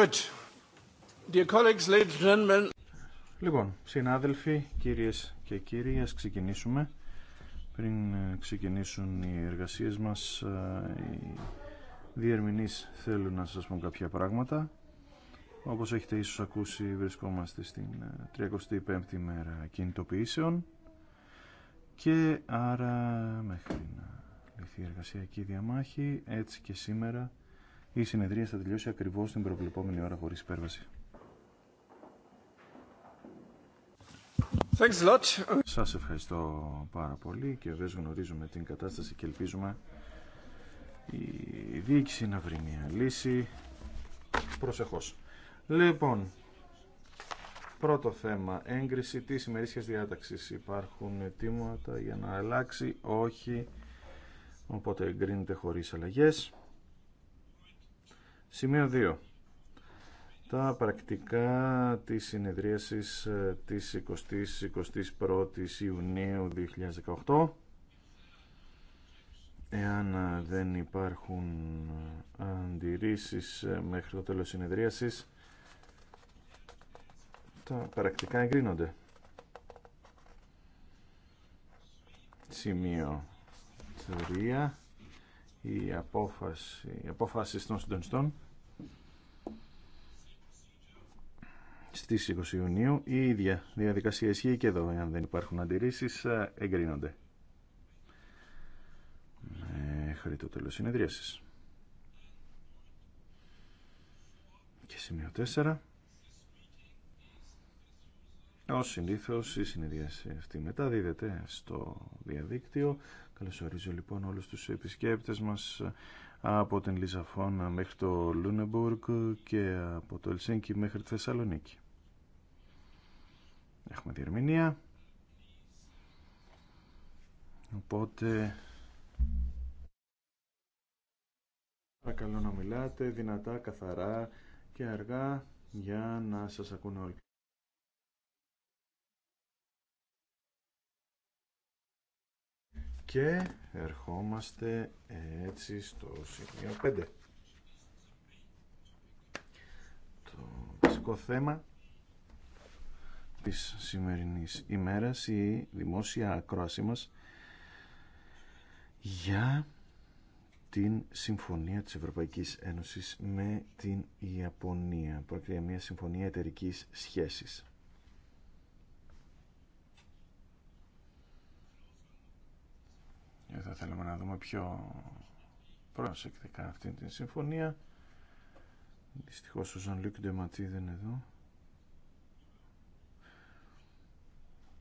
Good. Dear colleagues, ladies and gentlemen. Λοιπόν, συνάδελφοι, κυρίες και κύριοι, ας ξεκινήσουμε. Πριν ε, ξεκινήσουν οι εργασίες μας, ε, οι διερμηνείς θέλουν να σας πω κάποια πράγματα. Όπως έχετε ίσως ακούσει, βρισκόμαστε στην 35η ε, μέρα κινητοποιήσεων και άρα μέχρι να λυθεί η εργασιακή διαμάχη, έτσι και σήμερα η συνεδρία θα τελειώσει ακριβώ την προβλεπόμενη ώρα χωρί υπέρβαση. Σα ευχαριστώ πάρα πολύ και βέβαια γνωρίζουμε την κατάσταση και ελπίζουμε η διοίκηση να βρει μια λύση προσεχώ. Λοιπόν, πρώτο θέμα, έγκριση τη ημερήσια διάταξη Υπάρχουν ετοίματα για να αλλάξει, όχι, οπότε εγκρίνεται χωρί αλλαγέ. Σημείο 2. Τα πρακτικά της συνεδρίασης ε, της 20-21ης Ιουνίου 2018. Εάν ε, δεν υπάρχουν ε, αντιρρήσεις μέχρι το τέλος συνεδρίασης, τα πρακτικά εγκρίνονται. Σημείο 3. Η απόφαση, η απόφαση των συντονιστών. Στι 20 Ιουνίου. Η ίδια διαδικασία ισχύει και εδώ, εάν δεν υπάρχουν αντιρρήσει ε, εγκρίνονται. Μέχρι το τέλος συνεδρίασης. Και σημείο 4. Ω συνήθω η συνεδρίαση αυτή μεταδίδεται στο διαδίκτυο. Καλωσορίζω λοιπόν όλους τους επισκέπτες μας ε, από την Λιζαφόνα μέχρι το Λούνεμπουργκ και από το Ελσίνκι μέχρι τη Θεσσαλονίκη. Έχουμε διερμηνία. Οπότε... Παρακαλώ να μιλάτε δυνατά, καθαρά και αργά για να σας ακούν όλοι. Και ερχόμαστε έτσι στο σημείο 5. Το βασικό θέμα της σημερινής ημέρας η δημόσια ακρόαση μας για την Συμφωνία της Ευρωπαϊκής Ένωσης με την Ιαπωνία. Πρόκειται για μια συμφωνία εταιρική σχέσης. θα θέλαμε να δούμε πιο προσεκτικά αυτή τη συμφωνία. Δυστυχώς ο Ζαν Λουκ δεν είναι εδώ.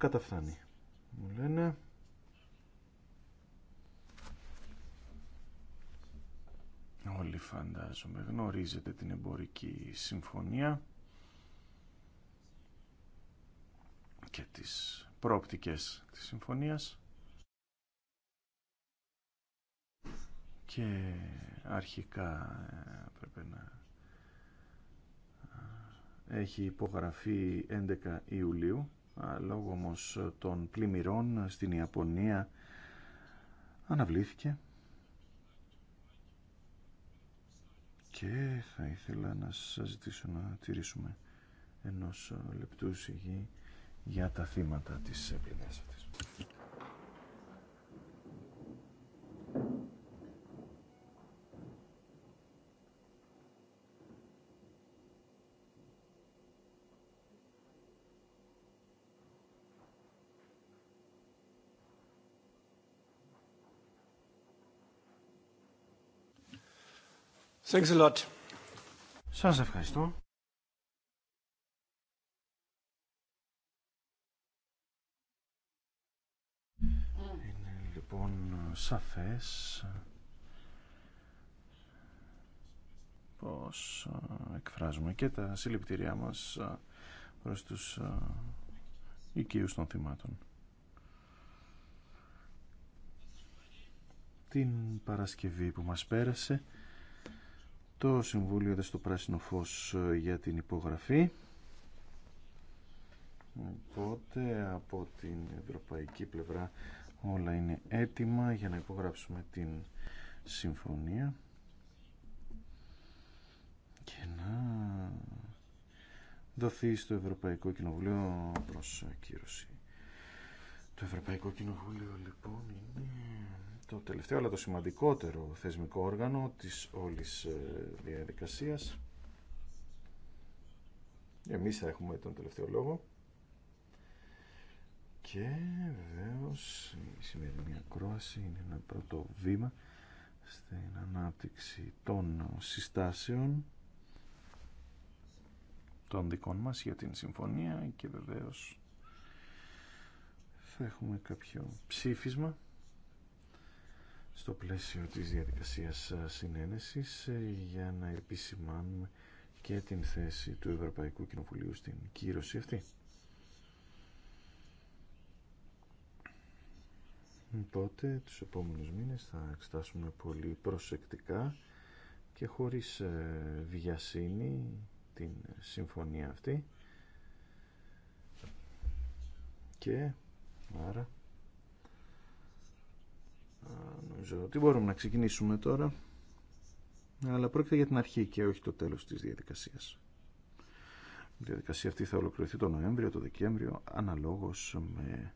καταφθάνει. Μου λένε... Όλοι φαντάζομαι γνωρίζετε την εμπορική συμφωνία και τις πρόπτικες της συμφωνίας και αρχικά ε, πρέπει να ε, έχει υπογραφεί 11 Ιουλίου λόγω όμω των πλημμυρών στην Ιαπωνία αναβλήθηκε και θα ήθελα να σας ζητήσω να τηρήσουμε ενός λεπτού συγγύη για τα θύματα της πλημμύρας Thanks a lot. Σας ευχαριστώ. Είναι λοιπόν σαφές πως εκφράζουμε και τα συλληπιτήριά μας προς τους οικείους των θυμάτων. Την Παρασκευή που μας πέρασε το Συμβούλιο έδωσε το πράσινο φως ε, για την υπογραφή. Οπότε από την ευρωπαϊκή πλευρά όλα είναι έτοιμα για να υπογράψουμε την συμφωνία και να δοθεί στο Ευρωπαϊκό Κοινοβουλίο προς ακύρωση. Το Ευρωπαϊκό Κοινοβούλιο λοιπόν είναι το τελευταίο αλλά το σημαντικότερο θεσμικό όργανο της όλης ε, διαδικασίας. Εμείς θα έχουμε τον τελευταίο λόγο. Και βεβαίω η σημερινή ακρόαση είναι ένα πρώτο βήμα στην ανάπτυξη των συστάσεων των δικών μας για την συμφωνία και βεβαίως θα έχουμε κάποιο ψήφισμα στο πλαίσιο της διαδικασίας ε, συνένεσης ε, για να επισημάνουμε και την θέση του Ευρωπαϊκού Κοινοβουλίου στην κύρωση αυτή. Οπότε τους επόμενους μήνες θα εξετάσουμε πολύ προσεκτικά και χωρίς ε, βιασύνη την συμφωνία αυτή και άρα Νομίζω ότι μπορούμε να ξεκινήσουμε τώρα. Αλλά πρόκειται για την αρχή και όχι το τέλος της διαδικασίας. Η διαδικασία αυτή θα ολοκληρωθεί το Νοέμβριο, το Δεκέμβριο, αναλόγως με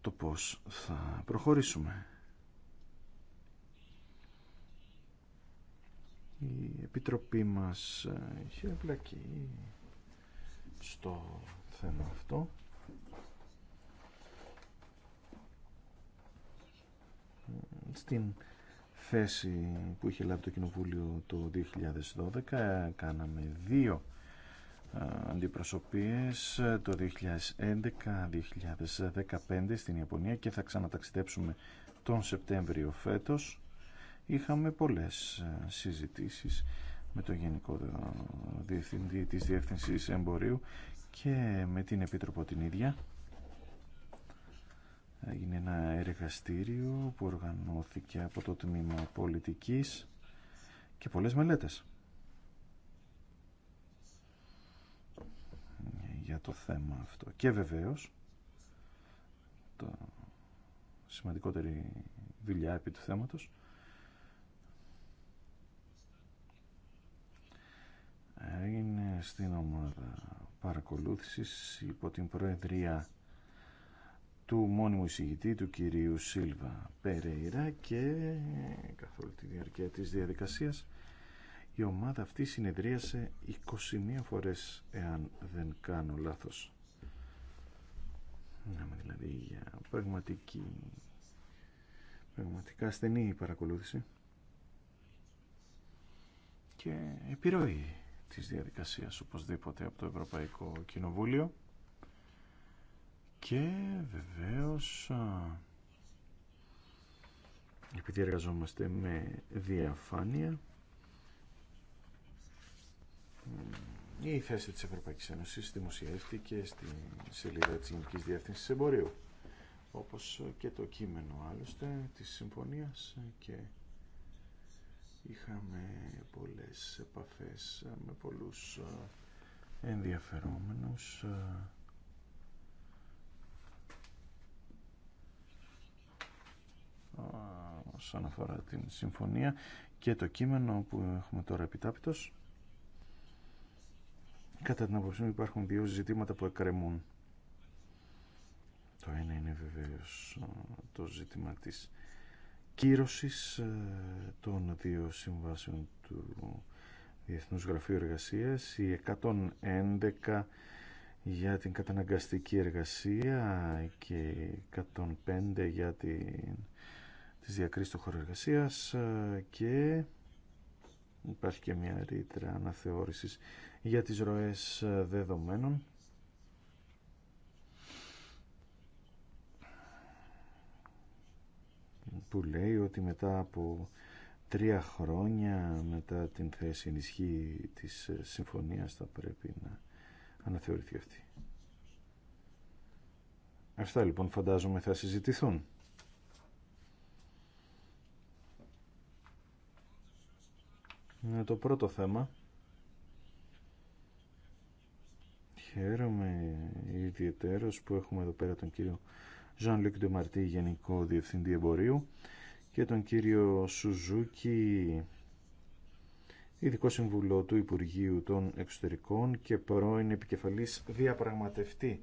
το πώς θα προχωρήσουμε. Η Επιτροπή μας έχει ε, εμπλακεί στο θέμα αυτό. στην θέση που είχε λάβει το Κοινοβούλιο το 2012 κάναμε δύο αντιπροσωπείες ε, το 2011-2015 στην Ιαπωνία και θα ξαναταξιδέψουμε τον Σεπτέμβριο φέτος είχαμε πολλές ε, συζητήσεις με το Γενικό Διευθυντή της Διεύθυνσης Εμπορίου και με την Επίτροπο την ίδια έγινε ένα εργαστήριο που οργανώθηκε από το Τμήμα Πολιτικής και πολλές μελέτες για το θέμα αυτό. Και βεβαίως, το σημαντικότερη δουλειά επί του θέματος, είναι στην ομάδα παρακολούθησης υπό την Προεδρία του μόνιμου εισηγητή του κυρίου Σίλβα Περέιρα και καθ' όλη τη διάρκεια της διαδικασίας η ομάδα αυτή συνεδρίασε 21 φορές εάν δεν κάνω λάθος. δηλαδή για πραγματική, πραγματικά στενή παρακολούθηση και επιρροή της διαδικασίας οπωσδήποτε από το Ευρωπαϊκό Κοινοβούλιο και βεβαίως επειδή εργαζόμαστε με διαφάνεια η θέση της Ευρωπαϊκής Ένωσης δημοσιεύτηκε στη σελίδα της Γενικής Διεύθυνσης Εμπορίου όπως και το κείμενο άλλωστε της συμφωνίας και είχαμε πολλές επαφές με πολλούς ενδιαφερόμενους όσον αφορά την συμφωνία και το κείμενο που έχουμε τώρα επιτάπητος κατά την άποψή μου υπάρχουν δύο ζητήματα που εκκρεμούν το ένα είναι βεβαίως το ζήτημα της κύρωσης των δύο συμβάσεων του Διεθνούς Γραφείου Εργασίας η 111 για την καταναγκαστική εργασία και 105 για την της διακρίσης του ε, και υπάρχει και μια ρήτρα αναθεώρησης για τις ροές ε, δεδομένων που λέει ότι μετά από τρία χρόνια μετά την θέση ενισχύ της ε, συμφωνίας θα πρέπει να αναθεωρηθεί αυτή. Αυτά λοιπόν φαντάζομαι θα συζητηθούν. το πρώτο θέμα. Χαίρομαι ιδιαίτερω που έχουμε εδώ πέρα τον κύριο Ζαν Λουκ Ντεμαρτή, Γενικό Διευθυντή Εμπορίου και τον κύριο Σουζούκη, Ειδικό Συμβουλό του Υπουργείου των Εξωτερικών και πρώην επικεφαλής διαπραγματευτή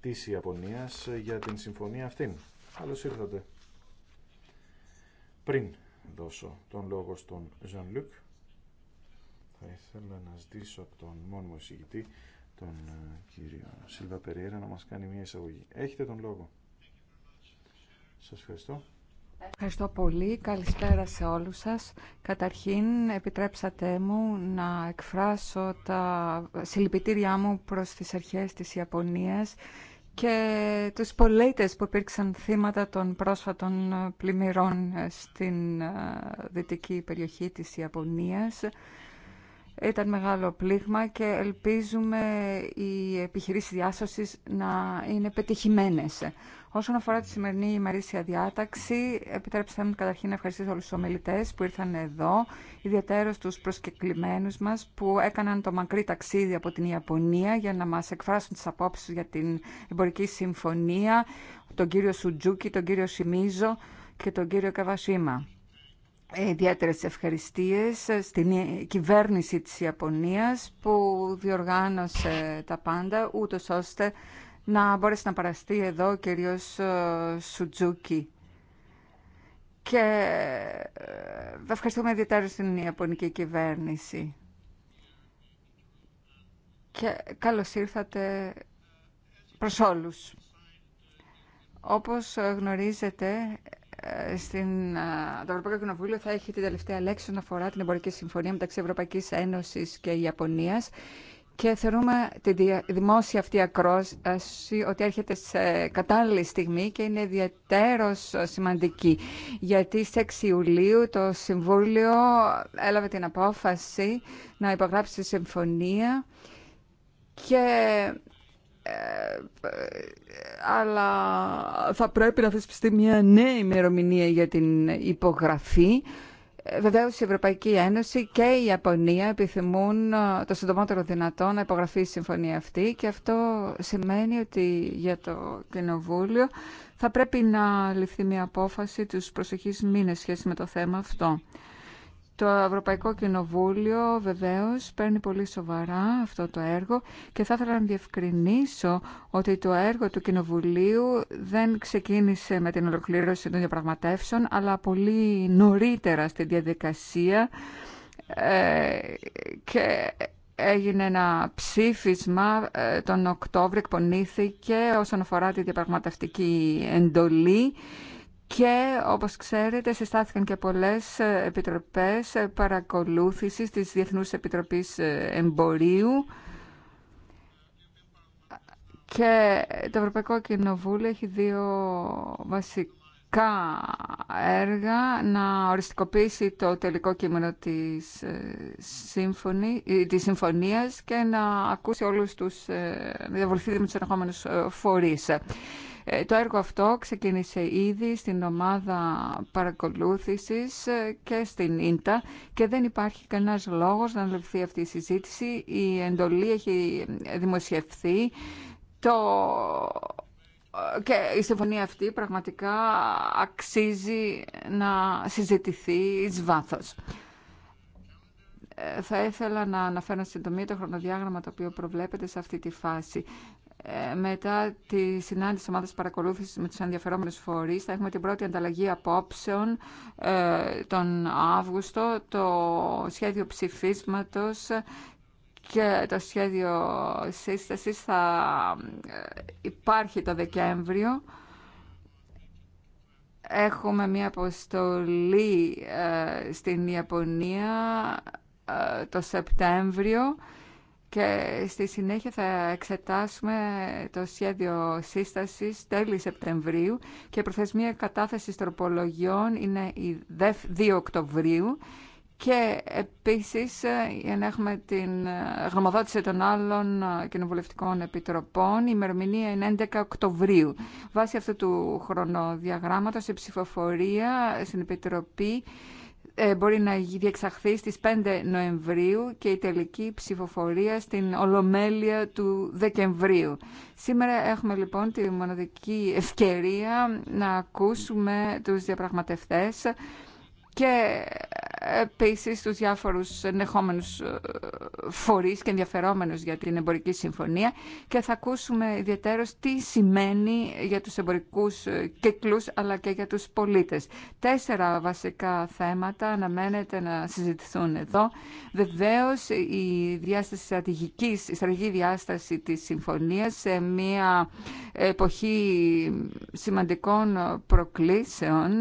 της Ιαπωνίας για την συμφωνία αυτήν. Καλώς ήρθατε. Πριν δώσω τον λόγο στον Ζαν θα ήθελα να ζητήσω από τον μόνιμο εισηγητή, τον ε, κύριο Σίλβα Περίερα, να μας κάνει μια εισαγωγή. Έχετε τον λόγο. Σας ευχαριστώ. Ευχαριστώ πολύ. Καλησπέρα σε όλους σας. Καταρχήν, επιτρέψατε μου να εκφράσω τα συλληπιτήριά μου προς τις αρχές της Ιαπωνίας και τους πολίτες που υπήρξαν θύματα των πρόσφατων πλημμυρών στην ε, δυτική περιοχή της Ιαπωνίας ήταν μεγάλο πλήγμα και ελπίζουμε οι επιχειρήσεις διάσωσης να είναι πετυχημένες. Όσον αφορά τη σημερινή ημερήσια διάταξη, επιτρέψτε μου καταρχήν να ευχαριστήσω όλους τους ομιλητές που ήρθαν εδώ, ιδιαίτερα τους προσκεκλημένους μας που έκαναν το μακρύ ταξίδι από την Ιαπωνία για να μας εκφράσουν τις απόψεις για την εμπορική συμφωνία, τον κύριο Σουτζούκη, τον κύριο Σιμίζο και τον κύριο Καβασίμα. Ιδιαίτερε ευχαριστίες στην κυβέρνηση της Ιαπωνίας που διοργάνωσε τα πάντα ούτω ώστε να μπορέσει να παραστεί εδώ ο κύριο ε, Σουτζούκι. Και ε, ευχαριστούμε ιδιαίτερα στην Ιαπωνική κυβέρνηση. Και καλώς ήρθατε προς όλους. Όπως γνωρίζετε, ε, στην, ε, το Ευρωπαϊκό Κοινοβούλιο θα έχει την τελευταία λέξη όσον αφορά την εμπορική συμφωνία μεταξύ Ευρωπαϊκής Ένωσης και Ιαπωνίας και θεωρούμε τη δημόσια αυτή ακρόαση ότι έρχεται σε κατάλληλη στιγμή και είναι ιδιαίτερο σημαντική. Γιατί στι 6 Ιουλίου το Συμβούλιο έλαβε την απόφαση να υπογράψει τη συμφωνία και ε, αλλά θα πρέπει να θεσπιστεί μια νέα ημερομηνία για την υπογραφή. Ε, Βεβαίω η Ευρωπαϊκή Ένωση και η Ιαπωνία επιθυμούν ε, το συντομότερο δυνατό να υπογραφεί η συμφωνία αυτή και αυτό σημαίνει ότι για το Κοινοβούλιο θα πρέπει να ληφθεί μια απόφαση τους προσεχείς μήνες σχέση με το θέμα αυτό. Το Ευρωπαϊκό Κοινοβούλιο βεβαίως παίρνει πολύ σοβαρά αυτό το έργο και θα ήθελα να διευκρινίσω ότι το έργο του Κοινοβουλίου δεν ξεκίνησε με την ολοκλήρωση των διαπραγματεύσεων αλλά πολύ νωρίτερα στη διαδικασία ε, και έγινε ένα ψήφισμα ε, τον Οκτώβριο, εκπονήθηκε όσον αφορά τη διαπραγματευτική εντολή και όπως ξέρετε συστάθηκαν και πολλές ε, επιτροπές ε, παρακολούθησης της Διεθνούς Επιτροπής ε, Εμπορίου και το Ευρωπαϊκό Κοινοβούλιο έχει δύο βασικά έργα να οριστικοποιήσει το τελικό κείμενο της, σύμφωνη, της συμφωνίας και να ακούσει όλους τους, να διαβοληθεί με τους ενεχόμενους φορείς. Ε, το έργο αυτό ξεκίνησε ήδη στην ομάδα παρακολούθησης ε, και στην ίντα και δεν υπάρχει κανένας λόγος να λεφθεί αυτή η συζήτηση. Η εντολή έχει δημοσιευθεί. Το ε, και η συμφωνία αυτή πραγματικά αξίζει να συζητηθεί εις βάθος. Θα ήθελα να αναφέρω στην το χρονοδιάγραμμα το οποίο προβλέπεται σε αυτή τη φάση μετά τη συνάντηση της ομάδας παρακολούθησης με τους ενδιαφερόμενους φορείς θα έχουμε την πρώτη ανταλλαγή απόψεων ε, τον Αύγουστο το σχέδιο ψηφίσματος και το σχέδιο σύστασης θα ε, υπάρχει το Δεκέμβριο Έχουμε μία αποστολή ε, στην Ιαπωνία το Σεπτέμβριο και στη συνέχεια θα εξετάσουμε το σχέδιο σύστασης τέλη Σεπτεμβρίου και προθεσμία κατάθεσης τροπολογιών είναι η 2 Οκτωβρίου και επίσης για να έχουμε την γνωμοδότηση των άλλων κοινοβουλευτικών επιτροπών η ημερομηνία είναι 11 Οκτωβρίου. Βάσει αυτού του χρονοδιαγράμματος η ψηφοφορία στην Επιτροπή ε, μπορεί να διεξαχθεί στις 5 Νοεμβρίου και η τελική ψηφοφορία στην Ολομέλεια του Δεκεμβρίου. Σήμερα έχουμε λοιπόν τη μοναδική ευκαιρία να ακούσουμε τους διαπραγματευτές και Επίση, του διάφορου ενδεχόμενου ε, φορεί και ενδιαφερόμενους για την εμπορική συμφωνία και θα ακούσουμε ιδιαίτερω τι σημαίνει για τους εμπορικούς ε, κύκλου αλλά και για τους πολίτε. Τέσσερα βασικά θέματα αναμένεται να συζητηθούν εδώ. Βεβαίω η διάσταση στρατηγική, η στρατηγική διάσταση της συμφωνίας σε μια εποχή σημαντικών προκλήσεων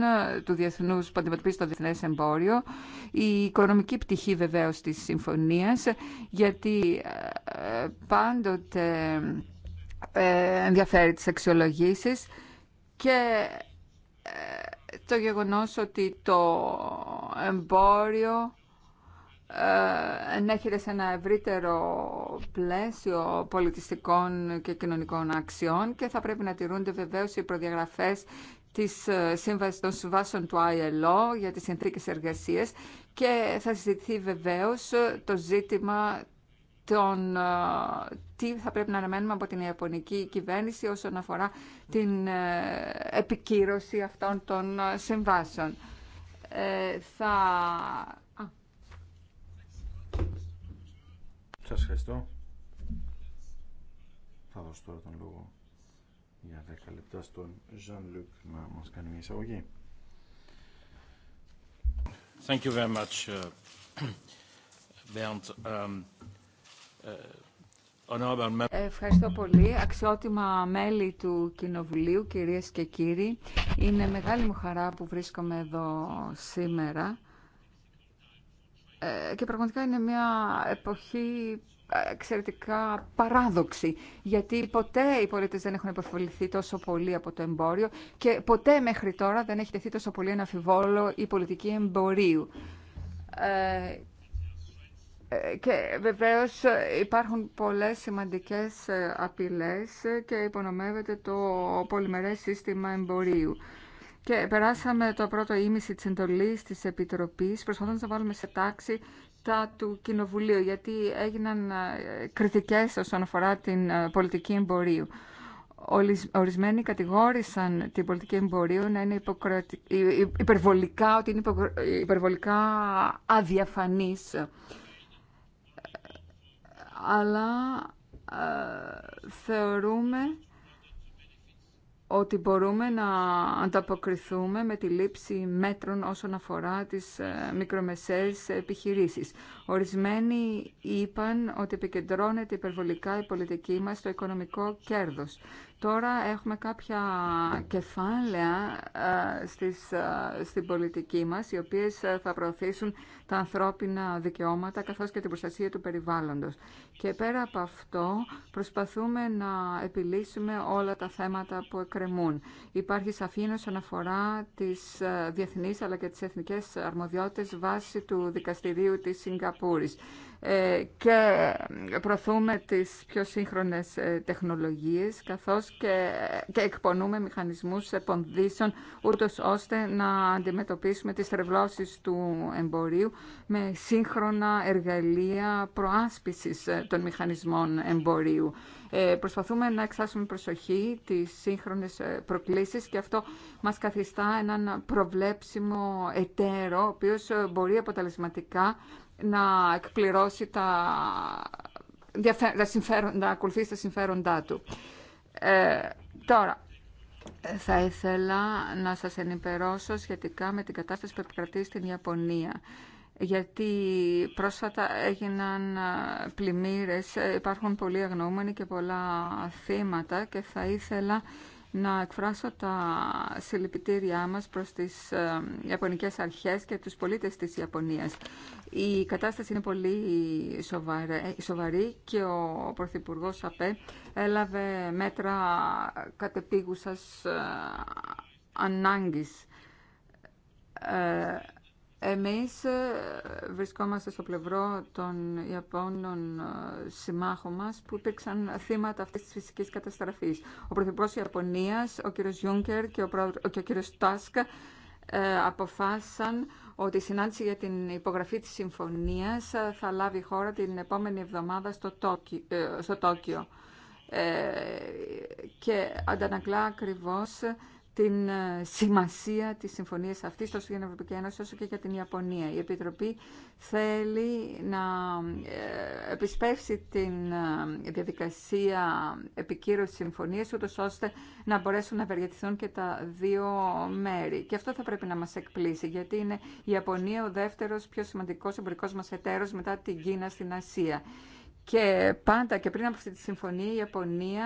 του διεθνούς που αντιμετωπίζει το Διεθνέ εμπόριο η οικονομική πτυχή βεβαίως της συμφωνίας, γιατί ε, πάντοτε ε, ενδιαφέρει τις αξιολογήσεις και ε, το γεγονός ότι το εμπόριο ενέχεται σε ένα ευρύτερο πλαίσιο πολιτιστικών και κοινωνικών αξιών και θα πρέπει να τηρούνται βεβαίως οι προδιαγραφές ε, των συμβάσεων του ILO για τις εντρικές εργασίες και θα συζητηθεί βεβαίως ε, το ζήτημα των, ε, τι θα πρέπει να αναμένουμε από την Ιαπωνική κυβέρνηση όσον αφορά την επικύρωση αυτών των συμβάσεων. Ε, θα... Σας ευχαριστώ. Θα δώσω τώρα τον λόγο για 10 λεπτά στον Ζαν Λουκ να μας κάνει μια εισαγωγή. Thank you very much, uh, Bernd. Um, uh, Ευχαριστώ πολύ. Αξιότιμα μέλη του Κοινοβουλίου, κυρίες και κύριοι. Είναι μεγάλη μου χαρά που βρίσκομαι εδώ σήμερα ε, και πραγματικά είναι μια εποχή εξαιρετικά παράδοξη, γιατί ποτέ οι πολίτες δεν έχουν υποφεληθεί τόσο πολύ από το εμπόριο και ποτέ μέχρι τώρα δεν έχει τεθεί τόσο πολύ ένα αφιβόλο η πολιτική εμπορίου. Ε, ε, και βεβαίως υπάρχουν πολλές σημαντικές ε, απειλές και υπονομεύεται το πολυμερές σύστημα εμπορίου. Και περάσαμε το πρώτο ήμιση της εντολής της Επιτροπής, προσπαθώντας να βάλουμε σε τάξη του Κοινοβουλίου, γιατί έγιναν ε, κριτικές όσον αφορά την ε, πολιτική εμπορίου. Ορισμένοι κατηγόρησαν την πολιτική εμπορίου να είναι υπερβολικά, ότι είναι υπερβολικά αδιαφανής. Ε, αλλά θεωρούμε ότι μπορούμε να ανταποκριθούμε με τη λήψη μέτρων όσον αφορά τις ε, μικρομεσαίες επιχειρήσεις. Ορισμένοι είπαν ότι επικεντρώνεται υπερβολικά η πολιτική μας στο οικονομικό κέρδος. Τώρα έχουμε κάποια κεφάλαια ε, στις, ε, στην πολιτική μας, οι οποίες ε, θα προωθήσουν τα ανθρώπινα δικαιώματα καθώς και την προστασία του περιβάλλοντος. Και πέρα από αυτό προσπαθούμε να επιλύσουμε όλα τα θέματα που εκκρεμούν. Υπάρχει σαφήνως αναφορά της τις αλλά και της εθνικές αρμοδιότητες βάσει του Δικαστηρίου της Σιγκαπούρης. Ε, και προωθούμε τις πιο σύγχρονες ε, τεχνολογίες καθώς και, και εκπονούμε μηχανισμούς επονδύσεων ούτως ώστε να αντιμετωπίσουμε τις τρευλώσεις του εμπορίου με σύγχρονα εργαλεία προάσπισης ε, των μηχανισμών εμπορίου. Προσπαθούμε να εξάσουμε προσοχή τις σύγχρονες προκλήσεις και αυτό μας καθιστά έναν προβλέψιμο εταίρο ο οποίος μπορεί αποτελεσματικά να εκπληρώσει τα, τα να ακολουθήσει τα συμφέροντά του. Ε, τώρα, θα ήθελα να σας ενημερώσω σχετικά με την κατάσταση που επικρατεί στην Ιαπωνία γιατί πρόσφατα έγιναν ε, πλημμύρες, ε, υπάρχουν πολλοί αγνοούμενοι και πολλά θύματα και θα ήθελα να εκφράσω τα συλληπιτήριά μας προς τις ε, Ιαπωνικές αρχές και τους πολίτες της Ιαπωνίας. Η κατάσταση είναι πολύ σοβαρή και ο Πρωθυπουργό ΑΠΕ έλαβε μέτρα κατεπίγουσας ε, ανάγκης. Ε, εμείς ε, βρισκόμαστε στο πλευρό των Ιαπώνων ε, συμμάχων μας που υπήρξαν θύματα αυτής της φυσικής καταστραφής. Ο Πρωθυπουργός Ιαπωνίας, ο κύριος Ιούνκερ και ο, και κύριος Τάσκα ε, αποφάσισαν ότι η συνάντηση για την υπογραφή της συμφωνίας θα λάβει χώρα την επόμενη εβδομάδα στο, στο Τόκιο. και αντανακλά ακριβώς την ε, σημασία της συμφωνίας αυτής τόσο για την Ευρωπαϊκή Ένωση όσο και για την Ιαπωνία. Η Επιτροπή θέλει να ε, επισπεύσει την ε, διαδικασία επικύρωσης συμφωνίας ούτως ώστε να μπορέσουν να ευεργετηθούν και τα δύο μέρη. Και αυτό θα πρέπει να μας εκπλήσει γιατί είναι η Ιαπωνία ο δεύτερος πιο σημαντικός εμπορικός μας εταίρος μετά την Κίνα στην Ασία. Και πάντα και πριν από αυτή τη συμφωνία η Ιαπωνία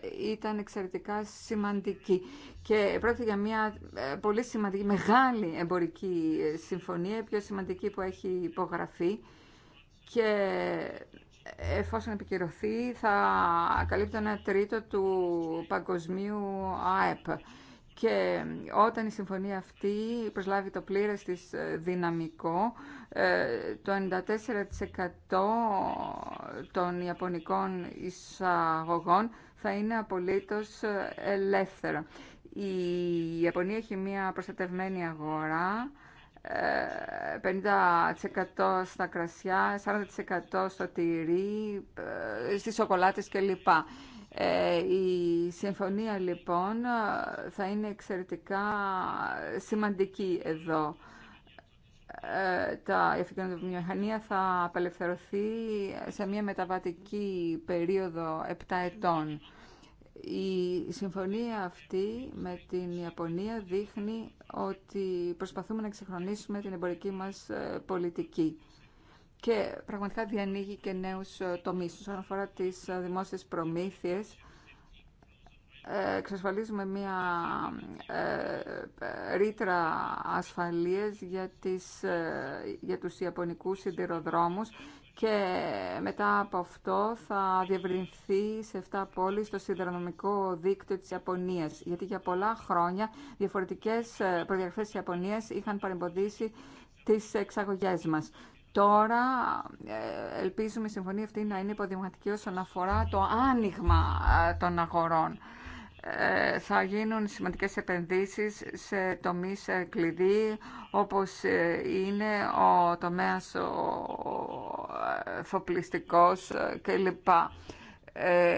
ε, ήταν εξαιρετικά σημαντική και πρόκειται για μια ε, πολύ σημαντική, μεγάλη εμπορική ε, συμφωνία, η πιο σημαντική που έχει υπογραφεί και εφόσον επικυρωθεί θα καλύπτει ένα τρίτο του παγκοσμίου ΑΕΠ. Και όταν η συμφωνία αυτή προσλάβει το πλήρες της ε, δυναμικό, ε, το 94% των ιαπωνικών εισαγωγών θα είναι απολύτως ε, ελεύθερο. Η Ιαπωνία έχει μια προστατευμένη αγορά, 50% στα κρασιά, 40% στο τυρί, στις σοκολάτες κλπ. Ε, η συμφωνία λοιπόν θα είναι εξαιρετικά σημαντική εδώ. Ε, τα, η αυτοκινητοβιομηχανία θα απελευθερωθεί σε μια μεταβατική περίοδο 7 ετών. Η συμφωνία αυτή με την Ιαπωνία δείχνει ότι προσπαθούμε να ξεχρονίσουμε την εμπορική μας ε, πολιτική και πραγματικά διανοίγει και νέους ε, τομείς. Όσον αφορά τις ε, δημόσιες προμήθειες, ε, εξασφαλίζουμε μία ρήτρα ασφαλείας για, τις, για τους ιαπωνικούς σιδηροδρόμους και μετά από αυτό θα διευρυνθεί σε 7 πόλεις το σιδηρονομικό δίκτυο της Ιαπωνίας. Γιατί για πολλά χρόνια διαφορετικές προδιαγραφές της Ιαπωνίας είχαν παρεμποδίσει τις εξαγωγές μας. Τώρα ε, ελπίζουμε η συμφωνία αυτή να είναι υποδηματική όσον αφορά το άνοιγμα ε, των αγορών. Ε, θα γίνουν σημαντικές επενδύσεις σε τομείς κλειδί όπως είναι ο τομέας ο φοπλιστικός κλπ. Ε,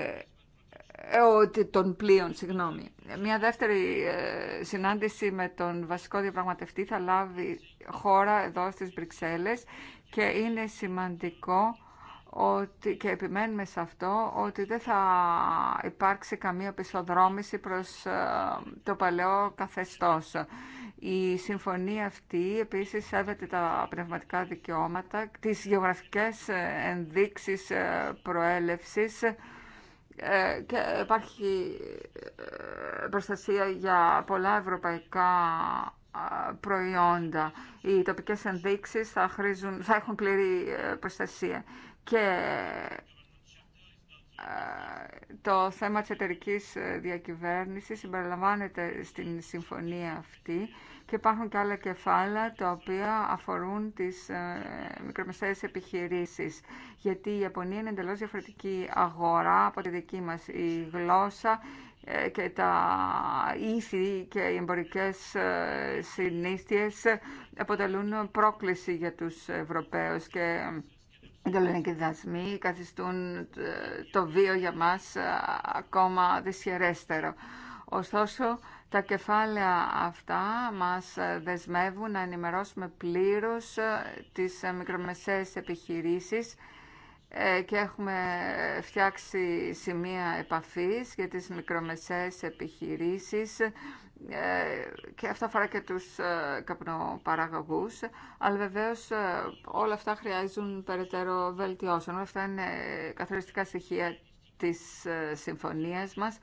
τον πλοίων, συγγνώμη. Μια δεύτερη συνάντηση με τον βασικό διαπραγματευτή θα λάβει χώρα εδώ στις Βρυξέλλες και είναι σημαντικό ότι, και επιμένουμε σε αυτό ότι δεν θα υπάρξει καμία πιστοδρόμηση προς ε, το παλαιό καθεστώς. Η συμφωνία αυτή επίσης σέβεται τα πνευματικά δικαιώματα, τις γεωγραφικές ε, ενδείξεις ε, προέλευσης και υπάρχει προστασία για πολλά ευρωπαϊκά προϊόντα. Οι τοπικές ενδείξεις θα, θα έχουν πλήρη ε, προστασία. Και ε, το θέμα της εταιρική ε, διακυβέρνησης συμπεριλαμβάνεται στην συμφωνία αυτή και υπάρχουν και άλλα κεφάλαια τα οποία αφορούν τις μικρομεσαίες επιχειρήσεις γιατί η Ιαπωνία είναι εντελώς διαφορετική αγορά από τη δική μας η γλώσσα ε, και τα ήθη και οι εμπορικές ε, συνήθειες αποτελούν πρόκληση για τους Ευρωπαίους και οι ελληνικοί δασμοί καθιστούν ε, το βίο για μας ακόμα δυσχερέστερο. Ωστόσο, τα κεφάλαια αυτά μας δεσμεύουν να ενημερώσουμε πλήρως τις μικρομεσαίες επιχειρήσεις ε, και έχουμε φτιάξει σημεία επαφής για τις μικρομεσαίες επιχειρήσεις ε, και αυτά αφορά και τους ε, καπνοπαραγωγούς, αλλά βεβαίως όλα αυτά χρειάζουν περαιτέρω βελτιώσεων. αυτά είναι καθοριστικά στοιχεία της συμφωνίας μας.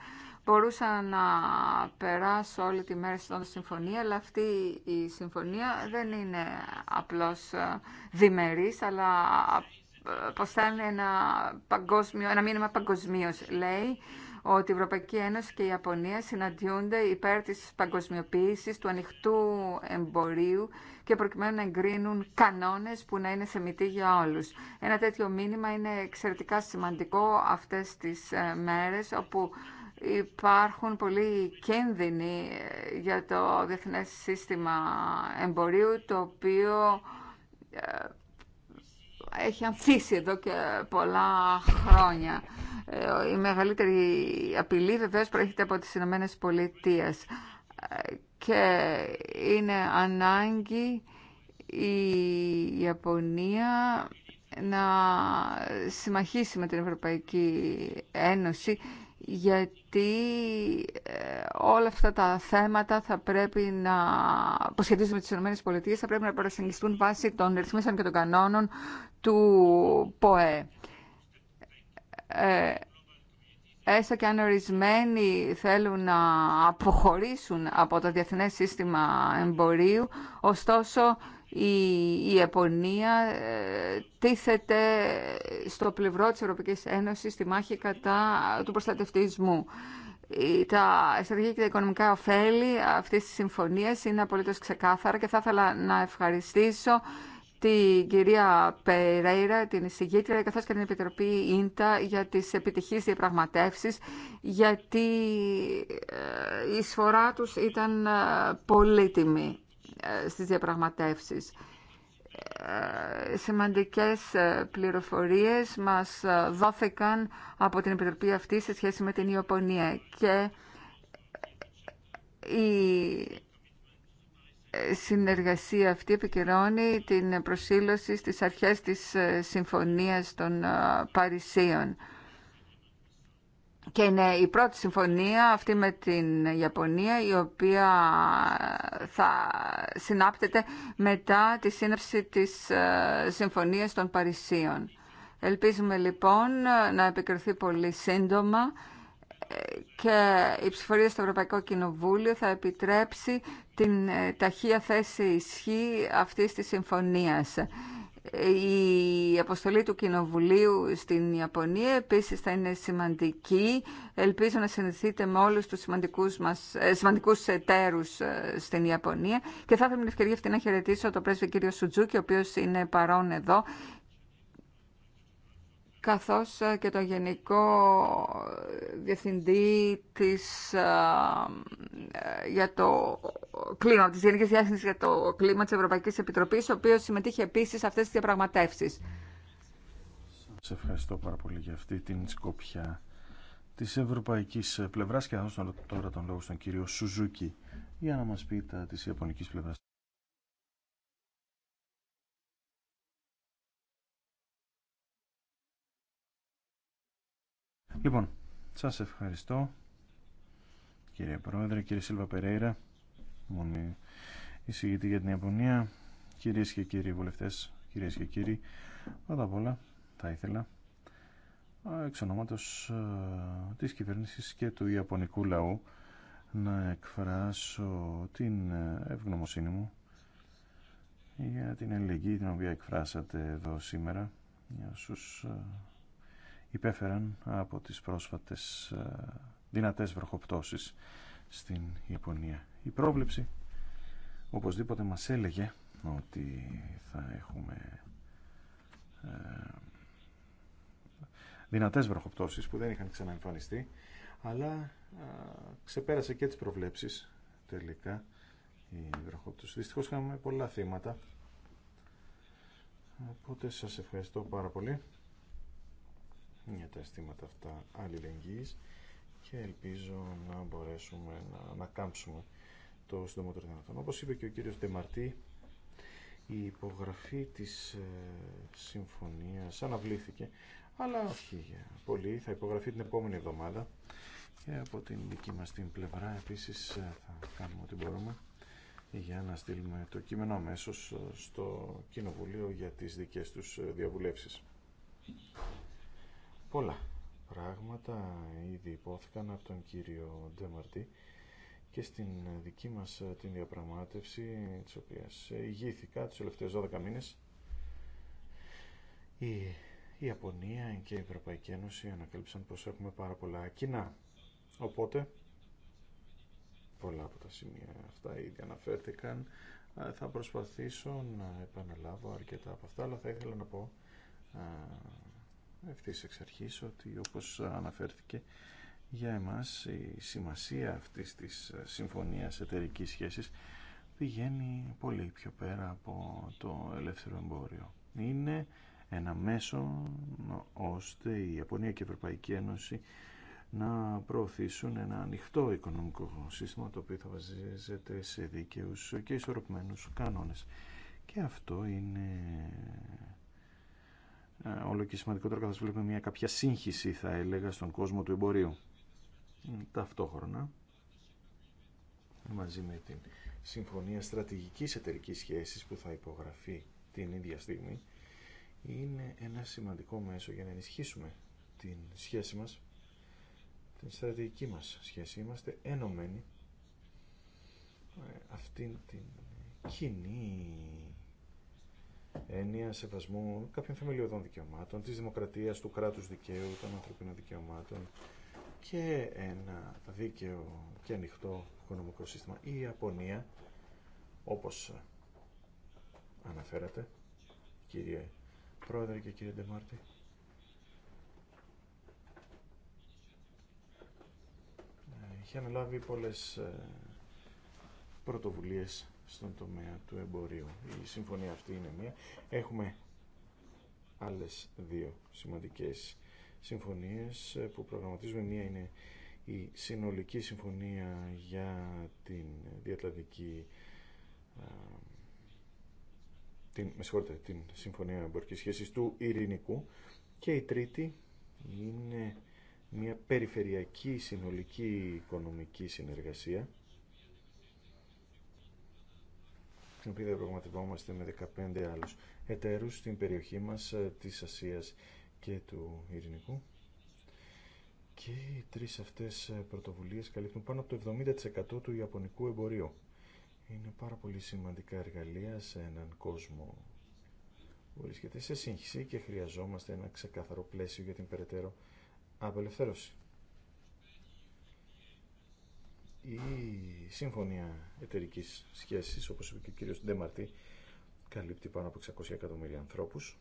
Μπορούσα να περάσω όλη τη μέρα στην συμφωνία, αλλά αυτή η συμφωνία δεν είναι απλώς διμερής, αλλά αποστάλει ένα, παγκόσμιο, ένα μήνυμα παγκοσμίω. Λέει ότι η Ευρωπαϊκή Ένωση και η Ιαπωνία συναντιούνται υπέρ της παγκοσμιοποίησης, του ανοιχτού εμπορίου και προκειμένου να εγκρίνουν κανόνες που να είναι θεμητοί για όλους. Ένα τέτοιο μήνυμα είναι εξαιρετικά σημαντικό αυτές τις ε, μέρες όπου υπάρχουν πολλοί κίνδυνοι ε, για το διεθνές σύστημα εμπορίου το οποίο ε, έχει ανθίσει εδώ και πολλά χρόνια. Ε, η μεγαλύτερη απειλή βεβαίω προέρχεται από τις Ηνωμένε Πολιτείε και είναι ανάγκη η Ιαπωνία να συμμαχίσει με την Ευρωπαϊκή Ένωση γιατί ε, όλα αυτά τα θέματα θα πρέπει να, που σχετίζονται με τις ΗΠΑ θα πρέπει να παρασυγγιστούν βάσει των ρυθμίσεων και των κανόνων του ΠΟΕ. Ε, έστω και αν ορισμένοι θέλουν να αποχωρήσουν από το Διεθνές Σύστημα Εμπορίου, ωστόσο η Επωνία ε, τίθεται στο πλευρό της Ευρωπαϊκής Ένωσης στη μάχη κατά του προστατευτισμού. Τα στρατηγικά και τα οικονομικά ωφέλη αυτής της συμφωνίας είναι απολύτως ξεκάθαρα και θα ήθελα να ευχαριστήσω την κυρία Περέιρα, την εισηγήτρια, καθώς και την Επιτροπή Ίντα για τις επιτυχείς διαπραγματεύσεις, γιατί ε, η σφορά τους ήταν ε, πολύτιμη. Ε, στις διαπραγματεύσεις. Ε, σημαντικές ε, πληροφορίες μας δόθηκαν από την Επιτροπή αυτή σε σχέση με την Ιωπωνία και η συνεργασία αυτή επικυρώνει την προσήλωση στις αρχές της Συμφωνίας των Παρισίων. Και είναι η πρώτη συμφωνία αυτή με την Ιαπωνία η οποία θα συνάπτεται μετά τη σύναψη της ε, Συμφωνίας των Παρισίων. Ελπίζουμε λοιπόν να επικριθεί πολύ σύντομα ε, και η ψηφορία στο Ευρωπαϊκό Κοινοβούλιο θα επιτρέψει την ε, ταχεία θέση ισχύ αυτής της συμφωνίας. Η αποστολή του Κοινοβουλίου στην Ιαπωνία επίσης θα είναι σημαντική. Ελπίζω να συνδεθείτε με όλους τους σημαντικούς, μας, ε, σημαντικούς εταίρους ε, στην Ιαπωνία. Και θα ήθελα την ευκαιρία αυτή να χαιρετήσω τον πρέσβη κύριο Σουτζούκη, ο οποίος είναι παρόν εδώ καθώς ε, και το Γενικό Διευθυντή της, ε, ε, για το κλίμα, της Γενικής Διεύθυνσης για το Κλίμα της Ευρωπαϊκής Επιτροπής, ο οποίος συμμετείχε επίσης σε αυτές τις διαπραγματεύσεις. Σας ευχαριστώ πάρα πολύ για αυτή την σκοπιά της ευρωπαϊκής πλευράς και θα δώσω τώρα τον λόγο στον κύριο Σουζούκη για να μας πει τα της ιαπωνικής πλευράς. Λοιπόν, σας ευχαριστώ κύριε Πρόεδρε, κύριε Σίλβα Περέιρα, Μονή εισηγητή για την Ιαπωνία, κυρίες και κύριοι βουλευτές, κυρίες και κύριοι, πρώτα απ' όλα θα ήθελα εξ ονόματος της κυβέρνησης και του Ιαπωνικού λαού να εκφράσω την ευγνωμοσύνη μου για την ελληνική την οποία εκφράσατε εδώ σήμερα για όσους υπέφεραν από τις πρόσφατες ε, δυνατές βροχοπτώσεις στην Ιαπωνία. Η πρόβλεψη οπωσδήποτε μας έλεγε ότι θα έχουμε ε, δυνατές βροχοπτώσεις που δεν είχαν ξαναεμφανιστεί αλλά ε, ξεπέρασε και τις προβλέψεις τελικά η βροχοπτώση. Δυστυχώς είχαμε πολλά θύματα οπότε σας ευχαριστώ πάρα πολύ για τα αισθήματα αυτά αλληλεγγύης και ελπίζω να μπορέσουμε να ανακάμψουμε το συντομότερο δυνατόν. Όπως είπε και ο κύριος Ντεμαρτή, η υπογραφή της ε, συμφωνίας αναβλήθηκε, αλλά όχι πολύ, θα υπογραφεί την επόμενη εβδομάδα και από την δική μας την πλευρά επίσης ε, θα κάνουμε ό,τι μπορούμε για να στείλουμε το κείμενο αμέσω ε, στο Κοινοβουλίο για τις δικές τους διαβουλεύσεις. Πολλά πράγματα ήδη υπόθηκαν από τον κύριο Ντεμαρτή και στην δική μας ε, την διαπραγμάτευση της οποίας ηγήθηκα τους τελευταίους 12 μήνες η Ιαπωνία και η Ευρωπαϊκή Ένωση ανακάλυψαν πως έχουμε πάρα πολλά κοινά οπότε πολλά από τα σημεία αυτά ήδη αναφέρθηκαν ε, θα προσπαθήσω να επαναλάβω αρκετά από αυτά αλλά θα ήθελα να πω ε, ευθύς εξ αρχής ότι όπως αναφέρθηκε για εμάς η σημασία αυτής της ε, συμφωνίας εταιρικής σχέσης πηγαίνει πολύ πιο πέρα από το ελεύθερο εμπόριο. Είναι ένα μέσο ώστε η Ιαπωνία και η Ευρωπαϊκή Ένωση να προωθήσουν ένα ανοιχτό οικονομικό σύστημα το οποίο θα βασίζεται σε δίκαιους και ισορροπημένους κανόνες. Και αυτό είναι ε, όλο και σημαντικότερο καθώς βλέπουμε μια κάποια σύγχυση θα έλεγα στον κόσμο του εμπορίου ταυτόχρονα μαζί με την Συμφωνία Στρατηγικής Εταιρικής Σχέσης που θα υπογραφεί την ίδια στιγμή είναι ένα σημαντικό μέσο για να ενισχύσουμε την σχέση μας την στρατηγική μας σχέση είμαστε ενωμένοι ε, αυτήν την κοινή έννοια σεβασμού κάποιων θεμελιωδών δικαιωμάτων, της δημοκρατίας, του κράτους δικαίου, των ανθρωπίνων δικαιωμάτων και ένα δίκαιο και ανοιχτό οικονομικό σύστημα. Η Ιαπωνία, όπως αναφέρατε, κύριε Πρόεδρε και κύριε Ντεμάρτη, είχε αναλάβει πολλές ε, πρωτοβουλίες στον τομέα του εμπορίου. Η συμφωνία αυτή είναι μία. Έχουμε άλλες δύο σημαντικές συμφωνίες που προγραμματίζουμε. Μία είναι η συνολική συμφωνία για την διατλαντική την, με την Συμφωνία Εμπορικής Σχέσης του Ειρηνικού και η τρίτη είναι μια περιφερειακή συνολική οικονομική συνεργασία την οποία διαπραγματευόμαστε με 15 άλλους εταίρους στην περιοχή μας ε, της Ασίας και του Ειρηνικού. Και οι τρεις αυτές ε, πρωτοβουλίες καλύπτουν πάνω από το 70% του ιαπωνικού εμπορίου. Είναι πάρα πολύ σημαντικά εργαλεία σε έναν κόσμο που βρίσκεται σε σύγχυση και χρειαζόμαστε ένα ξεκάθαρο πλαίσιο για την περαιτέρω απελευθέρωση η Σύμφωνια εταιρική σχέση, όπως είπε και ο κύριο Ντέμαρτη, καλύπτει πάνω από 600 εκατομμύρια ανθρώπους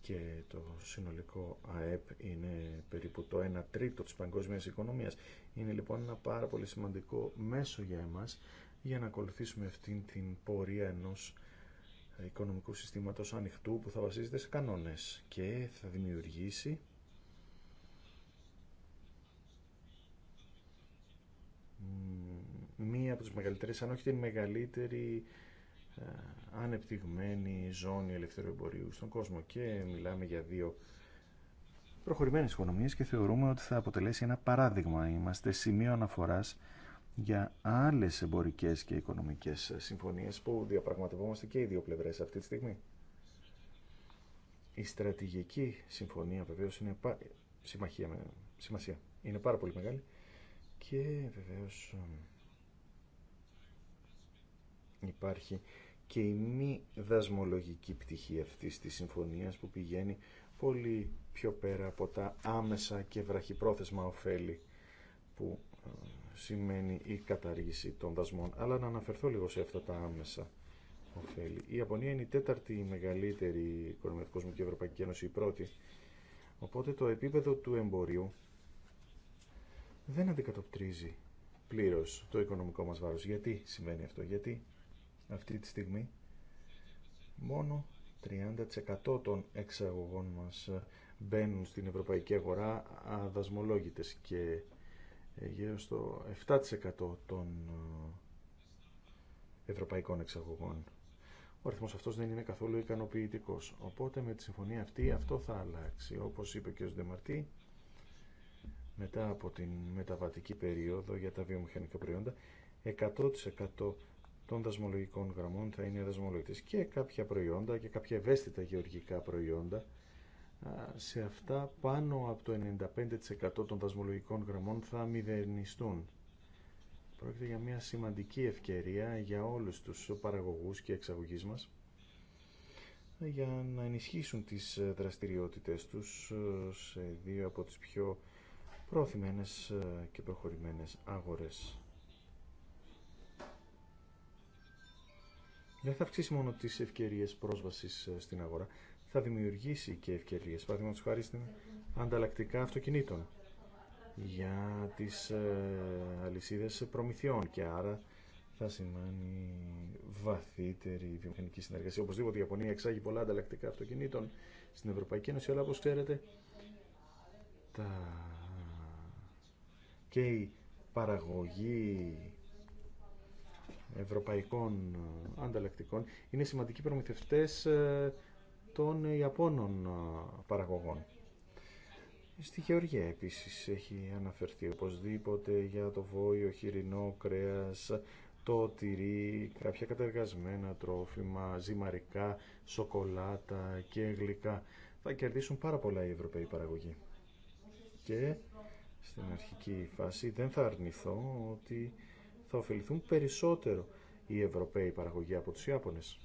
και το συνολικό ΑΕΠ είναι περίπου το 1 τρίτο της παγκόσμιας οικονομίας. Είναι λοιπόν ένα πάρα πολύ σημαντικό μέσο για εμάς για να ακολουθήσουμε αυτήν την πορεία ενός οικονομικού συστήματος ανοιχτού που θα βασίζεται σε κανόνες και θα δημιουργήσει μία από τις μεγαλύτερες, αν όχι τη μεγαλύτερη ε, ανεπτυγμένη ζώνη ελεύθερου εμπορίου στον κόσμο και μιλάμε για δύο προχωρημένες οικονομίες και θεωρούμε ότι θα αποτελέσει ένα παράδειγμα. Είμαστε σημείο αναφοράς για άλλες εμπορικές και οικονομικές συμφωνίες που διαπραγματευόμαστε και οι δύο πλευρές αυτή τη στιγμή. Η στρατηγική συμφωνία βεβαίω πα... Είναι πάρα πολύ μεγάλη και βεβαίως υπάρχει και η μη δασμολογική πτυχή αυτής της συμφωνίας που πηγαίνει πολύ πιο πέρα από τα άμεσα και βραχυπρόθεσμα ωφέλη που σημαίνει η κατάργηση των δασμών. Αλλά να αναφερθώ λίγο σε αυτά τα άμεσα ωφέλη. Η Ιαπωνία είναι η τέταρτη μεγαλύτερη οικονομική μου και η Ευρωπαϊκή Ένωση η πρώτη. Οπότε το επίπεδο του εμπορίου δεν αντικατοπτρίζει πλήρως το οικονομικό μας βάρος. Γιατί συμβαίνει αυτό, γιατί αυτή τη στιγμή μόνο 30% των εξαγωγών μας μπαίνουν στην ευρωπαϊκή αγορά αδασμολόγητες και γύρω στο 7% των ε, ευρωπαϊκών εξαγωγών. Ο αριθμό αυτός δεν είναι καθόλου ικανοποιητικός. Οπότε με τη συμφωνία αυτή αυτό θα αλλάξει. Όπω είπε και ο Σντεμαρτή, μετά από την μεταβατική περίοδο για τα βιομηχανικά προϊόντα 100% των δασμολογικών γραμμών θα είναι δασμολογητές και κάποια προϊόντα και κάποια ευαίσθητα γεωργικά προϊόντα σε αυτά πάνω από το 95% των δασμολογικών γραμμών θα μηδενιστούν. Πρόκειται για μια σημαντική ευκαιρία για όλους τους παραγωγούς και εξαγωγείς μας για να ενισχύσουν τις δραστηριότητες τους ε, σε δύο από τις πιο προωθημένες ε, και προχωρημένες αγορές. Δεν θα αυξήσει μόνο τις ευκαιρίες πρόσβασης ε, στην αγορά, θα δημιουργήσει και ευκαιρίες, παραδείγματο χάρη στην ανταλλακτικά αυτοκινήτων για τις ε, αλυσίδες προμηθειών και άρα θα σημαίνει βαθύτερη βιομηχανική συνεργασία. Οπωσδήποτε η Ιαπωνία εξάγει πολλά ανταλλακτικά αυτοκινήτων στην Ευρωπαϊκή Ένωση, αλλά όπως ξέρετε τα και η παραγωγή ευρωπαϊκών ε, ανταλλακτικών είναι σημαντικοί προμηθευτές ε, των Ιαπώνων ε, παραγωγών. Στη Γεωργία επίσης έχει αναφερθεί οπωσδήποτε για το βόλιο, χοιρινό, κρέας, το τυρί, κάποια κατεργασμένα τρόφιμα, ζυμαρικά, σοκολάτα και γλυκά. Θα κερδίσουν πάρα πολλά οι Ευρωπαίοι παραγωγοί. Και στην αρχική φάση, δεν θα αρνηθώ ότι θα ωφεληθούν περισσότερο οι Ευρωπαίοι παραγωγοί από τους Ιάπωνες.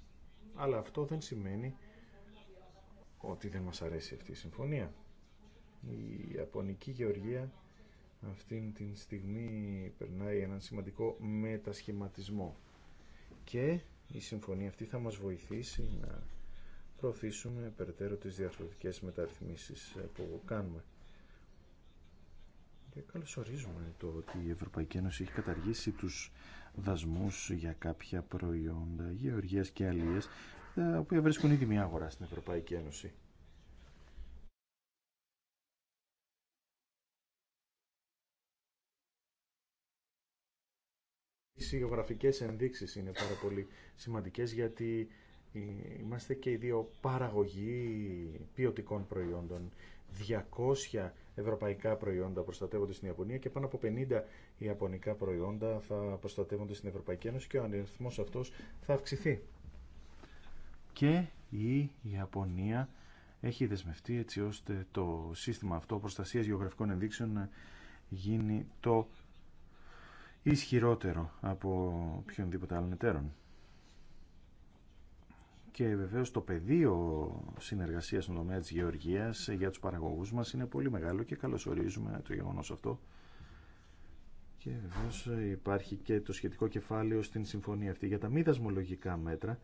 Αλλά αυτό δεν σημαίνει ότι δεν μας αρέσει αυτή η συμφωνία. Η Ιαπωνική Γεωργία αυτή την στιγμή περνάει έναν σημαντικό μετασχηματισμό και η συμφωνία αυτή θα μας βοηθήσει να προωθήσουμε περαιτέρω τις διαφορετικές μεταρρυθμίσεις που κάνουμε. Και ε, καλωσορίζουμε το ότι η Ευρωπαϊκή Ένωση έχει καταργήσει τους δασμούς για κάποια προϊόντα γεωργίας και αλλίες τα οποία βρίσκουν ήδη μια αγορά στην Ευρωπαϊκή Ένωση. Οι γεωγραφικές ενδείξεις είναι πάρα πολύ σημαντικές γιατί ε, είμαστε και οι δύο παραγωγοί ποιοτικών προϊόντων. 200 ευρωπαϊκά προϊόντα προστατεύονται στην Ιαπωνία και πάνω από 50 ιαπωνικά προϊόντα θα προστατεύονται στην Ευρωπαϊκή Ένωση και ο αριθμό αυτός θα αυξηθεί. Και η Ιαπωνία έχει δεσμευτεί έτσι ώστε το σύστημα αυτό προστασίας γεωγραφικών ενδείξεων να γίνει το ισχυρότερο από οποιονδήποτε άλλο εταίρων και βεβαίω το πεδίο συνεργασία στον τομέα τη γεωργίας για του παραγωγού μα είναι πολύ μεγάλο και καλωσορίζουμε το γεγονό αυτό. Και βεβαίω υπάρχει και το σχετικό κεφάλαιο στην συμφωνία αυτή. Για τα μη δασμολογικά μέτρα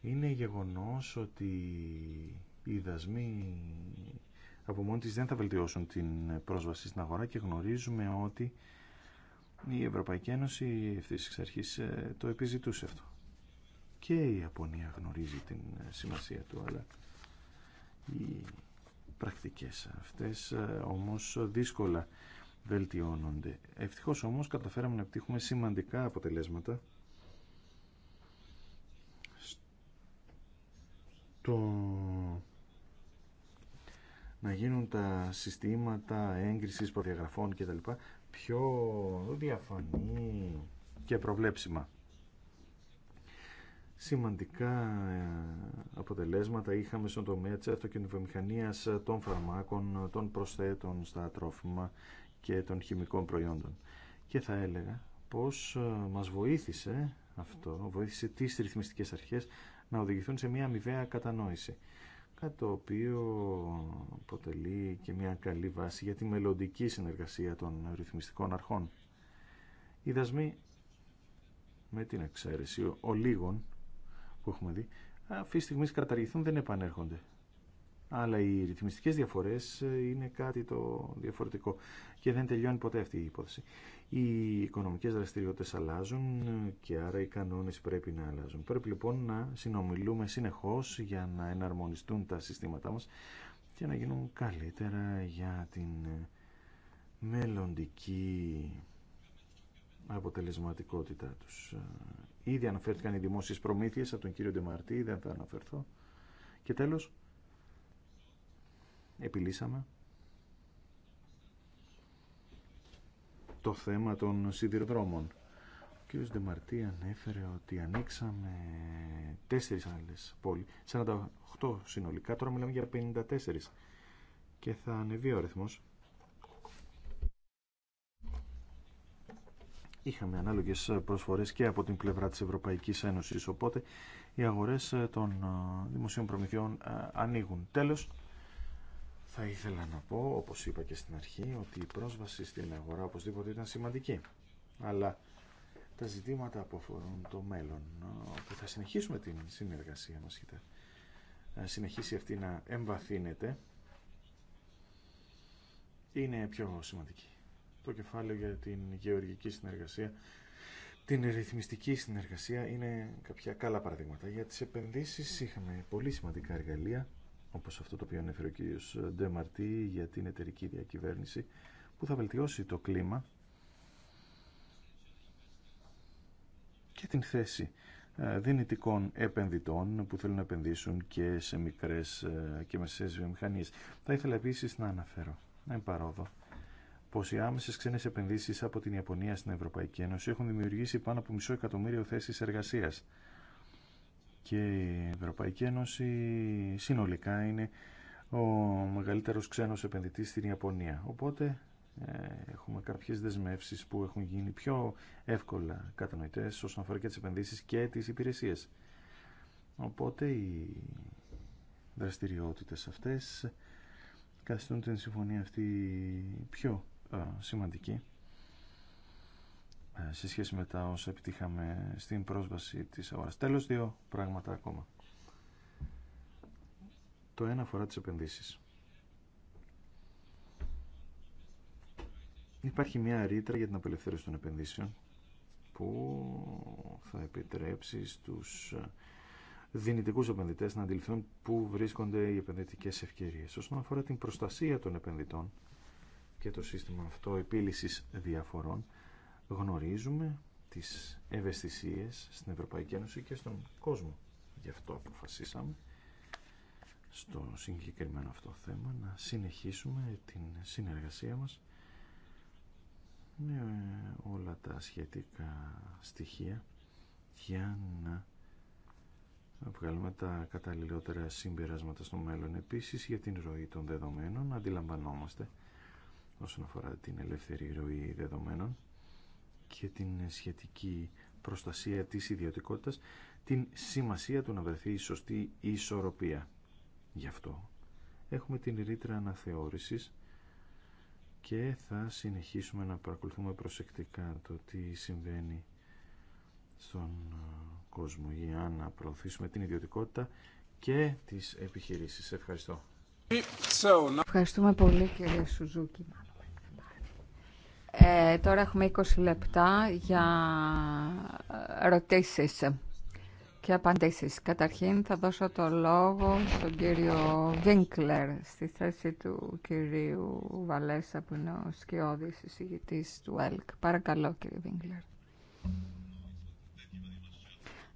είναι γεγονό ότι οι δασμοί από μόνοι της δεν θα βελτιώσουν την πρόσβαση στην αγορά και γνωρίζουμε ότι η Ευρωπαϊκή Ένωση ευθύ εξ αρχής ε, το επιζητούσε αυτό και η Ιαπωνία γνωρίζει την ε, σημασία του, αλλά οι πρακτικές αυτές ε, όμως δύσκολα βελτιώνονται. Ευτυχώς όμως καταφέραμε να επιτύχουμε σημαντικά αποτελέσματα στο να γίνουν τα συστήματα έγκρισης προδιαγραφών κτλ πιο διαφανή και προβλέψιμα σημαντικά ε, αποτελέσματα είχαμε στον τομέα της αυτοκινητοβιομηχανίας ε, των φαρμάκων, ε, των προσθέτων στα τρόφιμα και των χημικών προϊόντων. Και θα έλεγα πως μας βοήθησε αυτό, βοήθησε τις ρυθμιστικές αρχές να οδηγηθούν σε μια αμοιβαία κατανόηση. Κάτι το οποίο αποτελεί και μια καλή βάση για τη μελλοντική συνεργασία των ρυθμιστικών αρχών. Οι δασμοί με την εξαίρεση λίγων, που έχουμε δει αυτή τη στιγμή καταργηθούν δεν επανέρχονται. Αλλά οι ρυθμιστικές διαφορές ε, είναι κάτι το διαφορετικό και δεν τελειώνει ποτέ αυτή η υπόθεση. Οι οικονομικές δραστηριότητες αλλάζουν ε, και άρα οι κανόνες πρέπει να αλλάζουν. Πρέπει λοιπόν να συνομιλούμε συνεχώς για να εναρμονιστούν τα συστήματά μας και να γίνουν καλύτερα για την ε, μελλοντική αποτελεσματικότητά τους. Ήδη αναφέρθηκαν οι δημόσίε προμήθειε από τον κύριο Ντεμαρτή, δεν θα αναφερθώ. Και τέλος, επιλύσαμε το θέμα των σιδηροδρόμων. Ο κύριο Ντεμαρτή ανέφερε ότι ανοίξαμε τέσσερις άλλε πόλεις, 48 συνολικά, τώρα μιλάμε για 54 και θα ανεβεί ο αριθμός. είχαμε ανάλογες προσφορές και από την πλευρά της Ευρωπαϊκής Ένωσης, οπότε οι αγορές ε, των ε, δημοσίων προμηθειών ε, ανοίγουν. Τέλος, θα ήθελα να πω, όπως είπα και στην αρχή, ότι η πρόσβαση στην αγορά οπωσδήποτε ήταν σημαντική, αλλά τα ζητήματα που αφορούν το μέλλον, που θα συνεχίσουμε την συνεργασία μας και θα συνεχίσει αυτή να εμβαθύνεται, είναι πιο σημαντική το κεφάλαιο για την γεωργική συνεργασία, την ρυθμιστική συνεργασία είναι κάποια καλά παραδείγματα. Για τις επενδύσεις είχαμε πολύ σημαντικά εργαλεία, όπως αυτό το οποίο ανέφερε ο κ. Ντεμαρτή για την εταιρική διακυβέρνηση, που θα βελτιώσει το κλίμα και την θέση ε, δυνητικών επενδυτών που θέλουν να επενδύσουν και σε μικρές ε, και μεσαίες βιομηχανίες. Θα ήθελα επίσης να αναφέρω, να εμπαρόδω, πω οι άμεσε ξένε επενδύσει από την Ιαπωνία στην Ευρωπαϊκή Ένωση έχουν δημιουργήσει πάνω από μισό εκατομμύριο θέσει εργασία. Και η Ευρωπαϊκή Ένωση συνολικά είναι ο μεγαλύτερος ξένος επενδυτής στην Ιαπωνία. Οπότε ε, έχουμε κάποιες δεσμεύσεις που έχουν γίνει πιο εύκολα κατανοητές όσον αφορά και τις επενδύσεις και τις υπηρεσίες. Οπότε οι δραστηριότητες αυτές καθιστούν την συμφωνία αυτή πιο σημαντική ε, σε σχέση με τα όσα επιτύχαμε στην πρόσβαση της αγοράς. Τέλος, δύο πράγματα ακόμα. Το ένα αφορά τις επενδύσεις. Υπάρχει μια ρήτρα για την απελευθέρωση των επενδύσεων που θα επιτρέψει στους δυνητικούς επενδυτές να αντιληφθούν πού βρίσκονται οι επενδυτικές ευκαιρίες. Όσον αφορά την προστασία των επενδυτών, και το σύστημα αυτό επίλυσης διαφορών γνωρίζουμε τις ευαισθησίες στην Ευρωπαϊκή Ένωση και στον κόσμο. Γι' αυτό αποφασίσαμε στο συγκεκριμένο αυτό θέμα να συνεχίσουμε την συνεργασία μας με όλα τα σχετικά στοιχεία για να βγάλουμε τα καταλληλότερα συμπεράσματα στο μέλλον. Επίσης για την ροή των δεδομένων αντιλαμβανόμαστε όσον αφορά την ελεύθερη ροή δεδομένων και την σχετική προστασία της ιδιωτικότητας την σημασία του να βρεθεί η σωστή ισορροπία. Γι' αυτό έχουμε την ρήτρα αναθεώρησης και θα συνεχίσουμε να παρακολουθούμε προσεκτικά το τι συμβαίνει στον ε, κόσμο για να προωθήσουμε την ιδιωτικότητα και τις επιχειρήσεις. Ευχαριστώ. Ευχαριστούμε πολύ κύριε Σουζούκη. Ε, τώρα έχουμε 20 λεπτά για ε, ρωτήσεις και απαντήσεις. Καταρχήν θα δώσω το λόγο στον κύριο Βίνκλερ στη θέση του κυρίου Βαλέσα που είναι ο σκιώδης εισηγητής του ΕΛΚ. Παρακαλώ κύριε Βίνκλερ.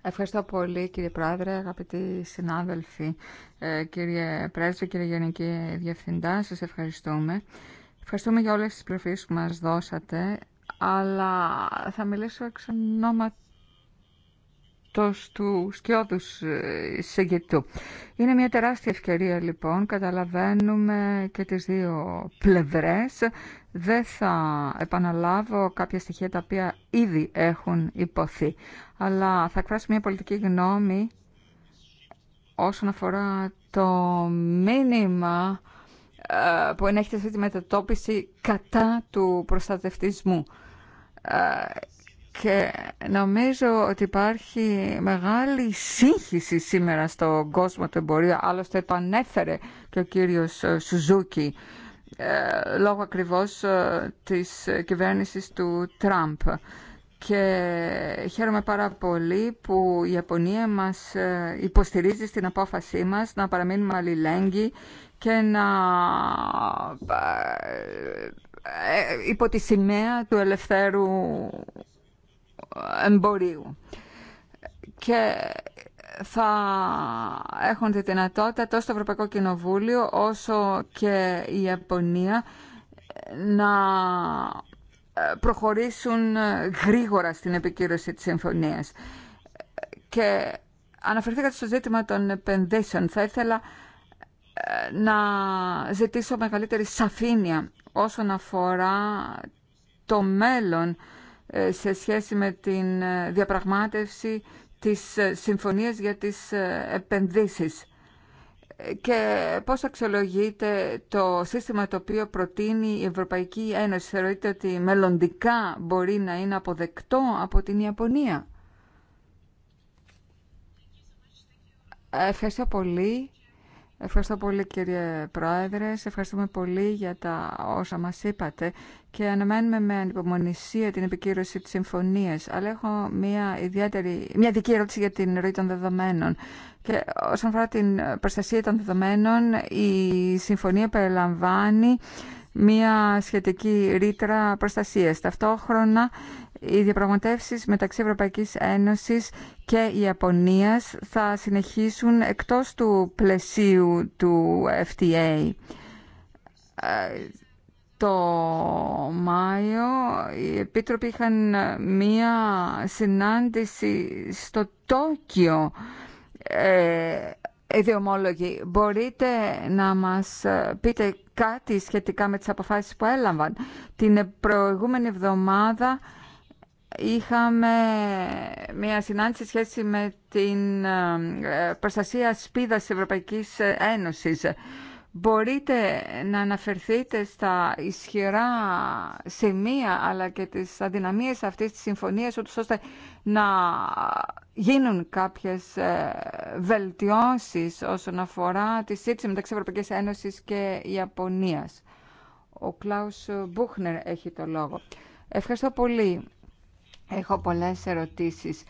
Ευχαριστώ πολύ κύριε Πρόεδρε, αγαπητοί συνάδελφοι, ε, κύριε Πρέσβη, κύριε Γενική Διευθυντά, σας ευχαριστούμε. Ευχαριστούμε για όλες τις πληροφορίες που μας δώσατε, αλλά θα μιλήσω εξ ονόματος του Σκιώδους ε, Σεγγετού. Είναι μια τεράστια ευκαιρία λοιπόν, καταλαβαίνουμε και τις δύο πλευρές. Δεν θα επαναλάβω κάποια στοιχεία τα οποία ήδη έχουν υποθεί, αλλά θα εκφράσω μια πολιτική γνώμη όσον αφορά το μήνυμα ε, που ενέχεται αυτή τη μετατόπιση κατά του προστατευτισμού. Ε, και νομίζω ότι υπάρχει μεγάλη σύγχυση σήμερα στον κόσμο του εμπορίου. Άλλωστε το και ο κύριος ε, Σουζούκη λόγω ακριβώς της κυβέρνησης του Τραμπ. Και χαίρομαι πάρα πολύ που η Ιαπωνία μας υποστηρίζει στην απόφασή μας να παραμείνουμε αλληλέγγυοι και να ε, υπό τη σημαία του ελευθέρου εμπορίου. Και θα έχουν τη δυνατότητα τόσο το Ευρωπαϊκό Κοινοβούλιο όσο και η Ιαπωνία να προχωρήσουν γρήγορα στην επικύρωση της συμφωνίας. Και αναφερθήκατε στο ζήτημα των επενδύσεων. Θα ήθελα να ζητήσω μεγαλύτερη σαφήνεια όσον αφορά το μέλλον ε, σε σχέση με την ε, διαπραγμάτευση της ε, συμφωνίας για τις επενδύσεις και πώς αξιολογείται το σύστημα το οποίο προτείνει η Ευρωπαϊκή Ένωση. Θεωρείτε ότι μελλοντικά μπορεί να είναι αποδεκτό από την Ιαπωνία. Ευχαριστώ πολύ. Ευχαριστώ πολύ κύριε Πρόεδρε, σε ευχαριστούμε πολύ για τα όσα μας είπατε και αναμένουμε με ανυπομονησία την επικύρωση της συμφωνίας. Αλλά έχω μια, ιδιαίτερη, μια δική ερώτηση για την ροή των δεδομένων. Και όσον αφορά την προστασία των δεδομένων, η συμφωνία περιλαμβάνει μια σχετική ρήτρα προστασίας. Ταυτόχρονα οι διαπραγματεύσεις μεταξύ Ευρωπαϊκής Ένωσης και Ιαπωνίας θα συνεχίσουν εκτός του πλαισίου του FTA. Ε, το Μάιο οι επίτροποι είχαν μία συνάντηση στο Τόκιο. Ε, Ιδιομόλογοι, μπορείτε να μας πείτε κάτι σχετικά με τις αποφάσεις που έλαβαν. Την προηγούμενη εβδομάδα είχαμε μια συνάντηση σχέση με την ε, προστασία σπίδας της Ευρωπαϊκής Ένωσης. Μπορείτε να αναφερθείτε στα ισχυρά σημεία αλλά και τις αδυναμίες αυτής της συμφωνίας ούτως ώστε να γίνουν κάποιες ε, βελτιώσεις όσον αφορά τη σύντηση μεταξύ Ευρωπαϊκής Ένωσης και Ιαπωνίας. Ο Κλάους Μπούχνερ έχει το λόγο. Ευχαριστώ πολύ. Έχω πολλές ερωτήσεις.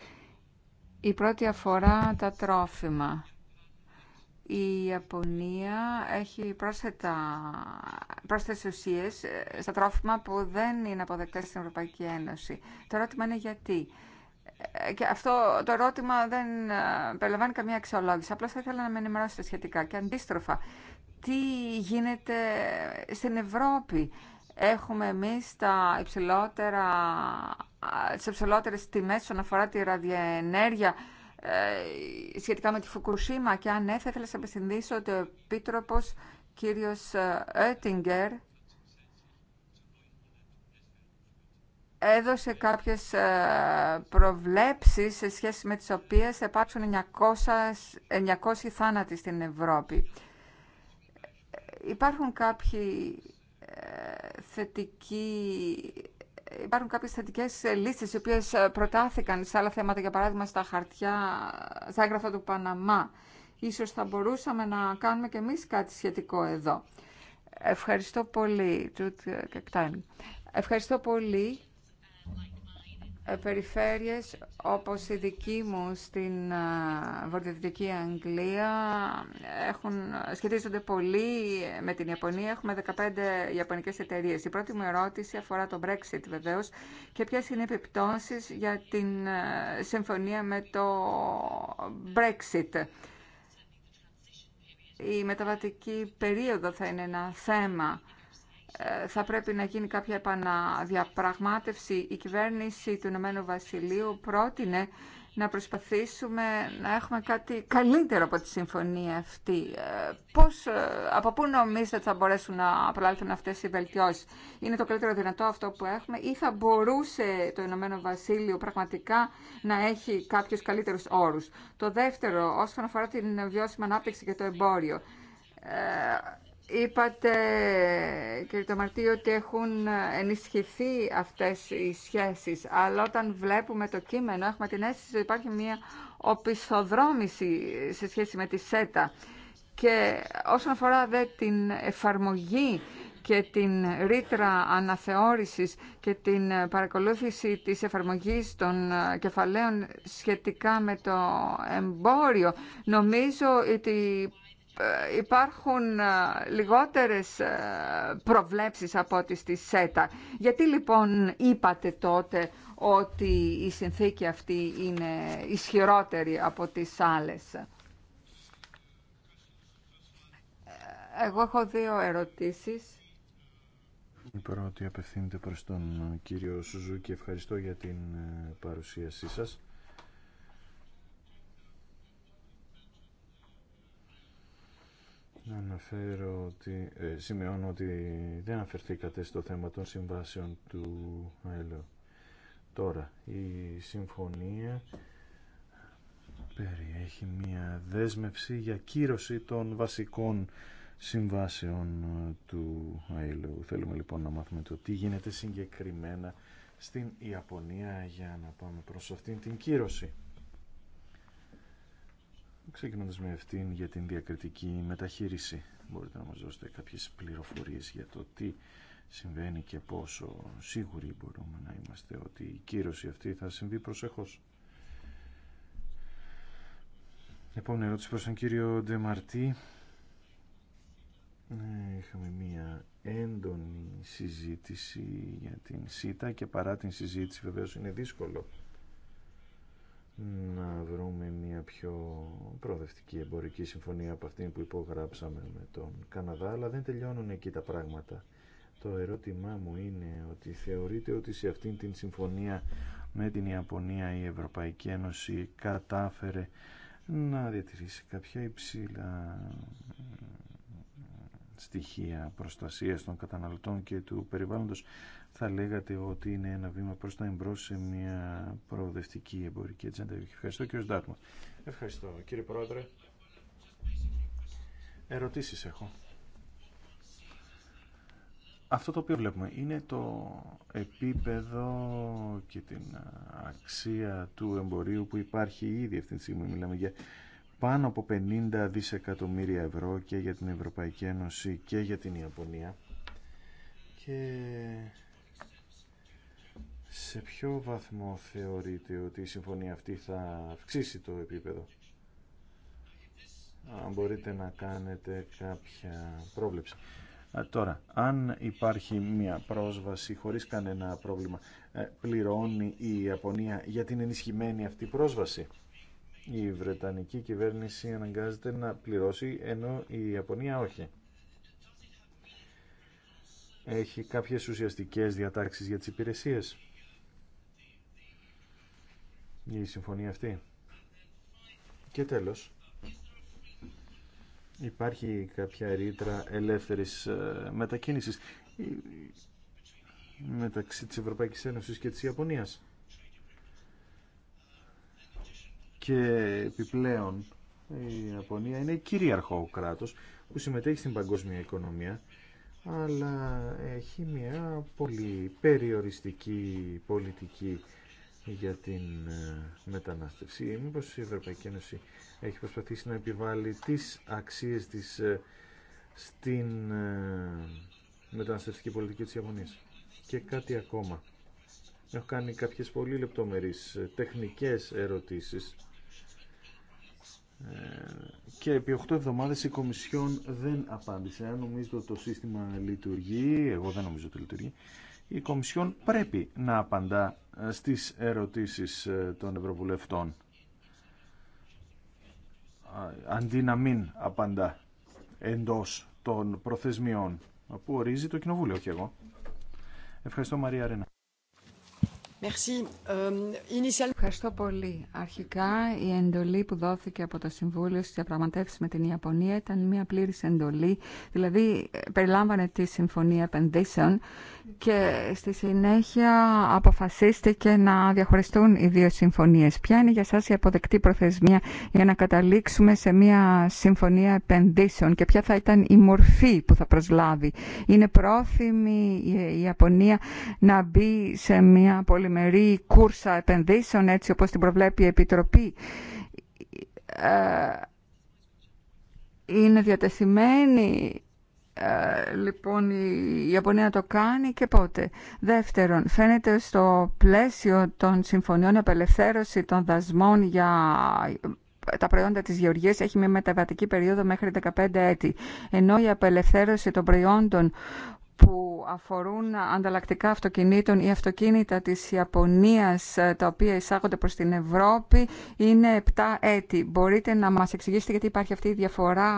Η πρώτη αφορά τα τρόφιμα. Η Ιαπωνία έχει πρόσθετα, πρόσθετες ουσίες ε, στα τρόφιμα που δεν είναι αποδεκτές στην Ευρωπαϊκή Ένωση. Το ερώτημα είναι γιατί. Ε, και αυτό το ερώτημα δεν ε, περιλαμβάνει καμία αξιολόγηση. Απλώς θα ήθελα να με ενημερώσετε σχετικά. Και αντίστροφα, τι γίνεται στην Ευρώπη έχουμε εμείς τα υψηλότερα, τις υψηλότερες τιμές όσον αφορά τη ραδιενέργεια ε, σχετικά με τη Φουκουσίμα και αν ναι, θα ήθελα να επισυνδύσω ότι ο Επίτροπος κύριος Έτιγκερ έδωσε κάποιες ε, προβλέψεις σε σχέση με τις οποίες θα υπάρξουν 900, 900 θάνατοι στην Ευρώπη. Ε, υπάρχουν κάποιοι θετική... Υπάρχουν κάποιες θετικές λίστες οι οποίες προτάθηκαν σε άλλα θέματα, για παράδειγμα στα χαρτιά, στα έγγραφα του Παναμά. Ίσως θα μπορούσαμε να κάνουμε και εμείς κάτι σχετικό εδώ. Ευχαριστώ πολύ, Ευχαριστώ πολύ. Ε, περιφέρειες όπως η δική μου στην ε, βορειοδυτική Αγγλία έχουν, σχετίζονται πολύ με την Ιαπωνία. Έχουμε 15 ιαπωνικές εταιρείε. Η πρώτη μου ερώτηση αφορά το Brexit βεβαίως και ποιες είναι οι επιπτώσεις για την ε, συμφωνία με το Brexit. Η μεταβατική περίοδο θα είναι ένα θέμα ε, θα πρέπει να γίνει κάποια επαναδιαπραγμάτευση. Η κυβέρνηση του Ηνωμένου Βασιλείου πρότεινε να προσπαθήσουμε να έχουμε κάτι καλύτερο από τη συμφωνία αυτή. Ε, πώς, ε, από πού νομίζετε ότι θα μπορέσουν να προλάβουν αυτές οι βελτιώσεις. Είναι το καλύτερο δυνατό αυτό που έχουμε ή θα μπορούσε το Ηνωμένο Βασίλειο πραγματικά να έχει κάποιους καλύτερους όρους. Το δεύτερο, όσον αφορά την βιώσιμη ανάπτυξη και το εμπόριο. Είπατε, κύριε Τομαρτή, ότι έχουν ενισχυθεί αυτές οι σχέσεις, αλλά όταν βλέπουμε το κείμενο έχουμε την αίσθηση ότι υπάρχει μια οπισθοδρόμηση σε σχέση με τη ΣΕΤΑ. Και όσον αφορά δε την εφαρμογή και την ρήτρα αναθεώρησης και την παρακολούθηση της εφαρμογής των κεφαλαίων σχετικά με το εμπόριο. Νομίζω ότι ε, υπάρχουν ε, λιγότερες ε, προβλέψεις από ό,τι στη ΣΕΤΑ. Γιατί λοιπόν είπατε τότε ότι η συνθήκη αυτή είναι ισχυρότερη από τις άλλες. Εγώ έχω δύο ερωτήσεις. Η πρώτη απευθύνεται προς τον κύριο Σουζούκη. Ευχαριστώ για την παρουσίασή σας. Να αναφέρω ότι, ε, σημειώνω ότι δεν αναφερθήκατε στο θέμα των συμβάσεων του ΑΕΛΟ. Τώρα, η συμφωνία περιέχει μια δέσμευση για κύρωση των βασικών συμβάσεων ε, του ΑΕΛΟ. Θέλουμε λοιπόν να μάθουμε το τι γίνεται συγκεκριμένα στην Ιαπωνία για να πάμε προς αυτήν την κύρωση. Ξεκινώντας με αυτήν για την διακριτική μεταχείριση, μπορείτε να μας δώσετε κάποιες πληροφορίες για το τι συμβαίνει και πόσο σίγουροι μπορούμε να είμαστε ότι η κύρωση αυτή θα συμβεί προσεχώς. Επόμενη ερώτηση προς τον κύριο Ντεμαρτή. Είχαμε μία έντονη συζήτηση για την ΣΥΤΑ και παρά την συζήτηση βεβαίως είναι δύσκολο να βρούμε μια πιο προοδευτική εμπορική συμφωνία από αυτήν που υπογράψαμε με τον Καναδά, αλλά δεν τελειώνουν εκεί τα πράγματα. Το ερώτημά μου είναι ότι θεωρείτε ότι σε αυτήν την συμφωνία με την Ιαπωνία η Ευρωπαϊκή Ένωση κατάφερε να διατηρήσει κάποια υψηλά στοιχεία προστασίας των καταναλωτών και του περιβάλλοντος θα λέγατε ότι είναι ένα βήμα προς τα εμπρός σε μια προοδευτική εμπορική ατζέντα. Ευχαριστώ κύριο Ντάκμα. Ευχαριστώ κύριε Πρόεδρε. Ερωτήσεις έχω. Αυτό το οποίο βλέπουμε είναι το επίπεδο και την αξία του εμπορίου που υπάρχει ήδη αυτή τη στιγμή. Μιλάμε για πάνω από 50 δισεκατομμύρια ευρώ και για την Ευρωπαϊκή Ένωση και για την Ιαπωνία. Και σε ποιο βαθμό θεωρείτε ότι η συμφωνία αυτή θα αυξήσει το επίπεδο. Αν μπορείτε να κάνετε κάποια πρόβλεψη. Τώρα, αν υπάρχει μια πρόσβαση χωρίς κανένα πρόβλημα, ε, πληρώνει η Ιαπωνία για την ενισχυμένη αυτή πρόσβαση. Η Βρετανική κυβέρνηση αναγκάζεται να πληρώσει, ενώ η Ιαπωνία όχι. Έχει κάποιες ουσιαστικές διατάξεις για τις υπηρεσίες η συμφωνία αυτή. Και τέλος, υπάρχει κάποια ρήτρα ελεύθερης ε, μετακίνησης ε, μεταξύ της Ευρωπαϊκής Ένωσης και της Ιαπωνίας. Και επιπλέον η Ιαπωνία είναι κυρίαρχο κράτος που συμμετέχει στην παγκόσμια οικονομία αλλά έχει μια πολύ περιοριστική πολιτική για την ε, μετανάστευση. Μήπως η Ευρωπαϊκή Ένωση έχει προσπαθήσει να επιβάλλει τις αξίες της ε, στην ε, μεταναστευτική πολιτική της Ιαπωνίας. Και κάτι ακόμα. Έχω κάνει κάποιες πολύ λεπτομερείς τεχνικές ερωτήσεις και επί 8 εβδομάδες η Κομισιόν δεν απάντησε. Αν νομίζω το σύστημα λειτουργεί, εγώ δεν νομίζω ότι λειτουργεί, η Κομισιόν πρέπει να απαντά ε, στις ερωτήσεις ε, των Ευρωβουλευτών αντί να μην απαντά εντός των προθεσμιών που ορίζει το Κοινοβούλιο και εγώ. Ευχαριστώ Μαρία Ρένα. Ευχαριστώ πολύ. Αρχικά η εντολή που δόθηκε από το Συμβούλιο στις διαπραγματεύσεις με την Ιαπωνία ήταν μια πλήρης εντολή, δηλαδή ε, περιλάμβανε τη Συμφωνία Επενδύσεων και στη συνέχεια αποφασίστηκε να διαχωριστούν οι δύο συμφωνίες. Ποια είναι για σας η αποδεκτή προθεσμία για να καταλήξουμε σε μια Συμφωνία Επενδύσεων και ποια θα ήταν η μορφή που θα προσλάβει. Είναι πρόθυμη η Ιαπωνία να μπει σε μια πολύ τριμερή κούρσα επενδύσεων έτσι όπως την προβλέπει η Επιτροπή ε, είναι διατεθειμένη ε, λοιπόν η Ιαπωνία το κάνει και πότε. Δεύτερον, φαίνεται στο πλαίσιο των συμφωνιών απελευθέρωση των δασμών για τα προϊόντα της γεωργίας έχει μια μεταβατική περίοδο μέχρι 15 έτη. Ενώ η απελευθέρωση των προϊόντων που αφορούν ανταλλακτικά αυτοκινήτων ή αυτοκίνητα της Ιαπωνίας ε, τα οποία εισάγονται προς την Ευρώπη είναι 7 έτη. Μπορείτε να μας εξηγήσετε γιατί υπάρχει αυτή η διαφορά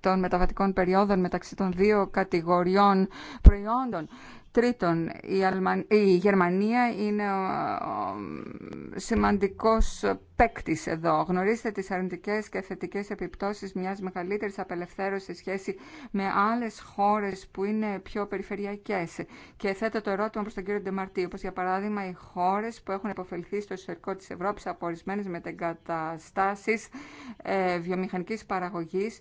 των μεταβατικών περιόδων μεταξύ των δύο κατηγοριών προϊόντων Τρίτον, η, η Γερμανία είναι ε, ε, σημαντικός παίκτη εδώ. Γνωρίζετε τις αρνητικές και θετικές επιπτώσεις μιας μεγαλύτερης απελευθέρωσης σε σχέση με άλλες χώρες που είναι πιο περιφερειακές. Και θέτω το ερώτημα προς τον κύριο Ντεμαρτή, όπως για παράδειγμα οι χώρες που έχουν υποφελθεί στο εσωτερικό της Ευρώπης από ορισμένες μετεγκαταστάσεις ε, βιομηχανικής παραγωγής,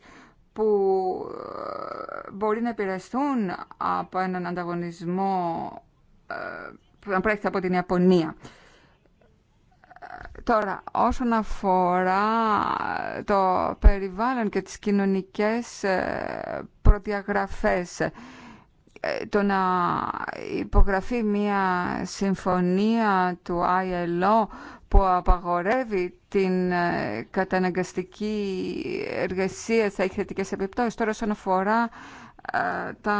που ε, μπορεί να επηρεαστούν από έναν ανταγωνισμό ε, που να πρέπει από την Ιαπωνία. Τώρα, όσον αφορά το περιβάλλον και τις κοινωνικές ε, προδιαγραφές, το να υπογραφεί μια συμφωνία του ILO που απαγορεύει την ε, καταναγκαστική εργασία θα έχει θετικέ επιπτώσεις. Τώρα όσον αφορά ε, τα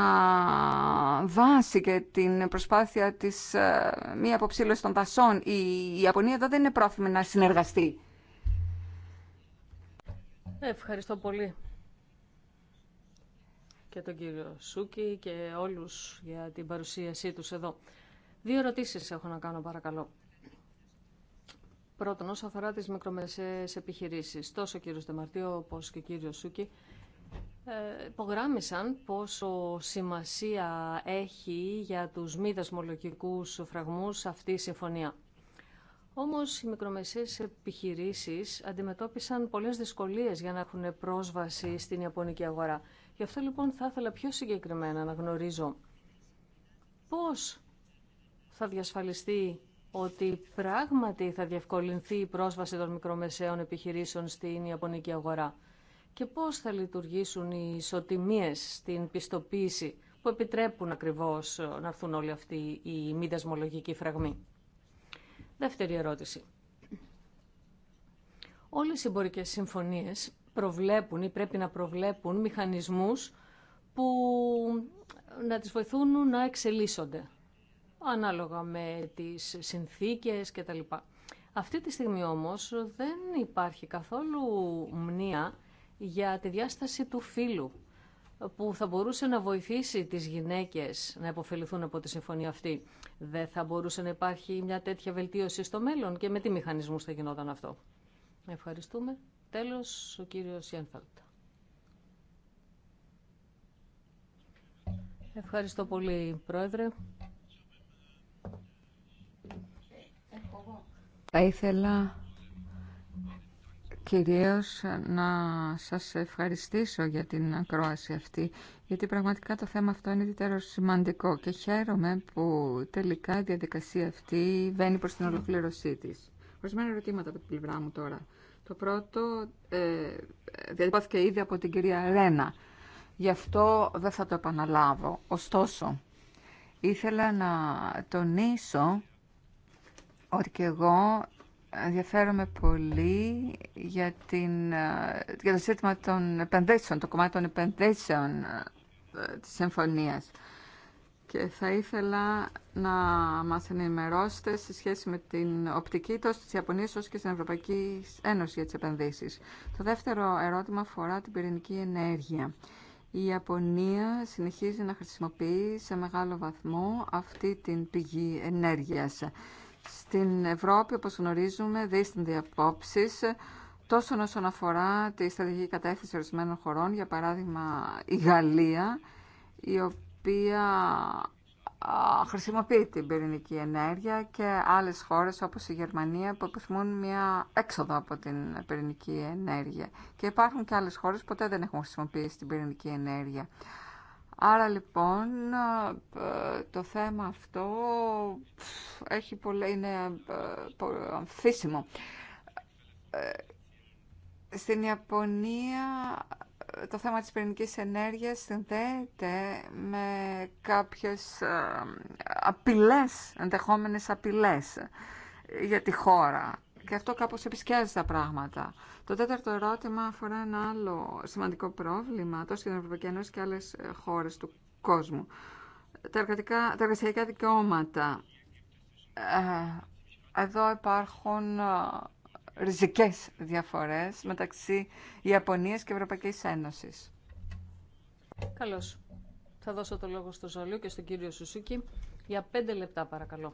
βάση και την προσπάθεια της ε, μη αποψήλωση των δασών, η Ιαπωνία εδώ δεν είναι πρόθυμη να συνεργαστεί. Ναι, ευχαριστώ πολύ και τον κύριο Σούκη και όλους για την παρουσίασή τους εδώ. Δύο ερωτήσεις έχω να κάνω παρακαλώ. Πρώτον, όσο αφορά τι μικρομεσαίες επιχειρήσει. τόσο ο κύριο Δεμαρτίο, όπω και ο κύριο Σούκη, ε, υπογράμμισαν πόσο σημασία έχει για τους μη δασμολογικούς φραγμούς αυτή η συμφωνία. Όμως οι μικρομεσαίες επιχειρήσεις αντιμετώπισαν πολλές δυσκολίες για να έχουν πρόσβαση στην Ιαπωνική αγορά. Γι' αυτό λοιπόν θα ήθελα πιο συγκεκριμένα να γνωρίζω πώς θα διασφαλιστεί ότι πράγματι θα διευκολυνθεί η πρόσβαση των μικρομεσαίων επιχειρήσεων στην Ιαπωνική αγορά και πώς θα λειτουργήσουν οι ισοτιμίες στην πιστοποίηση που επιτρέπουν ακριβώς ε, να έρθουν όλοι αυτοί οι μη δασμολογικοί φραγμοί. Δεύτερη ερώτηση. Όλες οι εμπορικέ συμφωνίες προβλέπουν ή πρέπει να προβλέπουν μηχανισμούς που να τις βοηθούν να εξελίσσονται ανάλογα με τις συνθήκες κτλ. Αυτή τη στιγμή όμως δεν υπάρχει καθόλου μνήα για τη διάσταση του φύλου που θα μπορούσε να βοηθήσει τις γυναίκες να υποφεληθούν από τη συμφωνία αυτή. Δεν θα μπορούσε να υπάρχει μια τέτοια βελτίωση στο μέλλον και με τι μηχανισμούς θα γινόταν αυτό. Ευχαριστούμε. Τέλος, ο κύριος Γιάνφαλτ. Ευχαριστώ πολύ, Πρόεδρε. Θα ήθελα κυρίως να σας ευχαριστήσω για την ακρόαση αυτή, γιατί πραγματικά το θέμα αυτό είναι ιδιαίτερο σημαντικό και χαίρομαι που τελικά η διαδικασία αυτή βαίνει προς την ολοκλήρωσή της. Ορισμένα ερωτήματα από την πλευρά μου τώρα. Το πρώτο ε, διατυπώθηκε ήδη από την κυρία Ρένα. Γι' αυτό δεν θα το επαναλάβω. Ωστόσο, ήθελα να τονίσω ότι και εγώ ενδιαφέρομαι πολύ για, την, ε, για το ζήτημα των επενδύσεων, το κομμάτι των επενδύσεων ε, της συμφωνίας. Και θα ήθελα να μας ενημερώσετε σε σχέση με την οπτική τόσο της Ιαπωνίας όσο και στην Ευρωπαϊκή Ένωση για τις επενδύσεις. Το δεύτερο ερώτημα αφορά την πυρηνική ενέργεια. Η Ιαπωνία συνεχίζει να χρησιμοποιεί σε μεγάλο βαθμό αυτή την πηγή ενέργειας. Στην Ευρώπη, όπως γνωρίζουμε, δίστανται απόψει τόσο όσον αφορά τη στρατηγική κατεύθυνση ορισμένων χωρών, για παράδειγμα η Γαλλία, η οποία χρησιμοποιεί την πυρηνική ενέργεια και άλλες χώρες όπως η Γερμανία που επιθυμούν μια έξοδο από την πυρηνική ενέργεια. Και υπάρχουν και άλλες χώρες που ποτέ δεν έχουν χρησιμοποιήσει την πυρηνική ενέργεια. Άρα λοιπόν το θέμα αυτό έχει πολλά, είναι αμφίσιμο. Ε, στην Ιαπωνία το θέμα της πυρηνικής ενέργειας συνδέεται με κάποιες απειλές, ενδεχόμενες απειλές για τη χώρα και αυτό κάπως επισκιάζει τα πράγματα. Το τέταρτο ερώτημα αφορά ένα άλλο σημαντικό πρόβλημα, τόσο στην την Ευρωπαϊκή Ένωση και άλλες ε, χώρες του κόσμου. Τα, εργατικά, τα εργασιακά δικαιώματα. Ε, εδώ υπάρχουν ε, ριζικές διαφορές μεταξύ Ιαπωνίας και Ευρωπαϊκής Ένωσης. Καλώς. Θα δώσω το λόγο στο Ζαλίου και στον κύριο Σουσούκη για πέντε λεπτά παρακαλώ.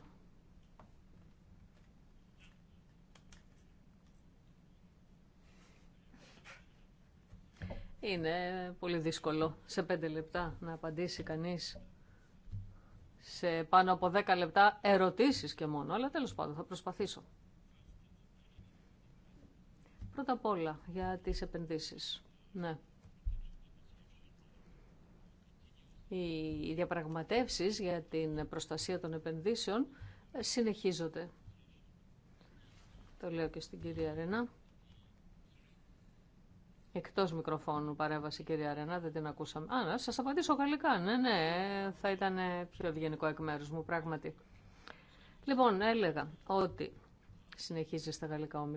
Είναι πολύ δύσκολο σε πέντε λεπτά να απαντήσει κανείς σε πάνω από δέκα λεπτά ερωτήσεις και μόνο, αλλά τέλος πάντων θα προσπαθήσω. Πρώτα απ' όλα για τις επενδύσεις. Ναι. Οι διαπραγματεύσεις για την προστασία των επενδύσεων συνεχίζονται. Το λέω και στην κυρία Ρένα. Εκτός μικροφώνου παρέμβαση κυρία Ρενά, δεν την ακούσαμε. Α, να σας απαντήσω γαλλικά. Ναι, ναι, θα ήταν πιο ευγενικό εκ μέρους μου, πράγματι. Λοιπόν, έλεγα ότι συνεχίζει στα γαλλικά ο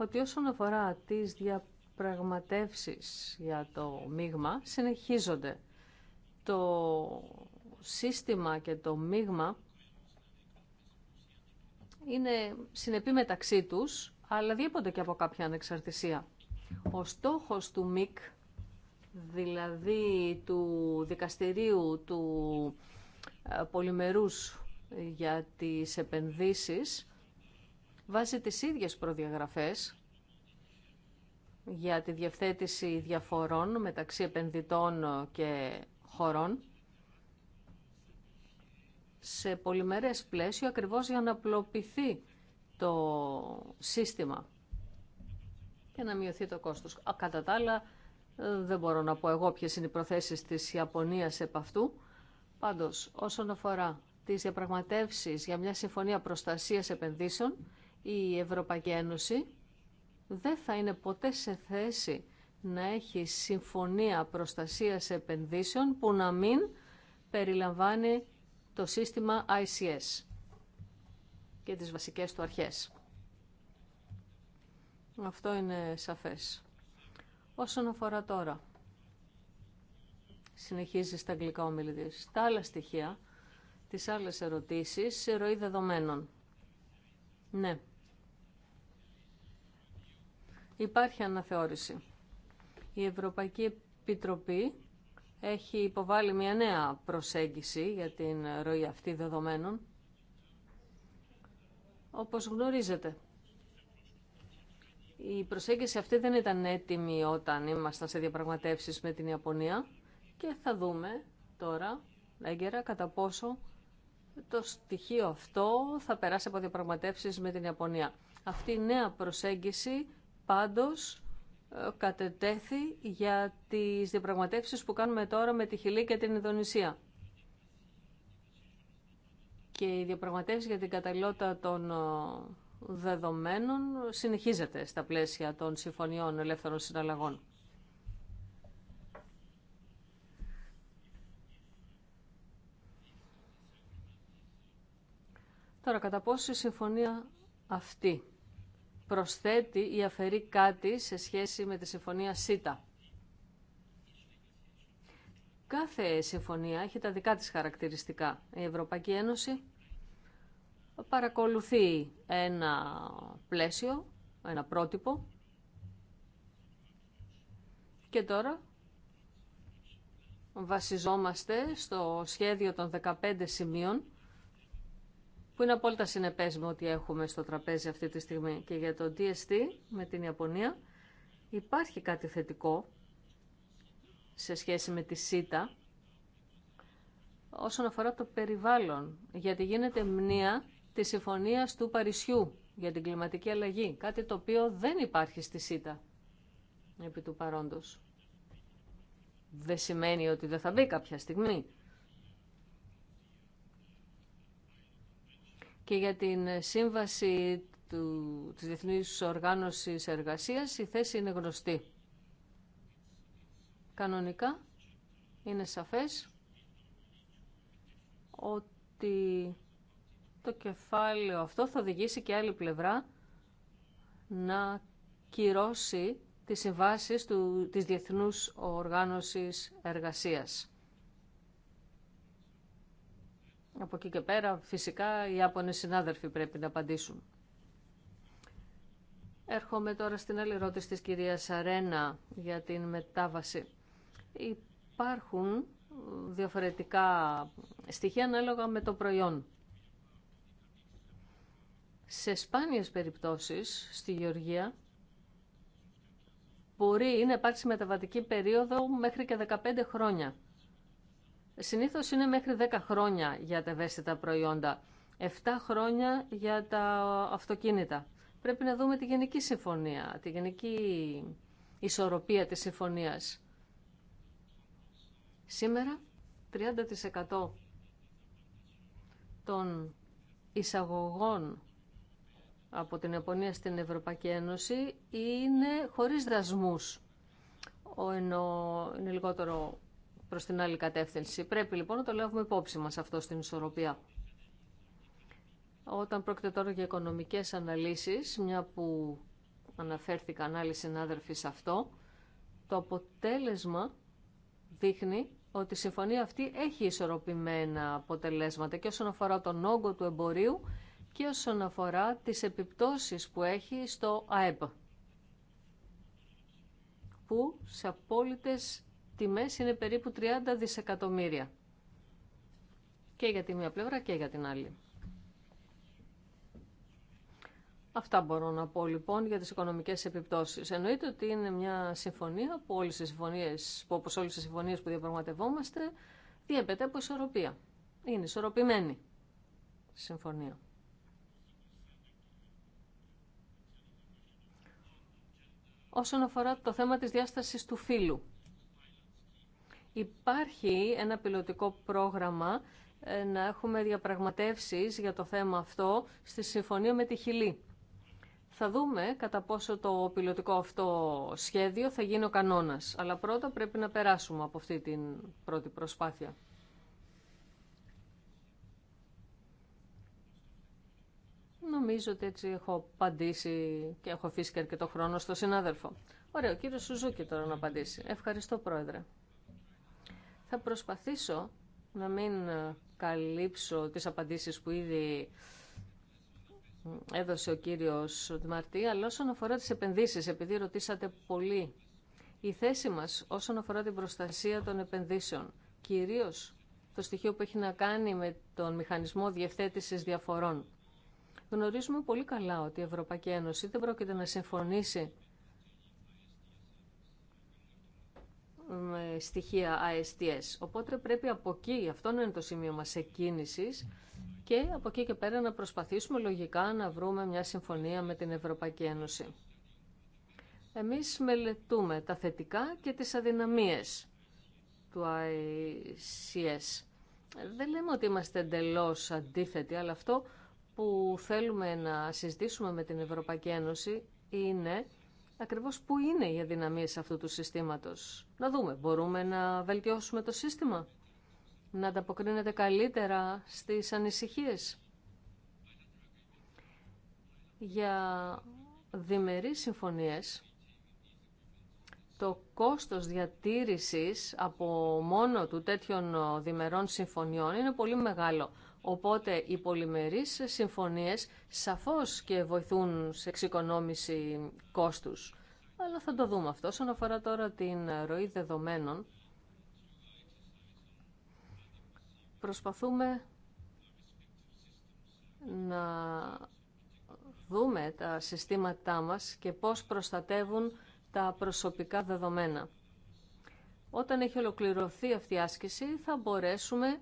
ότι όσον αφορά τις διαπραγματεύσεις για το μείγμα, συνεχίζονται. Το σύστημα και το μείγμα είναι συνεπή μεταξύ τους αλλά διέπονται και από κάποια ανεξαρτησία. Ο στόχος του ΜΙΚ, δηλαδή του Δικαστηρίου του ε, Πολυμερούς για τις επενδύσεις, βάζει τις ίδιες προδιαγραφές για τη διευθέτηση διαφορών μεταξύ επενδυτών και χωρών σε πολυμερές πλαίσιο ακριβώς για να απλοποιηθεί το σύστημα και να μειωθεί το κόστος. Κατά τα άλλα, δεν μπορώ να πω εγώ ποιες είναι οι προθέσεις της Ιαπωνίας επ' αυτού. Πάντως, όσον αφορά τις διαπραγματεύσεις για μια συμφωνία προστασίας επενδύσεων, η Ευρωπαϊκή Ένωση δεν θα είναι ποτέ σε θέση να έχει συμφωνία προστασίας επενδύσεων που να μην περιλαμβάνει το σύστημα ICS και τις βασικές του αρχές. Αυτό είναι σαφές. Όσον αφορά τώρα, συνεχίζει στα αγγλικά ο τα άλλα στοιχεία, τις άλλες ερωτήσεις, σε ροή δεδομένων. Ναι. Υπάρχει αναθεώρηση. Η Ευρωπαϊκή Επιτροπή έχει υποβάλει μια νέα προσέγγιση για την ροή αυτή δεδομένων όπως γνωρίζετε. Η προσέγγιση αυτή δεν ήταν έτοιμη όταν ήμασταν σε διαπραγματεύσεις με την Ιαπωνία και θα δούμε τώρα έγκαιρα κατά πόσο το στοιχείο αυτό θα περάσει από διαπραγματεύσεις με την Ιαπωνία. Αυτή η νέα προσέγγιση πάντως ε, κατετέθη για τις διαπραγματεύσεις που κάνουμε τώρα με τη Χιλή και την Ινδονησία και η διαπραγματεύση για την καταλληλότητα των ε, δεδομένων συνεχίζεται στα πλαίσια των συμφωνιών ελεύθερων συναλλαγών. Τώρα, κατά πόσο η συμφωνία αυτή προσθέτει ή αφαιρεί κάτι σε σχέση με τη συμφωνία ΣΥΤΑ. Κάθε συμφωνία έχει τα δικά της χαρακτηριστικά. Η Ευρωπαϊκή Ένωση παρακολουθεί ένα πλαίσιο, ένα πρότυπο και τώρα βασιζόμαστε στο σχέδιο των 15 σημείων που είναι απόλυτα συνεπές με ό,τι έχουμε στο τραπέζι αυτή τη στιγμή και για το DST με την Ιαπωνία υπάρχει κάτι θετικό σε σχέση με τη ΣΥΤΑ όσον αφορά το περιβάλλον, γιατί γίνεται μνήα της Συμφωνίας του Παρισιού για την κλιματική αλλαγή, κάτι το οποίο δεν υπάρχει στη ΣΥΤΑ επί του παρόντος. Δεν σημαίνει ότι δεν θα μπει κάποια στιγμή. Και για την σύμβαση του, της Διεθνής Οργάνωσης Εργασίας η θέση είναι γνωστή. Κανονικά είναι σαφές ότι το κεφάλαιο αυτό θα οδηγήσει και άλλη πλευρά να κυρώσει τις συμβάσεις του, της Διεθνούς Οργάνωσης Εργασίας. Από εκεί και πέρα φυσικά οι Ιάπωνες συνάδελφοι πρέπει να απαντήσουν. Έρχομαι τώρα στην άλλη ερώτηση της κυρίας Αρένα για την μετάβαση. Υπάρχουν ε, διαφορετικά στοιχεία ανάλογα με το προϊόν. Σε σπάνιες περιπτώσεις στη Γεωργία μπορεί να υπάρξει μεταβατική περίοδο μέχρι και 15 χρόνια. Συνήθως είναι μέχρι 10 χρόνια για τα ευαίσθητα προϊόντα, 7 χρόνια για τα αυτοκίνητα. Πρέπει να δούμε τη Γενική Συμφωνία, τη Γενική Ισορροπία της Συμφωνίας. Σήμερα 30% των εισαγωγών από την Ιαπωνία στην Ευρωπαϊκή Ένωση είναι χωρίς δρασμούς, ενώ είναι λιγότερο προς την άλλη κατεύθυνση. Πρέπει λοιπόν να το λάβουμε υπόψη μας αυτό στην ισορροπία. Όταν πρόκειται τώρα για οικονομικές αναλύσεις, μια που αναφέρθηκαν άλλοι συνάδελφοι σε αυτό, το αποτέλεσμα δείχνει ότι η συμφωνία αυτή έχει ισορροπημένα αποτελέσματα και όσον αφορά τον όγκο του εμπορίου και όσον αφορά τις επιπτώσεις που έχει στο ΑΕΠ που σε απόλυτες τιμές είναι περίπου 30 δισεκατομμύρια και για τη μία πλευρά και για την άλλη. Αυτά μπορώ να πω λοιπόν για τις οικονομικές επιπτώσεις. Εννοείται ότι είναι μια συμφωνία που όλες όλε συμφωνίες, που όπως όλες οι συμφωνίες που διαπραγματευόμαστε, διέπεται από ισορροπία. Είναι ισορροπημένη συμφωνία. Όσον αφορά το θέμα της διάστασης του φύλου, υπάρχει ένα πιλωτικό πρόγραμμα ε, να έχουμε διαπραγματεύσεις για το θέμα αυτό στη συμφωνία με τη Χιλή θα δούμε κατά πόσο το πιλωτικό αυτό σχέδιο θα γίνει ο κανόνας. Αλλά πρώτα πρέπει να περάσουμε από αυτή την πρώτη προσπάθεια. Νομίζω ότι έτσι έχω απαντήσει και έχω αφήσει και αρκετό χρόνο στο συνάδελφο. Ωραίο, κύριος Σουζούκη τώρα να απαντήσει. Ευχαριστώ, Πρόεδρε. Θα προσπαθήσω να μην καλύψω τις απαντήσεις που ήδη έδωσε ο κύριος Δημαρτή, αλλά όσον αφορά τις επενδύσεις, επειδή ρωτήσατε πολύ, η θέση μας όσον αφορά την προστασία των επενδύσεων, κυρίως το στοιχείο που έχει να κάνει με τον μηχανισμό διευθέτησης διαφορών. Γνωρίζουμε πολύ καλά ότι η Ευρωπαϊκή Ένωση δεν πρόκειται να συμφωνήσει με στοιχεία ASTS. Οπότε πρέπει από εκεί, αυτό είναι το σημείο μας εκκίνησης, και από εκεί και πέρα να προσπαθήσουμε λογικά να βρούμε μια συμφωνία με την Ευρωπαϊκή Ένωση. Εμείς μελετούμε τα θετικά και τις αδυναμίες του ICS. Δεν λέμε ότι είμαστε εντελώ αντίθετοι, αλλά αυτό που θέλουμε να συζητήσουμε με την Ευρωπαϊκή Ένωση είναι ακριβώς πού είναι οι αδυναμίες αυτού του συστήματος. Να δούμε, μπορούμε να βελτιώσουμε το σύστημα να ανταποκρίνεται καλύτερα στις ανησυχίες. Για διμερείς συμφωνίες, το κόστος διατήρησης από μόνο του τέτοιων διμερών συμφωνιών είναι πολύ μεγάλο. Οπότε οι πολυμερείς συμφωνίες σαφώς και βοηθούν σε εξοικονόμηση κόστους. Αλλά θα το δούμε αυτό. Όσον αφορά τώρα την ροή δεδομένων, Προσπαθούμε να δούμε τα συστήματά μας και πώς προστατεύουν τα προσωπικά δεδομένα. Όταν έχει ολοκληρωθεί αυτή η άσκηση θα μπορέσουμε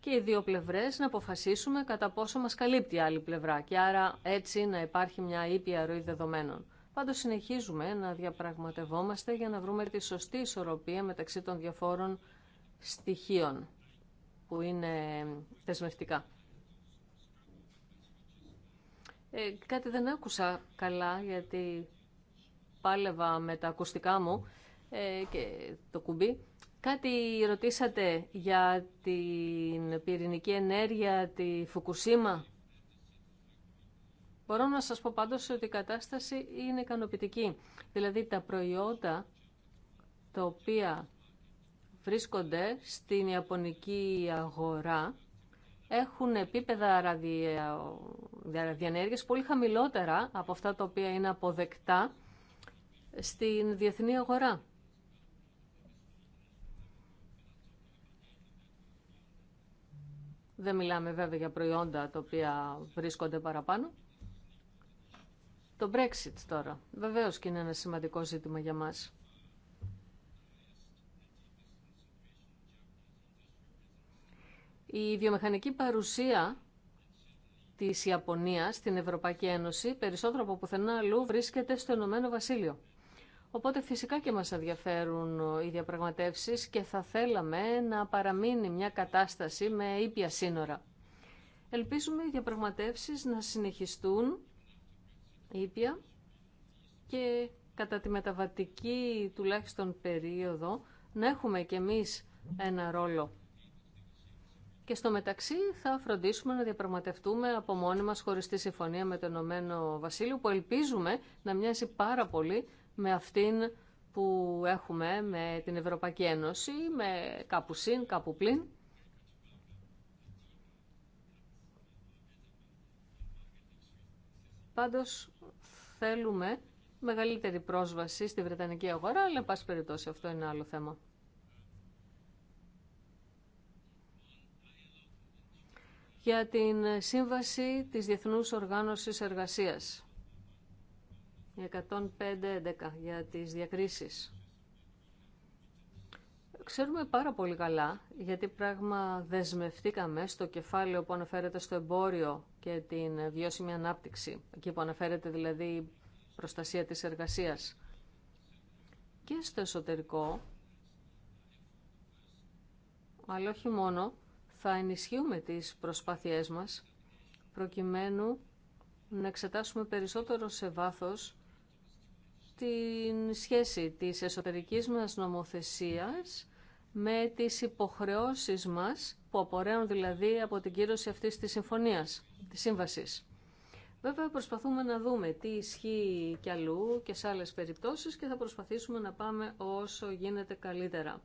και οι δύο πλευρές να αποφασίσουμε κατά πόσο μας καλύπτει η άλλη πλευρά και άρα έτσι να υπάρχει μια ήπια ροή δεδομένων. Πάντως συνεχίζουμε να διαπραγματευόμαστε για να βρούμε τη σωστή ισορροπία μεταξύ των διαφόρων στοιχείων που είναι δεσμευτικά. Ε, κάτι δεν άκουσα καλά γιατί πάλευα με τα ακουστικά μου ε, και το κουμπί. Κάτι ρωτήσατε για την πυρηνική ενέργεια, τη Φουκουσίμα. Μπορώ να σας πω πάντως ότι η κατάσταση είναι ικανοποιητική. Δηλαδή τα προϊόντα τα οποία βρίσκονται στην Ιαπωνική αγορά έχουν επίπεδα ραδιενέργειας πολύ χαμηλότερα από αυτά τα οποία είναι αποδεκτά στην διεθνή αγορά. Δεν μιλάμε βέβαια για προϊόντα τα οποία βρίσκονται παραπάνω. Το Brexit τώρα. Βεβαίως και είναι ένα σημαντικό ζήτημα για μας. Η βιομηχανική παρουσία της Ιαπωνίας στην Ευρωπαϊκή Ένωση περισσότερο από πουθενά αλλού βρίσκεται στο Ηνωμένο Βασίλειο. Οπότε φυσικά και μας ενδιαφέρουν οι διαπραγματεύσεις και θα θέλαμε να παραμείνει μια κατάσταση με ήπια σύνορα. Ελπίζουμε οι διαπραγματεύσεις να συνεχιστούν ήπια και κατά τη μεταβατική τουλάχιστον περίοδο να έχουμε κι εμείς ένα ρόλο και στο μεταξύ θα φροντίσουμε να διαπραγματευτούμε από μόνοι μας χωριστή συμφωνία με το Ηνωμένο Βασίλειο που ελπίζουμε να μοιάζει πάρα πολύ με αυτήν που έχουμε με την Ευρωπαϊκή Ένωση, με κάπου συν, κάπου πλην. Πάντως θέλουμε μεγαλύτερη πρόσβαση στη Βρετανική αγορά, αλλά εν πάση περιπτώσει αυτό είναι άλλο θέμα. για την Σύμβαση της Διεθνούς Οργάνωσης Εργασίας. 105-11 για τις διακρίσεις. Ξέρουμε πάρα πολύ καλά, γιατί πράγμα δεσμευτήκαμε στο κεφάλαιο που αναφέρεται στο εμπόριο και την βιώσιμη ανάπτυξη, εκεί που αναφέρεται δηλαδή η προστασία της εργασίας. Και στο εσωτερικό, αλλά όχι μόνο, θα ενισχύουμε τις προσπάθειές μας προκειμένου να εξετάσουμε περισσότερο σε βάθος την σχέση της εσωτερικής μας νομοθεσίας με τις υποχρεώσεις μας που απορρέουν δηλαδή από την κύρωση αυτής της συμφωνίας, της σύμβασης. Βέβαια προσπαθούμε να δούμε τι ισχύει κι αλλού και σε άλλες περιπτώσεις και θα προσπαθήσουμε να πάμε όσο γίνεται καλύτερα.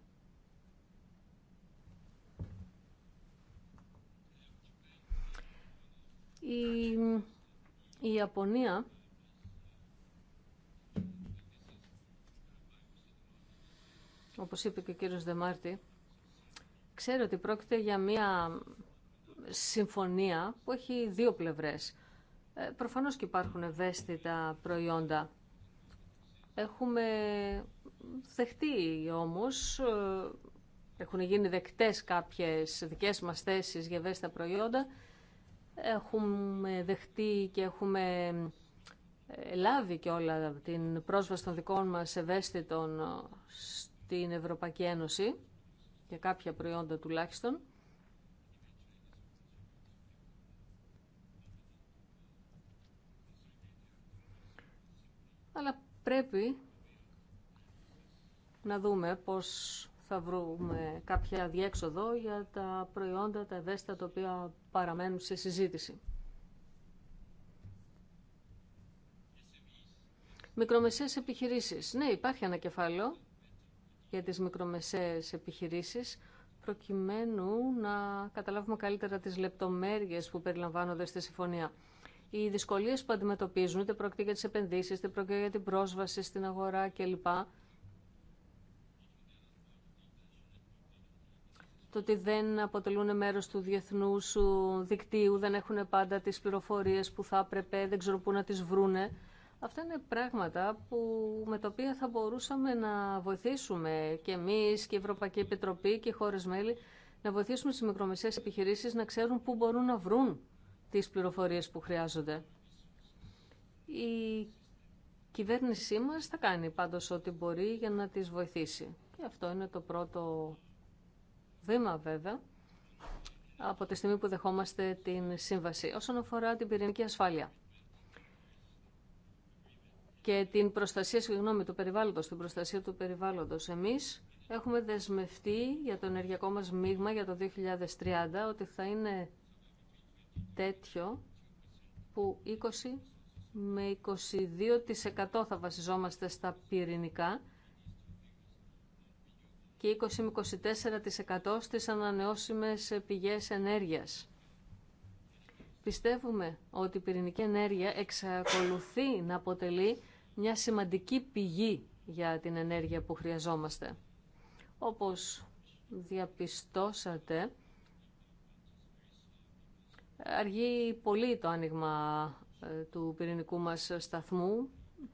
Η, η Ιαπωνία όπως είπε και ο κύριος Δεμάρτη, ξέρω ότι πρόκειται για μια συμφωνία που έχει δύο πλευρές. Ε, προφανώς και υπάρχουν ευαίσθητα προϊόντα. Έχουμε δεχτεί όμως, ε, έχουν γίνει δεκτές κάποιες δικές μας θέσεις για ευαίσθητα προϊόντα Έχουμε δεχτεί και έχουμε ε, λάβει και όλα την πρόσβαση των δικών μας ευαίσθητων ε, στην Ευρωπαϊκή Ένωση για κάποια προϊόντα τουλάχιστον. Αλλά πρέπει να δούμε πώς θα βρούμε κάποια διέξοδο για τα προϊόντα, τα ευαίσθητα τα οποία παραμένουν σε συζήτηση. Μικρομεσαίες επιχειρήσεις. Ναι, υπάρχει ένα κεφάλαιο για τις μικρομεσαίες επιχειρήσεις προκειμένου να καταλάβουμε καλύτερα τις λεπτομέρειες που περιλαμβάνονται στη συμφωνία. Οι δυσκολίες που αντιμετωπίζουν, είτε πρόκειται για τις επενδύσεις, είτε πρόκειται για την πρόσβαση στην αγορά κλπ το ότι δεν αποτελούν μέρος του διεθνούς δικτύου, δεν έχουν πάντα τις πληροφορίες που θα έπρεπε, δεν ξέρουν πού να τις βρούνε. Αυτά είναι πράγματα που, με τα οποία θα μπορούσαμε να βοηθήσουμε και εμείς και η Ευρωπαϊκή Επιτροπή και οι χώρες μέλη να βοηθήσουμε τις μικρομεσαίες επιχειρήσεις να ξέρουν πού μπορούν να βρουν τις πληροφορίες που χρειάζονται. Η κυβέρνησή μας θα κάνει πάντως ό,τι μπορεί για να τις βοηθήσει. Και αυτό είναι το πρώτο βήμα βέβαια από τη στιγμή που δεχόμαστε την σύμβαση όσον αφορά την πυρηνική ασφάλεια και την προστασία, συγγνώμη, του περιβάλλοντος, την προστασία του περιβάλλοντος. Εμείς έχουμε δεσμευτεί για το ενεργειακό μας μείγμα για το 2030 ότι θα είναι τέτοιο που 20 με 22% θα βασιζόμαστε στα πυρηνικά και 20-24% στις ανανεώσιμες πηγές ενέργειας. Πιστεύουμε ότι η πυρηνική ενέργεια εξακολουθεί να αποτελεί μια σημαντική πηγή για την ενέργεια που χρειαζόμαστε. Όπως διαπιστώσατε, αργεί πολύ το άνοιγμα ε, του πυρηνικού μας σταθμού,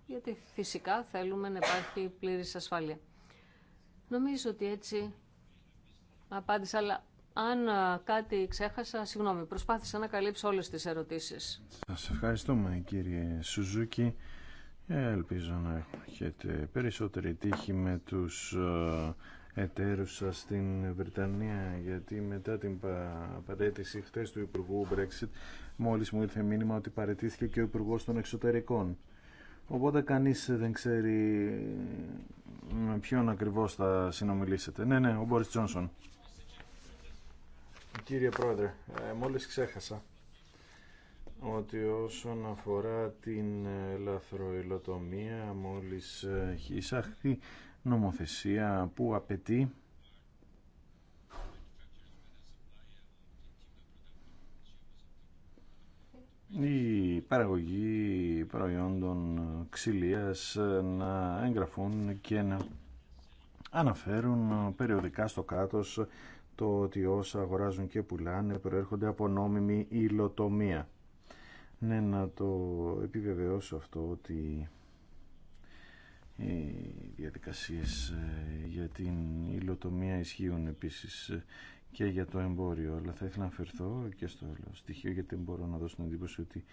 γιατί φυσικά θέλουμε να υπάρχει πλήρης ασφάλεια. Νομίζω ότι έτσι απάντησα, αλλά αν κάτι ξέχασα, συγγνώμη, προσπάθησα να καλύψω όλες τις ερωτήσεις. Σας ευχαριστούμε κύριε Σουζούκη. Ε, ελπίζω να έχετε περισσότερη τύχη με τους εταίρους σας στην Βρετανία γιατί μετά την παρέτηση χτες του Υπουργού Brexit μόλις μου ήρθε μήνυμα ότι παρετήθηκε και ο Υπουργός των Εξωτερικών. Οπότε κανείς δεν ξέρει με ποιον ακριβώς θα συνομιλήσετε. Ναι, ναι, ο Μπόρις Τζόνσον. Κύριε Πρόεδρε, ε, μόλις ξέχασα ότι όσον αφορά την ε, λαθροϊλοτομία μόλις ε, έχει εισαχθεί νομοθεσία που απαιτεί η παραγωγή προϊόντων ξυλίας να εγγραφούν και να αναφέρουν περιοδικά στο κάτος το ότι όσα αγοράζουν και πουλάνε προέρχονται από νόμιμη υλοτομία. Ναι, να το επιβεβαιώσω αυτό ότι οι διαδικασίες ε, για την υλοτομία ισχύουν επίσης και για το εμπόριο, αλλά θα ήθελα να αφαιρθώ και στο στοιχείο γιατί μπορώ να δώσω την εντύπωση ότι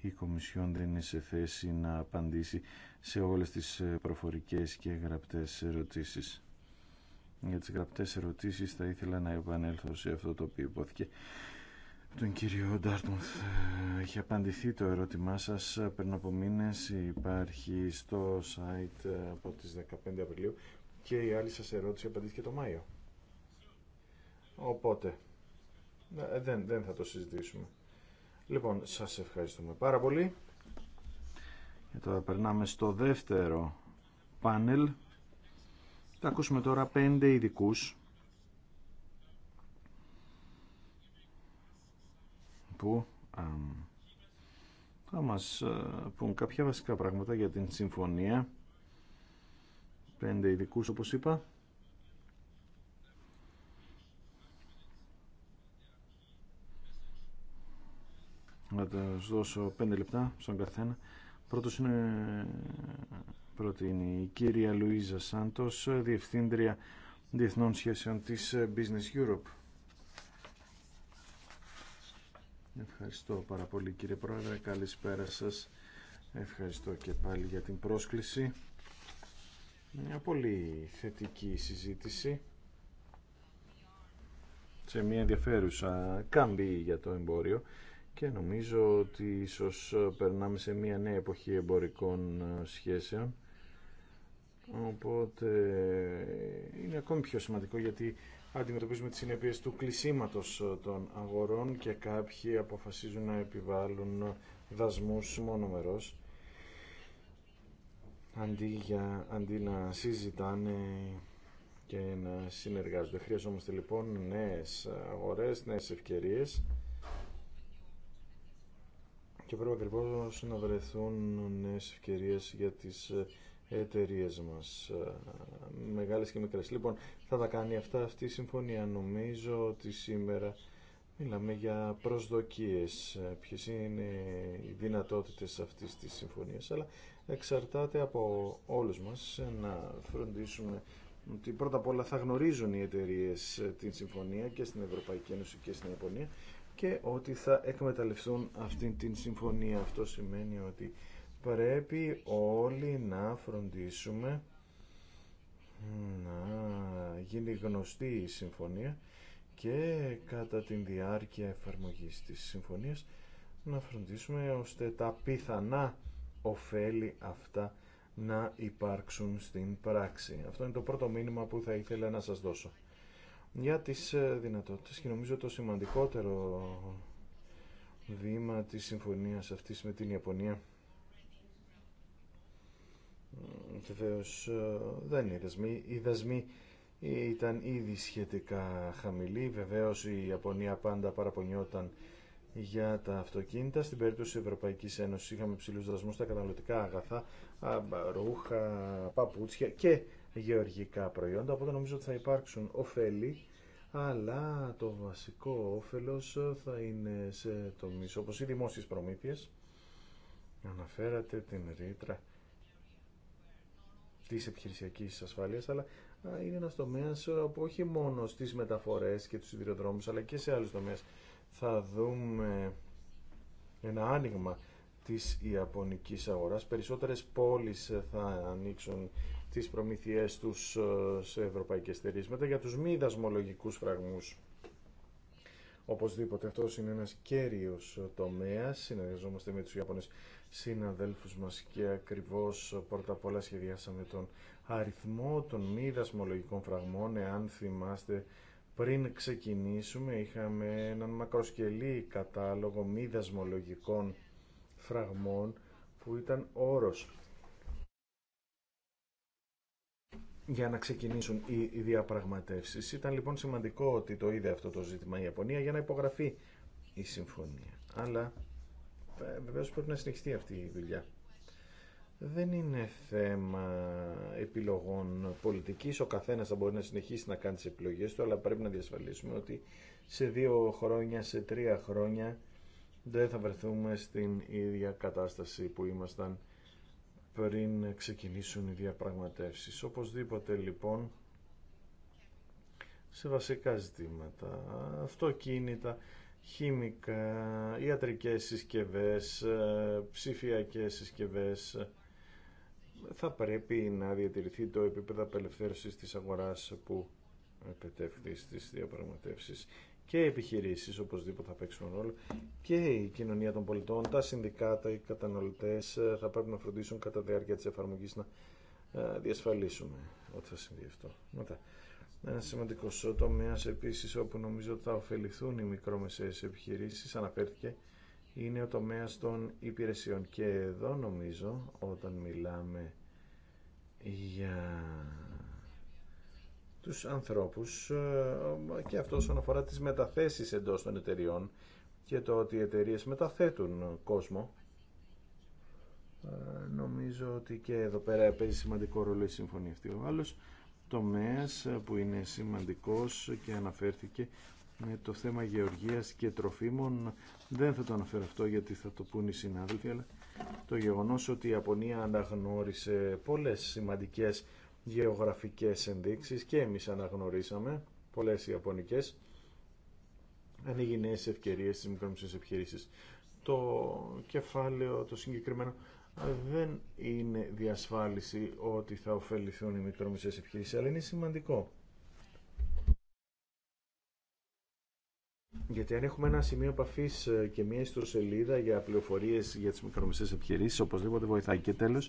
η Κομισιόν δεν είναι σε θέση να απαντήσει σε όλες τις ε, προφορικές και γραπτές ερωτήσεις. Για τις γραπτές ερωτήσεις θα ήθελα να επανέλθω σε αυτό το οποίο υπόθηκε τον κύριο Ντάρτμουθ. Ε, έχει απαντηθεί το ερώτημά σας πριν από μήνες. Υπάρχει στο site ε, από τις 15 Απριλίου και η άλλη σας ερώτηση απαντήθηκε το Μάιο. Οπότε, ε, δεν, δεν θα το συζητήσουμε. Λοιπόν, σας ευχαριστούμε πάρα πολύ. Και τώρα περνάμε στο δεύτερο πάνελ. Θα ακούσουμε τώρα πέντε ειδικού. που θα μας ε, πούν κάποια βασικά πράγματα για την συμφωνία. Πέντε ειδικού όπως είπα. να τα δώσω πέντε λεπτά στον καθένα. Πρώτος είναι είναι η κυρία Λουίζα Σάντος, Διευθύντρια Διεθνών Σχέσεων της Business Europe. Ευχαριστώ πάρα πολύ κύριε Πρόεδρε, καλησπέρα σας. Ευχαριστώ και πάλι για την πρόσκληση. Μια πολύ θετική συζήτηση σε μια ενδιαφέρουσα κάμπη για το εμπόριο και νομίζω ότι ίσως περνάμε σε μια νέα εποχή εμπορικών ε, σχέσεων οπότε ε, είναι ακόμη πιο σημαντικό γιατί αντιμετωπίζουμε τις συνέπειες του κλεισίματος ε, των αγορών και κάποιοι αποφασίζουν να επιβάλλουν δασμούς μονομερός αντί, για, αντί να συζητάνε και να συνεργάζονται. Χρειαζόμαστε λοιπόν νέες αγορές, νέες ευκαιρίες και πρέπει ακριβώ να βρεθούν νέε ευκαιρίε για τις ε, εταιρείε μας ε, μεγάλες και μικρές. Λοιπόν, θα τα κάνει αυτά αυτή η συμφωνία. Νομίζω ότι σήμερα μιλάμε για προσδοκίες, ε, Ποιε είναι οι δυνατότητες αυτής τη συμφωνίας, αλλά εξαρτάται από όλους μας να φροντίσουμε ότι πρώτα απ' όλα θα γνωρίζουν οι εταιρείε την συμφωνία και στην Ευρωπαϊκή Ένωση και στην Ιαπωνία και ότι θα εκμεταλλευτούν αυτήν την συμφωνία. Αυτό σημαίνει ότι πρέπει όλοι να φροντίσουμε να γίνει γνωστή η συμφωνία και κατά την διάρκεια εφαρμογής της συμφωνίας να φροντίσουμε ώστε τα πιθανά ωφέλη αυτά να υπάρξουν στην πράξη. Αυτό είναι το πρώτο μήνυμα που θα ήθελα να σας δώσω για τις ε, δυνατότητες και νομίζω το σημαντικότερο βήμα της συμφωνίας αυτής με την Ιαπωνία Βεβαίω ε, δεν είναι οι δασμοί. Οι δασμοί ήταν ήδη σχετικά χαμηλοί. Βεβαίω η Ιαπωνία πάντα παραπονιόταν για τα αυτοκίνητα. Στην περίπτωση της Ευρωπαϊκής Ένωσης είχαμε ψηλούς δασμούς στα καταναλωτικά αγαθά, ρούχα, παπούτσια και γεωργικά προϊόντα, οπότε νομίζω ότι θα υπάρξουν ωφέλη, αλλά το βασικό όφελος θα είναι σε τομείς όπως οι δημόσιες προμήθειες. Αναφέρατε την ρήτρα της επιχειρησιακής ασφάλειας, αλλά είναι ένας τομέας που όχι μόνο στις μεταφορές και τους σιδηροδρόμους, αλλά και σε άλλους τομείς θα δούμε ένα άνοιγμα της Ιαπωνικής αγοράς. Περισσότερες πόλεις θα ανοίξουν τις προμήθειές τους ε, σε ευρωπαϊκές θερίσματα Μετά για τους μη δασμολογικούς φραγμούς. Οπωσδήποτε αυτό είναι ένας κέριος τομέας. Συνεργαζόμαστε με τους Ιαπωνές συναδέλφους μας και ακριβώς πρώτα απ' όλα σχεδιάσαμε τον αριθμό των μη δασμολογικών φραγμών. Εάν θυμάστε πριν ξεκινήσουμε είχαμε έναν μακροσκελή κατάλογο μη δασμολογικών φραγμών που ήταν όρος για να ξεκινήσουν οι διαπραγματεύσει. Ήταν λοιπόν σημαντικό ότι το είδε αυτό το ζήτημα η Ιαπωνία για να υπογραφεί η συμφωνία. Αλλά ε, βεβαίω πρέπει να συνεχιστεί αυτή η δουλειά. Δεν είναι θέμα επιλογών πολιτική. Ο καθένα θα μπορεί να συνεχίσει να κάνει τι επιλογέ του, αλλά πρέπει να διασφαλίσουμε ότι σε δύο χρόνια, σε τρία χρόνια δεν θα βρεθούμε στην ίδια κατάσταση που ήμασταν πριν ξεκινήσουν οι διαπραγματεύσεις. Οπωσδήποτε λοιπόν σε βασικά ζητήματα, αυτοκίνητα, χημικά, ιατρικές συσκευές, ε, ψηφιακές συσκευές, θα πρέπει να διατηρηθεί το επίπεδο απελευθέρωσης της αγοράς που επιτεύχθη στις διαπραγματεύσεις και οι επιχειρήσει οπωσδήποτε θα παίξουν ρόλο και η κοινωνία των πολιτών, τα συνδικάτα, οι καταναλωτέ ε, θα πρέπει να φροντίσουν κατά τη διάρκεια τη εφαρμογή να ε, διασφαλίσουμε ότι θα συμβεί αυτό. Ένα σημαντικό τομέα επίση όπου νομίζω ότι θα ωφεληθούν οι μικρομεσαίε επιχειρήσει, αναφέρθηκε, είναι ο τομέα των υπηρεσιών. Και εδώ νομίζω, όταν μιλάμε για τους ανθρώπους ε, και αυτό όσον αφορά τις μεταθέσεις εντός των εταιριών και το ότι οι εταιρείες μεταθέτουν κόσμο. Ε, νομίζω ότι και εδώ πέρα παίζει σημαντικό ρόλο η συμφωνία αυτή. Ο άλλος τομέας ε, που είναι σημαντικός και αναφέρθηκε με το θέμα γεωργίας και τροφίμων δεν θα το αναφέρω αυτό γιατί θα το πούν οι συνάδελφοι αλλά το γεγονός ότι η Ιαπωνία αναγνώρισε πολλές σημαντικές γεωγραφικές ενδείξεις και εμείς αναγνωρίσαμε πολλές ιαπωνικές ανοίγει νέες ευκαιρίες στις μικρομεσαίες επιχειρήσεις. Το κεφάλαιο το συγκεκριμένο δεν είναι διασφάλιση ότι θα ωφεληθούν οι μικρομεσαίες επιχειρήσεις, αλλά είναι σημαντικό Γιατί αν έχουμε ένα σημείο επαφή ε, και μια ιστοσελίδα για πληροφορίε για τι μικρομεσαίε επιχειρήσει, οπωσδήποτε βοηθάει. Και τέλο,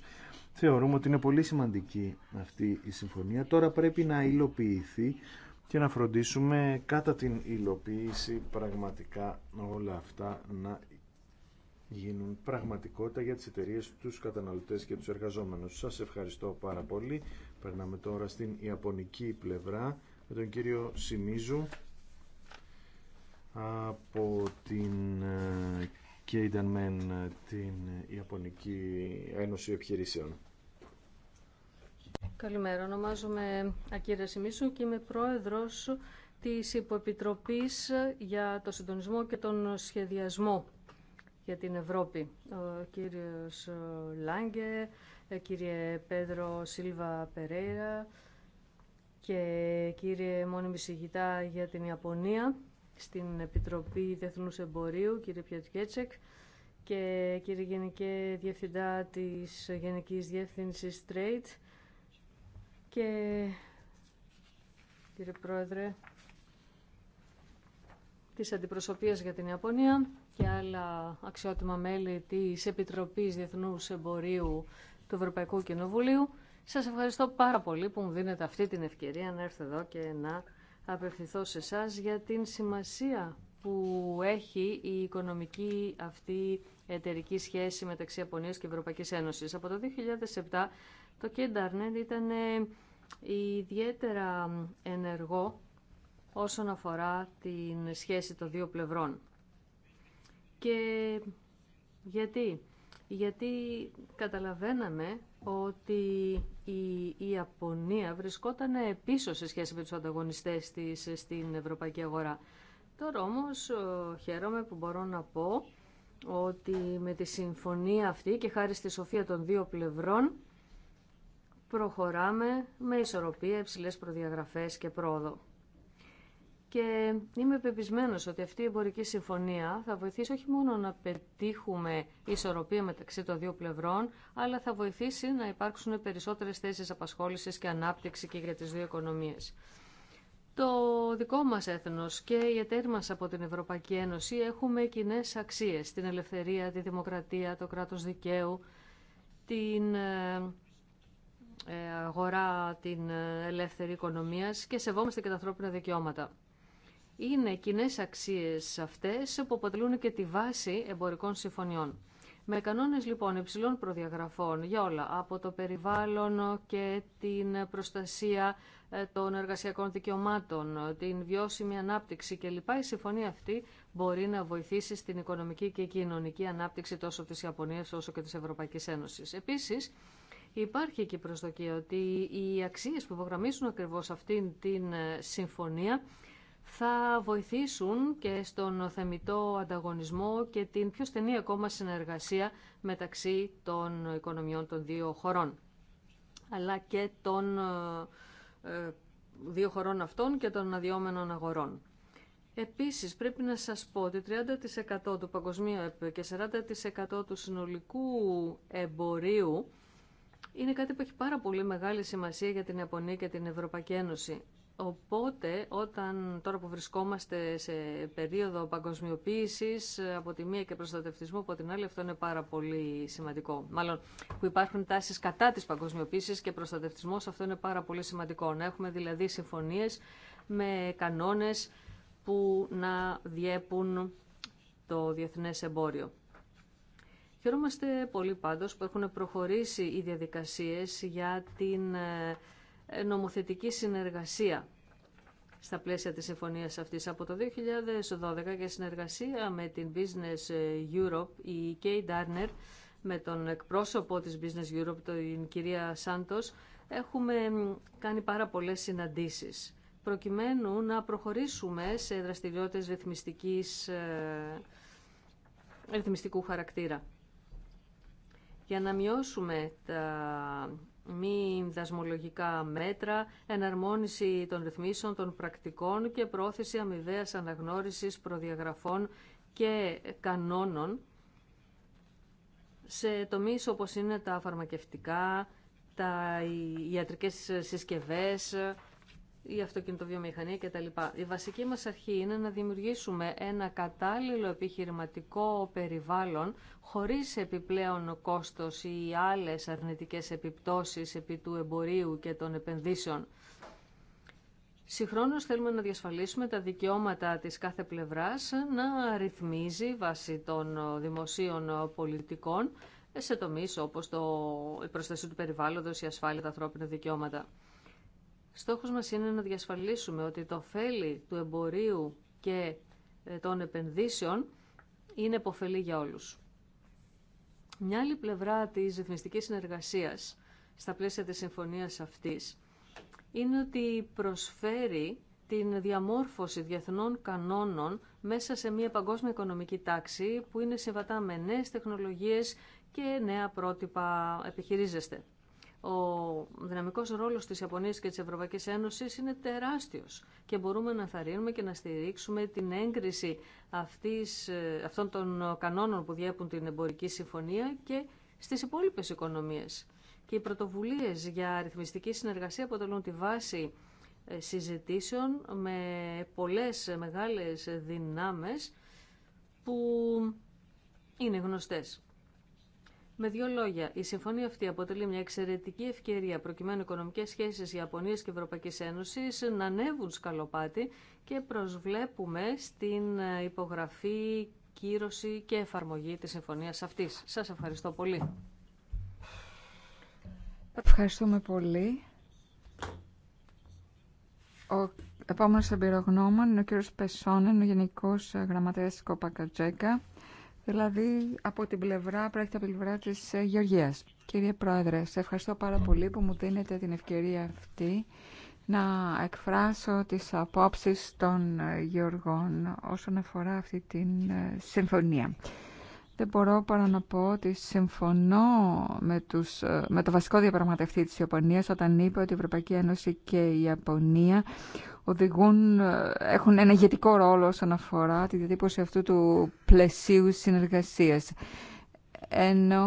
θεωρούμε ότι είναι πολύ σημαντική αυτή η συμφωνία. Τώρα πρέπει να υλοποιηθεί και να φροντίσουμε κατά την υλοποίηση πραγματικά όλα αυτά να γίνουν πραγματικότητα για τις εταιρείες, τους καταναλωτές και τους εργαζόμενους. Σας ευχαριστώ πάρα πολύ. Περνάμε τώρα στην Ιαπωνική πλευρά με τον κύριο Σιμίζου από την Κέινταν ε, Μεν, την Ιαπωνική Ένωση Επιχειρήσεων. Καλημέρα, ονομάζομαι Ακύρα Σιμίσου και είμαι πρόεδρος της Υποεπιτροπής για το Συντονισμό και τον Σχεδιασμό για την Ευρώπη. Ο κύριος Λάγκε, ε, κύριε Πέδρο Σίλβα Περέιρα και κύριε Μόνιμη Σιγητά για την Ιαπωνία στην Επιτροπή Διεθνούς Εμπορίου, κύριε Πιατκέτσεκ, και κύριε Γενική Διευθυντά της Γενικής Διεύθυνσης Trade και κύριε Πρόεδρε της Αντιπροσωπείας για την Ιαπωνία και άλλα αξιότιμα μέλη της Επιτροπής Διεθνούς Εμπορίου του Ευρωπαϊκού Κοινοβουλίου. Σας ευχαριστώ πάρα πολύ που μου δίνετε αυτή την ευκαιρία να έρθω εδώ και να απευθυνθώ σε εσά για την σημασία που έχει η οικονομική αυτή εταιρική σχέση μεταξύ Ιαπωνίας και Ευρωπαϊκής Ένωσης. Από το 2007 το κέντ ήταν ε, ιδιαίτερα ενεργό όσον αφορά την σχέση των δύο πλευρών. Και γιατί, γιατί καταλαβαίναμε ότι η Ιαπωνία βρισκόταν πίσω σε σχέση με τους ανταγωνιστές της στην ευρωπαϊκή αγορά. Τώρα όμως ε, χαίρομαι που μπορώ να πω ότι με τη συμφωνία αυτή και χάρη στη σοφία των δύο πλευρών προχωράμε με ισορροπία, υψηλές προδιαγραφές και πρόοδο. Και είμαι πεπισμένο ότι αυτή η εμπορική συμφωνία θα βοηθήσει όχι μόνο να πετύχουμε ισορροπία μεταξύ των δύο πλευρών, αλλά θα βοηθήσει να υπάρξουν περισσότερες θέσεις απασχόλησης και ανάπτυξη και για τι δύο οικονομίες. Το δικό μας έθνος και οι εταίροι μας από την Ευρωπαϊκή Ένωση έχουμε κοινέ αξίε την ελευθερία, τη δημοκρατία, το κράτο δικαίου, την ε, ε, αγορά, την ε, ελεύθερη οικονομία και σεβόμαστε και τα ανθρώπινα δικαιώματα. Είναι κοινέ αξίες αυτές που αποτελούν και τη βάση εμπορικών συμφωνιών. Με κανόνες λοιπόν υψηλών προδιαγραφών για όλα, από το περιβάλλον και την προστασία ε, των εργασιακών δικαιωμάτων, την βιώσιμη ανάπτυξη κλπ. Η συμφωνία αυτή μπορεί να βοηθήσει στην οικονομική και κοινωνική ανάπτυξη τόσο της Ιαπωνίας όσο και της Ευρωπαϊκής Ένωσης. Επίσης, υπάρχει και η προσδοκία ότι οι αξίες που υπογραμμίζουν ακριβώς αυτήν την ε, συμφωνία θα βοηθήσουν και στον θεμητό ανταγωνισμό και την πιο στενή ακόμα συνεργασία μεταξύ των οικονομιών των δύο χωρών, αλλά και των ε, ε, δύο χωρών αυτών και των αδειόμενων αγορών. Επίσης, πρέπει να σας πω ότι 30% του παγκοσμίου και 40% του συνολικού εμπορίου είναι κάτι που έχει πάρα πολύ μεγάλη σημασία για την Ιαπωνία και την Ευρωπαϊκή Ένωση. Οπότε, όταν τώρα που βρισκόμαστε σε περίοδο παγκοσμιοποίηση, από τη μία και προστατευτισμού από την άλλη, αυτό είναι πάρα πολύ σημαντικό. Μάλλον που υπάρχουν τάσεις κατά τη παγκοσμιοποίηση και προστατευτισμός, αυτό είναι πάρα πολύ σημαντικό. Να έχουμε δηλαδή συμφωνίες με κανόνες που να διέπουν το διεθνέ εμπόριο. Χαιρόμαστε πολύ πάντως που έχουν προχωρήσει οι διαδικασίες για την ε, νομοθετική συνεργασία στα πλαίσια της συμφωνίας αυτής. Από το 2012 και συνεργασία με την Business Europe, η Kay Darner, με τον εκπρόσωπο της Business Europe, την κυρία Σάντος, έχουμε κάνει πάρα πολλές συναντήσεις προκειμένου να προχωρήσουμε σε δραστηριότητες ρυθμιστικής, ε, ρυθμιστικού χαρακτήρα. Για να μειώσουμε τα μη δασμολογικά μέτρα, εναρμόνιση των ρυθμίσεων, των πρακτικών και πρόθεση αμοιβαίας αναγνώρισης προδιαγραφών και κανόνων σε τομείς όπως είναι τα φαρμακευτικά, τα ιατρικές συσκευές, η αυτοκινητοβιομηχανία κτλ. Η βασική μας αρχή είναι να δημιουργήσουμε ένα κατάλληλο επιχειρηματικό περιβάλλον χωρίς επιπλέον κόστος ή άλλες αρνητικές επιπτώσεις επί του εμπορίου και των επενδύσεων. Συγχρόνως θέλουμε να διασφαλίσουμε τα δικαιώματα της κάθε πλευράς να ρυθμίζει βάσει των δημοσίων πολιτικών σε τομείς όπως το, η προστασία του περιβάλλοντος, η ασφάλεια, τα ανθρώπινα δικαιώματα. Στόχος μας είναι να διασφαλίσουμε ότι το ωφέλη του εμπορίου και ε, των επενδύσεων είναι υποφελή για όλους. Μια άλλη πλευρά της ρυθμιστικής συνεργασίας στα πλαίσια της συμφωνίας αυτής είναι ότι προσφέρει την διαμόρφωση διεθνών κανόνων μέσα σε μια παγκόσμια οικονομική τάξη που είναι συμβατά με νέες τεχνολογίες και νέα πρότυπα επιχειρίζεστε. Ο δυναμικός ρόλος της Ιαπωνίας και της Ευρωπαϊκής Ένωσης είναι τεράστιος και μπορούμε να θαρρύνουμε και να στηρίξουμε την έγκριση αυτής, ε, αυτών των κανόνων που διέπουν την εμπορική συμφωνία και στις υπόλοιπες οικονομίες. Και οι πρωτοβουλίες για αριθμιστική συνεργασία αποτελούν τη βάση ε, συζητήσεων με πολλές μεγάλες δυνάμεις που είναι γνωστές. Με δύο λόγια, η συμφωνία αυτή αποτελεί μια εξαιρετική ευκαιρία προκειμένου οικονομικέ σχέσει Ιαπωνία και Ευρωπαϊκή Ένωση να ανέβουν σκαλοπάτι και προσβλέπουμε στην ε, υπογραφή, κύρωση και εφαρμογή τη συμφωνία αυτή. Σα ευχαριστώ πολύ. Ευχαριστούμε πολύ. Ο επόμενο εμπειρογνώμων είναι ο κύριο Πεσόνεν, ο Γενικό Γραμματέα τη Κοπακατζέκα δηλαδή από την πλευρά, πράγματι από την πλευρά της ε, Γεωργίας. Κύριε Πρόεδρε, σε ευχαριστώ πάρα πολύ που μου δίνετε την ευκαιρία αυτή να εκφράσω τις απόψεις των ε, Γεωργών όσον αφορά αυτή την ε, συμφωνία δεν μπορώ παρά να πω ότι συμφωνώ με, τους, ε, με το βασικό διαπραγματευτή της Ιαπωνίας όταν είπε ότι η Ευρωπαϊκή Ένωση και η Ιαπωνία οδηγούν, ε, έχουν ένα ηγετικό ρόλο όσον αφορά τη διατύπωση αυτού του πλαισίου συνεργασίας. Ενώ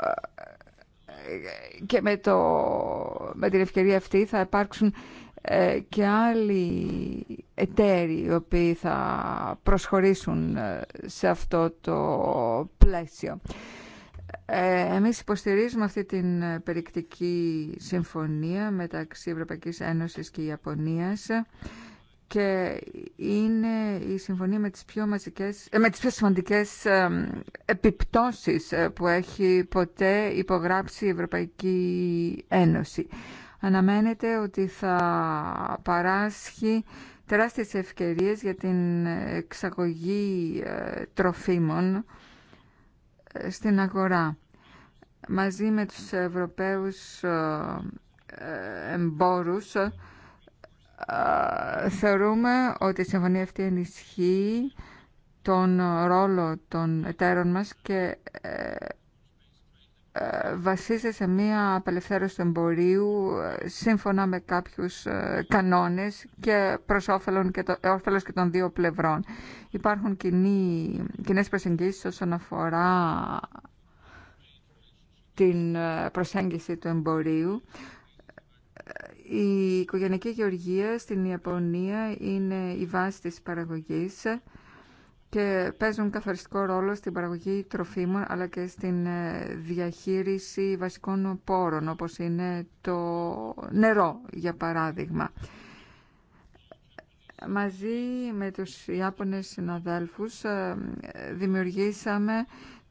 ε, και με, το, με την ευκαιρία αυτή θα υπάρξουν ε, και άλλοι εταίροι οι οποίοι θα προσχωρήσουν ε, σε αυτό το πλαίσιο. Ε, εμείς υποστηρίζουμε αυτή την περικτική συμφωνία μεταξύ Ευρωπαϊκής Ένωσης και Ιαπωνίας και είναι η συμφωνία με τις πιο, μαζικές, με τις πιο σημαντικές επιπτώσεις που έχει ποτέ υπογράψει η Ευρωπαϊκή Ένωση αναμένεται ότι θα παράσχει τεράστιες ευκαιρίες για την εξαγωγή ε, τροφίμων ε, στην αγορά. Μαζί με τους Ευρωπαίους ε, εμπόρους θεωρούμε ότι η συμφωνία αυτή ενισχύει τον ρόλο των εταίρων μας και ε, βασίζεται σε μία απελευθέρωση του εμπορίου ε, σύμφωνα με κάποιους ε, κανόνες και προς και το, όφελος και των δύο πλευρών. Υπάρχουν κοινέ κοινές προσεγγίσεις όσον αφορά την προσέγγιση του εμπορίου. Η οικογενειακή γεωργία στην Ιαπωνία είναι η βάση της παραγωγής και παίζουν καθοριστικό ρόλο στην παραγωγή τροφίμων αλλά και στην ε, διαχείριση βασικών πόρων όπως είναι το νερό για παράδειγμα. Μαζί με τους Ιάπωνες συναδέλφους ε, δημιουργήσαμε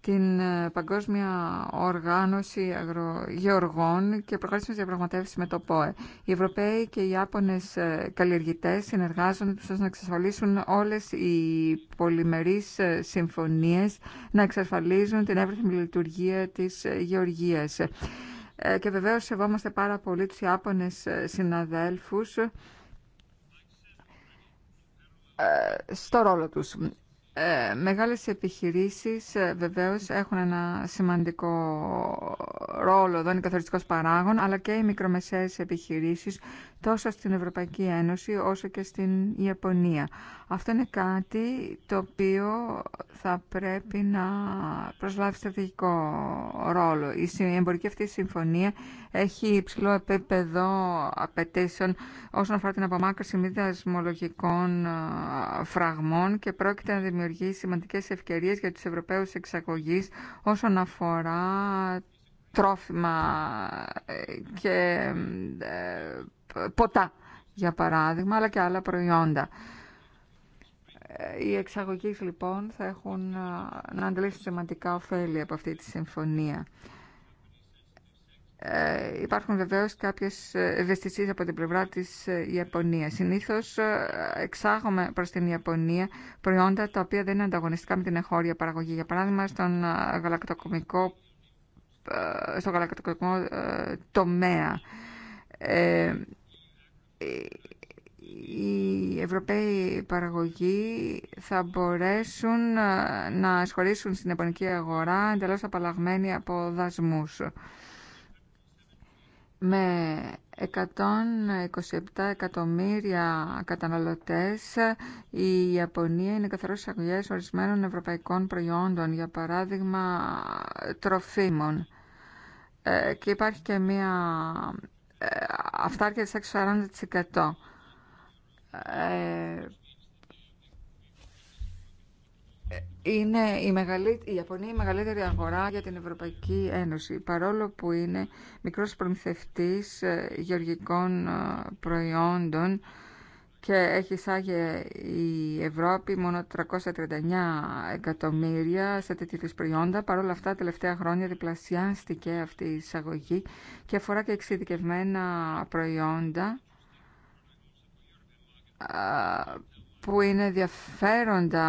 την ε, Παγκόσμια Οργάνωση Αγρογεωργών και προχωρήσουμε σε διαπραγματεύσει με το ΠΟΕ. Οι Ευρωπαίοι και οι Ιάπωνες ε, καλλιεργητές συνεργάζονται ώστε να εξασφαλίσουν όλες οι πολυμερείς ε, συμφωνίες να εξασφαλίζουν την εύρυθμη λειτουργία της γεωργίας. Και βεβαίως σεβόμαστε πάρα πολύ τους Ιάπωνες συναδέλφους στο ρόλο τους. Ε, μεγάλες επιχειρήσεις ε, βεβαίως έχουν ένα σημαντικό ρόλο εδώ, είναι καθοριστικός παράγων, αλλά και οι μικρομεσαίες επιχειρήσεις τόσο στην Ευρωπαϊκή Ένωση όσο και στην Ιαπωνία. Αυτό είναι κάτι το οποίο θα πρέπει να προσλάβει στρατηγικό ρόλο. Η εμπορική αυτή συμφωνία έχει υψηλό επίπεδο απαιτήσεων όσον αφορά την απομάκρυνση μη δασμολογικών φραγμών και πρόκειται να δημιουργήσει σημαντικές ευκαιρίες για τους Ευρωπαίους εξαγωγείς όσον αφορά τρόφιμα ε, και ε, ποτά, για παράδειγμα, αλλά και άλλα προϊόντα. Ε, οι εξαγωγείς λοιπόν θα έχουν να αντλήσουν σημαντικά ωφέλη από αυτή τη συμφωνία. Ε, υπάρχουν βεβαίως κάποιες ευαισθησίες από την πλευρά της ε, Ιαπωνίας. Συνήθως ε, εξάγουμε προς την Ιαπωνία προϊόντα τα οποία δεν είναι ανταγωνιστικά με την εγχώρια παραγωγή. Για παράδειγμα, στον γαλακτοκομικό, στο γαλακτοκομικό τομέα. Ε, οι Ευρωπαίοι παραγωγοί θα μπορέσουν ε, να ασχολήσουν στην επονική αγορά εντελώς απαλλαγμένοι από δασμούς. Με 127 εκατομμύρια καταναλωτές, η Ιαπωνία είναι καθαρός εισαγωγές ορισμένων ευρωπαϊκών προϊόντων, για παράδειγμα τροφίμων. Ε, και υπάρχει και μία αυτάρκεια της 40%. Ε, είναι η, Ιαπωνία η Ιαπωνία η μεγαλύτερη αγορά για την Ευρωπαϊκή Ένωση, παρόλο που είναι μικρός προμηθευτής ε, γεωργικών ε, προϊόντων και έχει εισάγει η Ευρώπη μόνο 339 εκατομμύρια σε τέτοιες προϊόντα. Παρ' όλα αυτά, τελευταία χρόνια διπλασιάστηκε αυτή η εισαγωγή και αφορά και εξειδικευμένα προϊόντα που είναι ενδιαφέροντα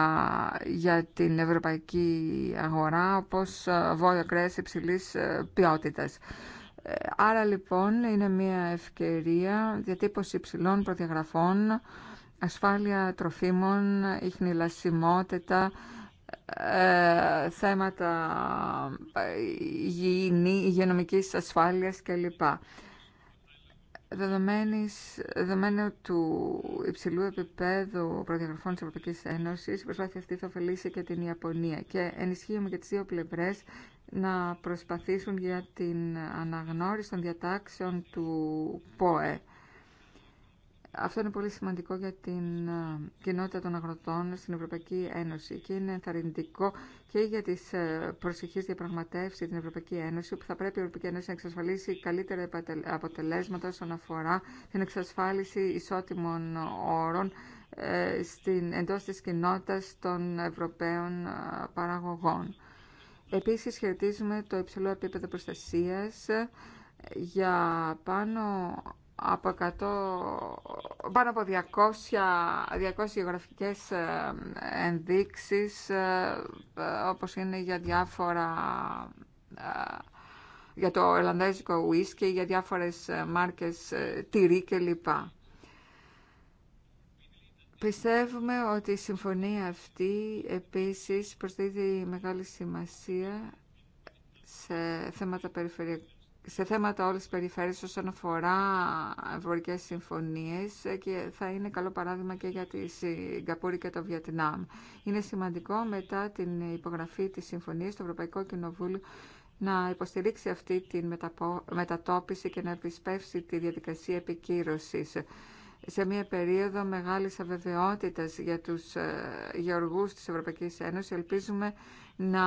για την ευρωπαϊκή αγορά, όπως βόλιο κρέας υψηλής ε, ποιότητας. Ε, άρα λοιπόν είναι μια ευκαιρία διατύπωση υψηλών προδιαγραφών, ασφάλεια τροφίμων, ιχνηλασιμότητα, ε, θέματα υγιεινή, υγειονομικής ασφάλειας κλπ δεδομένου του υψηλού επίπεδου προδιαγραφών της Ευρωπαϊκής Ένωσης, η προσπάθεια αυτή θα ωφελήσει και την Ιαπωνία και ενισχύουμε και τις δύο πλευρές να προσπαθήσουν για την αναγνώριση των διατάξεων του ΠΟΕ αυτό είναι πολύ σημαντικό για την ε, κοινότητα των αγροτών στην Ευρωπαϊκή Ένωση και είναι ενθαρρυντικό και για τις ε, προσεχείς διαπραγματεύσεις στην Ευρωπαϊκή Ένωση που θα πρέπει η Ευρωπαϊκή Ένωση να εξασφαλίσει καλύτερα αποτελέσματα όσον αφορά την εξασφάλιση ισότιμων όρων εντό εντός της των Ευρωπαίων ε, παραγωγών. Επίσης χαιρετίζουμε το υψηλό επίπεδο προστασίας για πάνω από 100, πάνω από 200, 200 γεωγραφικές ε, ενδείξεις ε, ε, όπως είναι για διάφορα για το ελλανδέζικο ουίσκι, για διάφορες μάρκες τυρί κλπ. Πιστεύουμε ότι η συμφωνία αυτή επίσης προσδίδει μεγάλη σημασία σε θέματα περιφερειακού σε θέματα όλες τις περιφέρειες όσον αφορά ευρωπαϊκές συμφωνίες και θα είναι καλό παράδειγμα και για τη Σιγκαπούρη και το Βιετνάμ. Είναι σημαντικό μετά την υπογραφή της συμφωνίας στο Ευρωπαϊκό Κοινοβούλιο να υποστηρίξει αυτή τη μετατόπιση και να επισπεύσει τη διαδικασία επικύρωσης σε μια περίοδο μεγάλης αβεβαιότητας για τους ε, γεωργούς της Ευρωπαϊκής Ένωσης. Ελπίζουμε να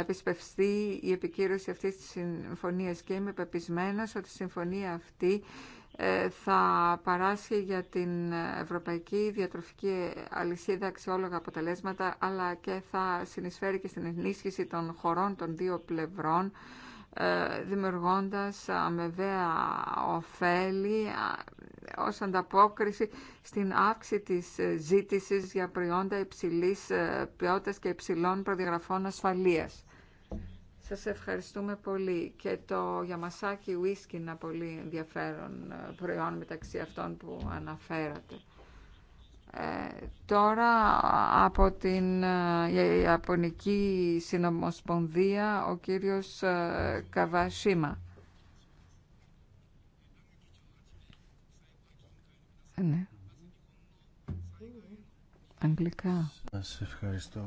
επισπευστεί η επικύρωση αυτής της συμφωνίας και είμαι πεπισμένος ότι η συμφωνία αυτή ε, θα παράσχει για την ευρωπαϊκή διατροφική αλυσίδα αξιόλογα αποτελέσματα αλλά και θα συνεισφέρει και στην ενίσχυση των χωρών των δύο πλευρών ε, δημιουργώντας αμεβαία ωφέλη ως ανταπόκριση στην αύξηση της ε, ζήτησης για προϊόντα υψηλής ε, ποιότητας και υψηλών προδιαγραφών ασφαλείας. Σας ευχαριστούμε πολύ και το γιαμασάκι ουίσκι είναι ένα πολύ ενδιαφέρον ε, προϊόν μεταξύ αυτών που αναφέρατε. τώρα από την Ιαπωνική Συνομοσπονδία ο κύριος Καβασίμα. Ναι. Αγγλικά. Σας ευχαριστώ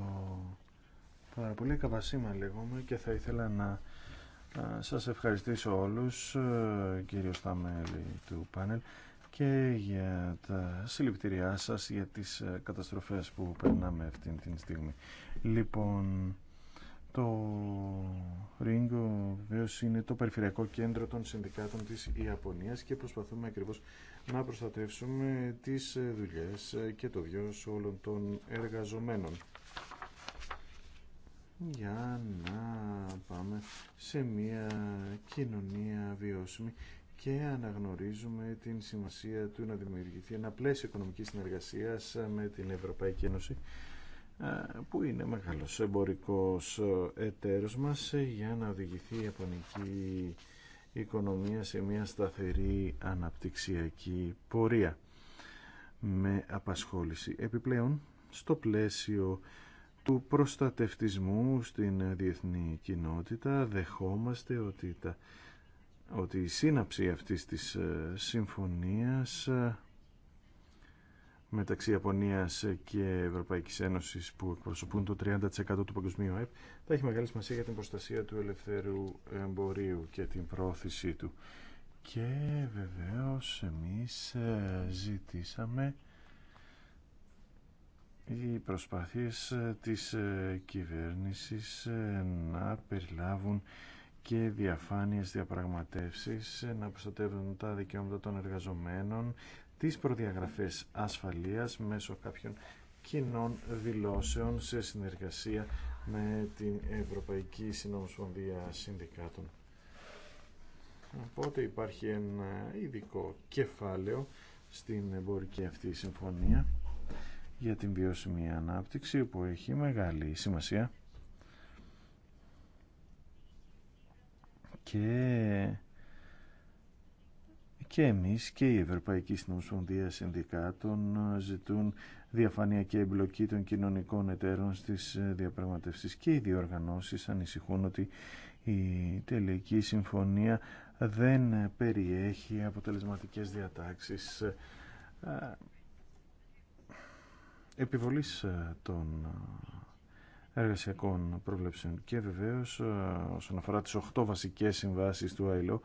πάρα πολύ. Καβασίμα λέγομαι και θα ήθελα να σας ευχαριστήσω όλους, ε, κύριο τα μέλη του πάνελ, και για τα συλληπιτήριά σας για τις ε, καταστροφές που περνάμε αυτή τη στιγμή. Λοιπόν, το Ρίγκο βεβαίω είναι το περιφερειακό κέντρο των συνδικάτων της Ιαπωνίας και προσπαθούμε ακριβώς να προστατεύσουμε τις ε, δουλειές ε, και το βιός όλων των εργαζομένων για να πάμε σε μια κοινωνία βιώσιμη και αναγνωρίζουμε την σημασία του να δημιουργηθεί ένα πλαίσιο οικονομικής συνεργασίας ε, με την Ευρωπαϊκή Ένωση που είναι μεγάλος εμπορικός εταίρος μας για να οδηγηθεί η Ιαπωνική οικονομία σε μια σταθερή αναπτυξιακή πορεία με απασχόληση. Επιπλέον, στο πλαίσιο του προστατευτισμού στην διεθνή κοινότητα δεχόμαστε ότι, τα, ότι η σύναψη αυτής της ε, συμφωνίας ε, μεταξύ Ιαπωνίας και Ευρωπαϊκής Ένωσης που εκπροσωπούν το 30% του παγκοσμίου ΕΠ θα έχει μεγάλη σημασία για την προστασία του ελευθέρου εμπορίου και την πρόθεσή του. Και βεβαίως εμείς ε, ζητήσαμε οι προσπάθειες ε, της ε, κυβέρνησης να περιλάβουν και διαφάνειες διαπραγματεύσεις, να προστατεύουν τα δικαιώματα των εργαζομένων, τις προδιαγραφές ασφαλείας μέσω κάποιων κοινών δηλώσεων σε συνεργασία με την Ευρωπαϊκή Συνομοσπονδία Συνδικάτων. Οπότε υπάρχει ένα ειδικό κεφάλαιο στην εμπορική αυτή συμφωνία για την βιώσιμη ανάπτυξη που έχει μεγάλη σημασία και και εμείς και η Ευρωπαϊκή Συνομοσπονδία Συνδικάτων ε, ζητούν διαφάνεια και εμπλοκή των κοινωνικών εταίρων στις ε, διαπραγματεύσεις και οι διοργανώσεις ανησυχούν ότι η τελική συμφωνία δεν περιέχει αποτελεσματικές διατάξεις ε, επιβολής των εργασιακών προβλέψεων και βεβαίως όσον αφορά τις 8 βασικές συμβάσεις του ΆΙΛΟ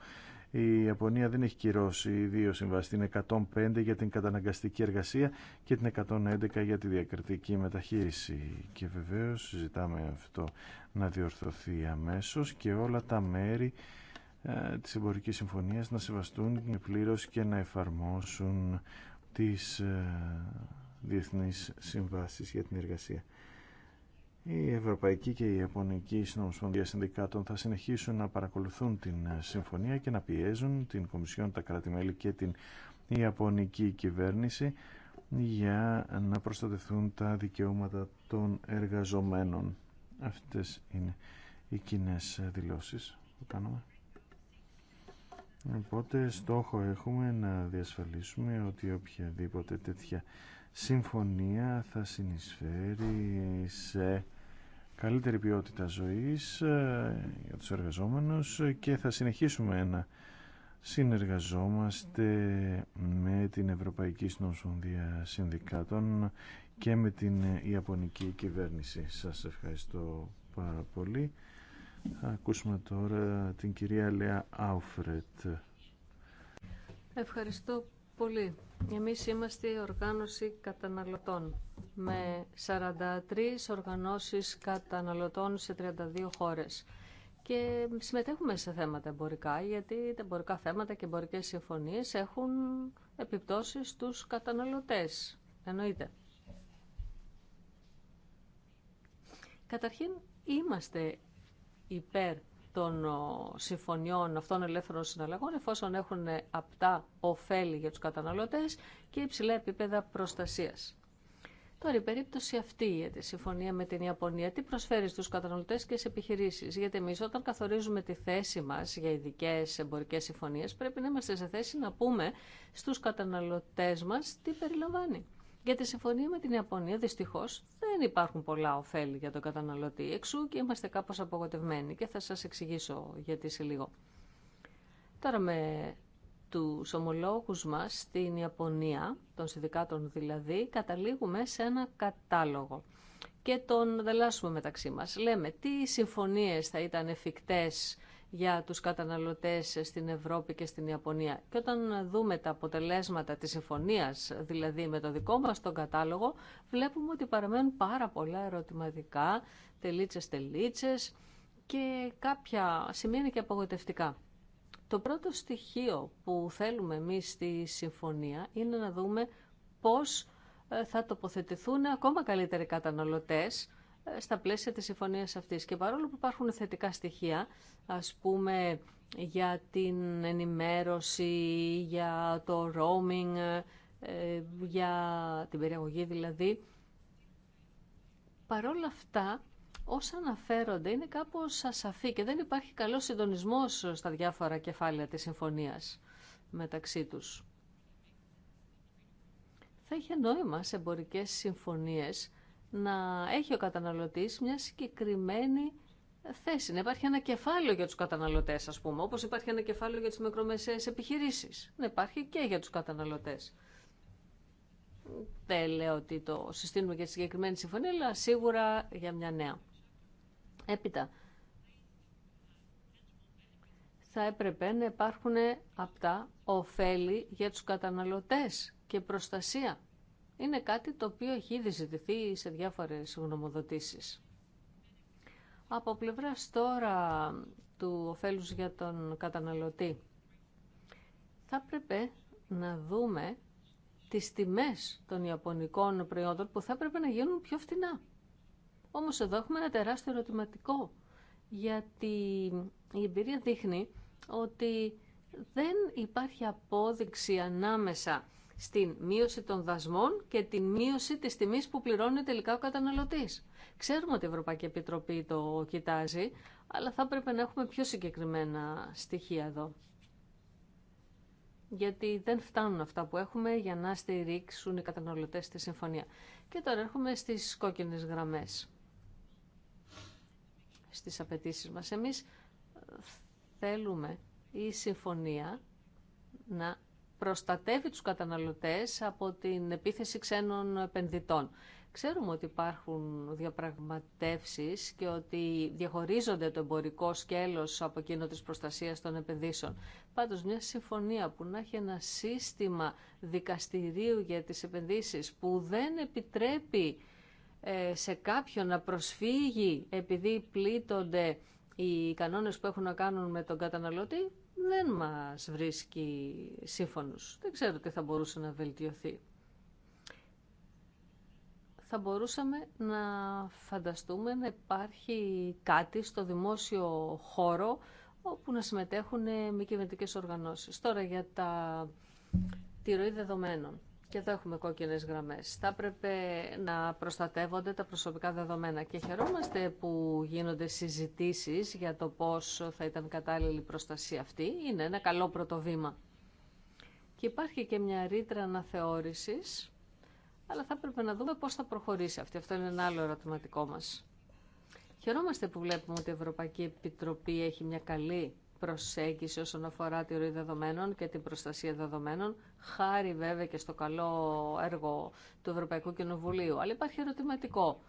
η Ιαπωνία δεν έχει κυρώσει δύο συμβάσει, την 105 για την καταναγκαστική εργασία και την 111 για τη διακριτική μεταχείριση. Και βεβαίως ζητάμε αυτό να διορθωθεί αμέσως και όλα τα μέρη ε, της Εμπορική συμφωνίας να σεβαστούν πλήρω και να εφαρμόσουν τις ε, διεθνεί συμβάσει για την εργασία. Η Ευρωπαϊκή και η Ιαπωνική Συνομοσπονδία Συνδικάτων θα συνεχίσουν να παρακολουθούν την ε, συμφωνία και να πιέζουν την Κομισιόν, τα κράτη-μέλη και την Ιαπωνική κυβέρνηση για να προστατευτούν τα δικαιώματα των εργαζομένων. Αυτές είναι οι κοινέ δηλώσεις που κάνουμε. Οπότε στόχο έχουμε να διασφαλίσουμε ότι οποιαδήποτε τέτοια συμφωνία θα συνεισφέρει σε καλύτερη ποιότητα ζωής ε, για τους εργαζόμενους και θα συνεχίσουμε να συνεργαζόμαστε με την Ευρωπαϊκή Συνομοσπονδία Συνδικάτων και με την Ιαπωνική κυβέρνηση. Σας ευχαριστώ πάρα πολύ. Θα ακούσουμε τώρα την κυρία Λέα Άουφρετ. Ευχαριστώ πολύ. Εμείς είμαστε οργάνωση καταναλωτών με 43 οργανώσεις καταναλωτών σε 32 χώρες. Και συμμετέχουμε σε θέματα εμπορικά, γιατί τα εμπορικά θέματα και εμπορικές συμφωνίες έχουν επιπτώσεις στους καταναλωτές. Εννοείται. Καταρχήν, είμαστε υπέρ των συμφωνιών αυτών ελεύθερων συναλλαγών εφόσον έχουν απτά ωφέλη για τους καταναλωτές και υψηλά επίπεδα προστασίας. Τώρα η περίπτωση αυτή για τη συμφωνία με την Ιαπωνία τι προσφέρει στους καταναλωτές και σε επιχειρήσεις. Γιατί εμεί όταν καθορίζουμε τη θέση μας για ειδικέ εμπορικές συμφωνίες πρέπει να είμαστε σε θέση να πούμε στους καταναλωτές μας τι περιλαμβάνει. Για τη συμφωνία με την Ιαπωνία δυστυχώ δεν υπάρχουν πολλά ωφέλη για τον καταναλωτή. Εξού και είμαστε κάπω απογοτευμένοι και θα σα εξηγήσω γιατί σε λίγο. Τώρα με του ομολόγου μα στην Ιαπωνία, των συνδικάτων δηλαδή, καταλήγουμε σε ένα κατάλογο και τον δελάσουμε μεταξύ μας. Λέμε τι συμφωνίες θα ήταν εφικτές για τους καταναλωτές στην Ευρώπη και στην Ιαπωνία. Και όταν δούμε τα αποτελέσματα της συμφωνίας, δηλαδή με το δικό μας τον κατάλογο, βλέπουμε ότι παραμένουν πάρα πολλά ερωτηματικά, τελίτσες τελίτσες και κάποια σημεία και απογοητευτικά. Το πρώτο στοιχείο που θέλουμε εμείς στη συμφωνία είναι να δούμε πώς ε, θα τοποθετηθούν ακόμα καλύτεροι καταναλωτές στα πλαίσια της συμφωνίας αυτής. Και παρόλο που υπάρχουν θετικά στοιχεία, ας πούμε για την ενημέρωση, για το roaming, ε, για την περιαγωγή δηλαδή, παρόλα αυτά όσα αναφέρονται είναι κάπως ασαφή και δεν υπάρχει καλός συντονισμός στα διάφορα κεφάλαια της συμφωνίας μεταξύ τους. Θα είχε νόημα σε εμπορικές συμφωνίες να έχει ο καταναλωτής μια συγκεκριμένη θέση. Να υπάρχει ένα κεφάλαιο για τους καταναλωτές, ας πούμε, όπως υπάρχει ένα κεφάλαιο για τις μικρομεσαίες επιχειρήσεις. Να υπάρχει και για τους καταναλωτές. Δεν λέω ότι το συστήνουμε για τη συγκεκριμένη συμφωνία, αλλά σίγουρα για μια νέα. Έπειτα, θα έπρεπε να υπάρχουν απτά ωφέλη για τους καταναλωτές και προστασία είναι κάτι το οποίο έχει ήδη ζητηθεί σε διάφορες γνωμοδοτήσεις. Από πλευρά τώρα του ωφέλους για τον καταναλωτή, θα πρέπει να δούμε τις τιμές των ιαπωνικών προϊόντων που θα έπρεπε να γίνουν πιο φτηνά. Όμως εδώ έχουμε ένα τεράστιο ερωτηματικό, γιατί η εμπειρία δείχνει ότι δεν υπάρχει απόδειξη ανάμεσα στην μείωση των δασμών και την μείωση της τιμής που πληρώνει τελικά ο καταναλωτής. Ξέρουμε ότι η Ευρωπαϊκή Επιτροπή το κοιτάζει, αλλά θα πρέπει να έχουμε πιο συγκεκριμένα στοιχεία εδώ. Γιατί δεν φτάνουν αυτά που έχουμε για να στηρίξουν οι καταναλωτές τη συμφωνία. Και τώρα έρχομαι στις κόκκινες γραμμές. Στις απαιτήσει μας. Εμείς θέλουμε η συμφωνία να προστατεύει τους καταναλωτές από την επίθεση ξένων επενδυτών. Ξέρουμε ότι υπάρχουν διαπραγματεύσεις και ότι διαχωρίζονται το εμπορικό σκέλος από εκείνο της προστασίας των επενδύσεων. Πάντως μια συμφωνία που να έχει ένα σύστημα δικαστηρίου για τις επενδύσεις που δεν επιτρέπει ε, σε κάποιον να προσφύγει επειδή πλήττονται οι κανόνες που έχουν να κάνουν με τον καταναλωτή, δεν μας βρίσκει σύμφωνος. Δεν ξέρω τι θα μπορούσε να βελτιωθεί. Θα μπορούσαμε να φανταστούμε να υπάρχει κάτι στο δημόσιο χώρο όπου να συμμετέχουν μη κυβερνητικέ οργανώσεις. Τώρα για τα τη ροή δεδομένων. Και εδώ έχουμε κόκκινες γραμμές. Θα έπρεπε να προστατεύονται τα προσωπικά δεδομένα και χαιρόμαστε που γίνονται συζητήσεις για το πώς θα ήταν κατάλληλη η προστασία αυτή. Είναι ένα καλό πρωτοβήμα. Και υπάρχει και μια ρήτρα αναθεώρησης, αλλά θα έπρεπε να δούμε πώς θα προχωρήσει αυτή. Αυτό είναι ένα άλλο ερωτηματικό μας. Χαιρόμαστε που βλέπουμε ότι η Ευρωπαϊκή Επιτροπή έχει μια καλή προσέγγιση όσον αφορά τη ροή δεδομένων και την προστασία δεδομένων, χάρη βέβαια και στο καλό έργο του Ευρωπαϊκού Κοινοβουλίου. Αλλά υπάρχει ερωτηματικό.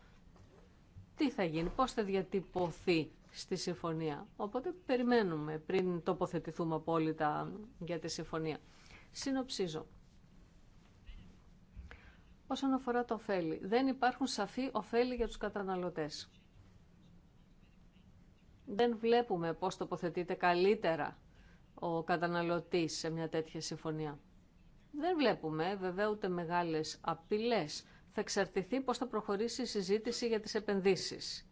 Τι θα γίνει, πώς θα διατυπωθεί στη συμφωνία. Οπότε περιμένουμε πριν τοποθετηθούμε απόλυτα για τη συμφωνία. Συνοψίζω. Όσον αφορά το ωφέλη, δεν υπάρχουν σαφή ωφέλη για τους καταναλωτές δεν βλέπουμε πώς τοποθετείται καλύτερα ο καταναλωτής σε μια τέτοια συμφωνία. Δεν βλέπουμε βέβαια ούτε μεγάλες απειλές. Θα εξαρτηθεί πώς θα προχωρήσει η συζήτηση για τις επενδύσεις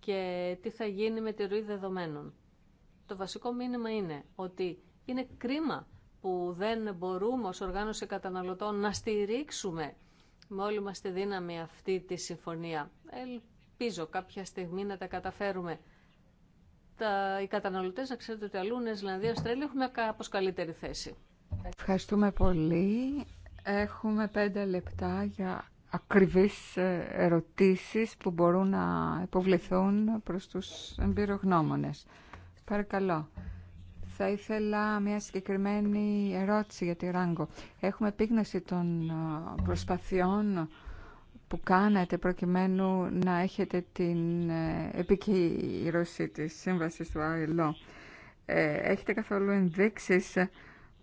και τι θα γίνει με τη ροή δεδομένων. Το βασικό μήνυμα είναι ότι είναι κρίμα που δεν μπορούμε ως οργάνωση καταναλωτών να στηρίξουμε με όλη μας τη δύναμη αυτή τη συμφωνία. Ελπίζω κάποια στιγμή να τα καταφέρουμε τα, οι καταναλωτές να ξέρετε ότι αλλού Ισλανδία, Αυστραλία έχουν κάπως καλύτερη θέση. Ευχαριστούμε πολύ. Έχουμε πέντε λεπτά για ακριβείς ε, ερωτήσεις που μπορούν να υποβληθούν προς τους εμπειρογνώμονες. Παρακαλώ. Θα ήθελα μια συγκεκριμένη ερώτηση για τη Ράγκο. Έχουμε επίγνωση των ε, προσπαθειών που κάνετε προκειμένου να έχετε την ε, επικύρωση της σύμβασης του ΆΕΛΟ. Ε, έχετε καθόλου ενδείξεις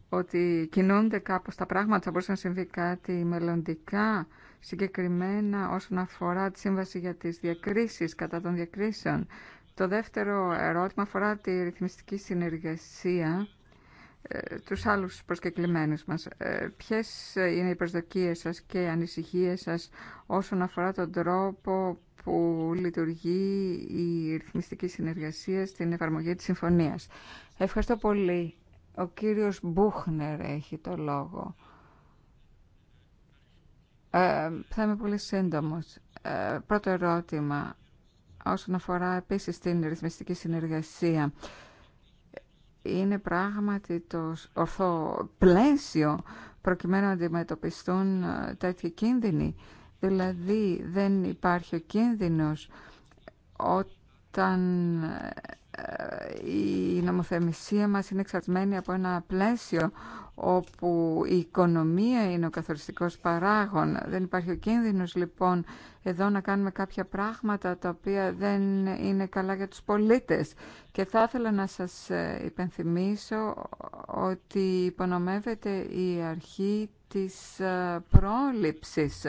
ότι κινούνται κάπως τα πράγματα, θα μπορούσε να συμβεί κάτι μελλοντικά, συγκεκριμένα όσον αφορά τη σύμβαση για τις διακρίσεις κατά των διακρίσεων. Το δεύτερο ερώτημα αφορά τη ρυθμιστική συνεργασία τους άλλους προσκεκλημένους μας. Ε, ποιες είναι οι προσδοκίες σας και οι ανησυχίες σας όσον αφορά τον τρόπο που λειτουργεί η ρυθμιστική συνεργασία στην εφαρμογή της συμφωνίας. Ευχαριστώ πολύ. Ο κύριος Μπούχνερ έχει το λόγο. Ε, θα είμαι πολύ σύντομος. Ε, πρώτο ερώτημα όσον αφορά επίσης την ρυθμιστική συνεργασία είναι πράγματι το ορθό πλαίσιο προκειμένου να αντιμετωπιστούν ε, τέτοιοι κίνδυνοι. Δηλαδή δεν υπάρχει ο κίνδυνος όταν ε, ε, η νομοθεμησία μας είναι εξαρτημένη από ένα πλαίσιο όπου η οικονομία είναι ο καθοριστικός παράγων. Δεν υπάρχει ο κίνδυνος λοιπόν εδώ να κάνουμε κάποια πράγματα τα οποία δεν είναι καλά για τους πολίτες. Και θα ήθελα να σας ε, υπενθυμίσω ότι υπονομεύεται η αρχή της ε, πρόληψης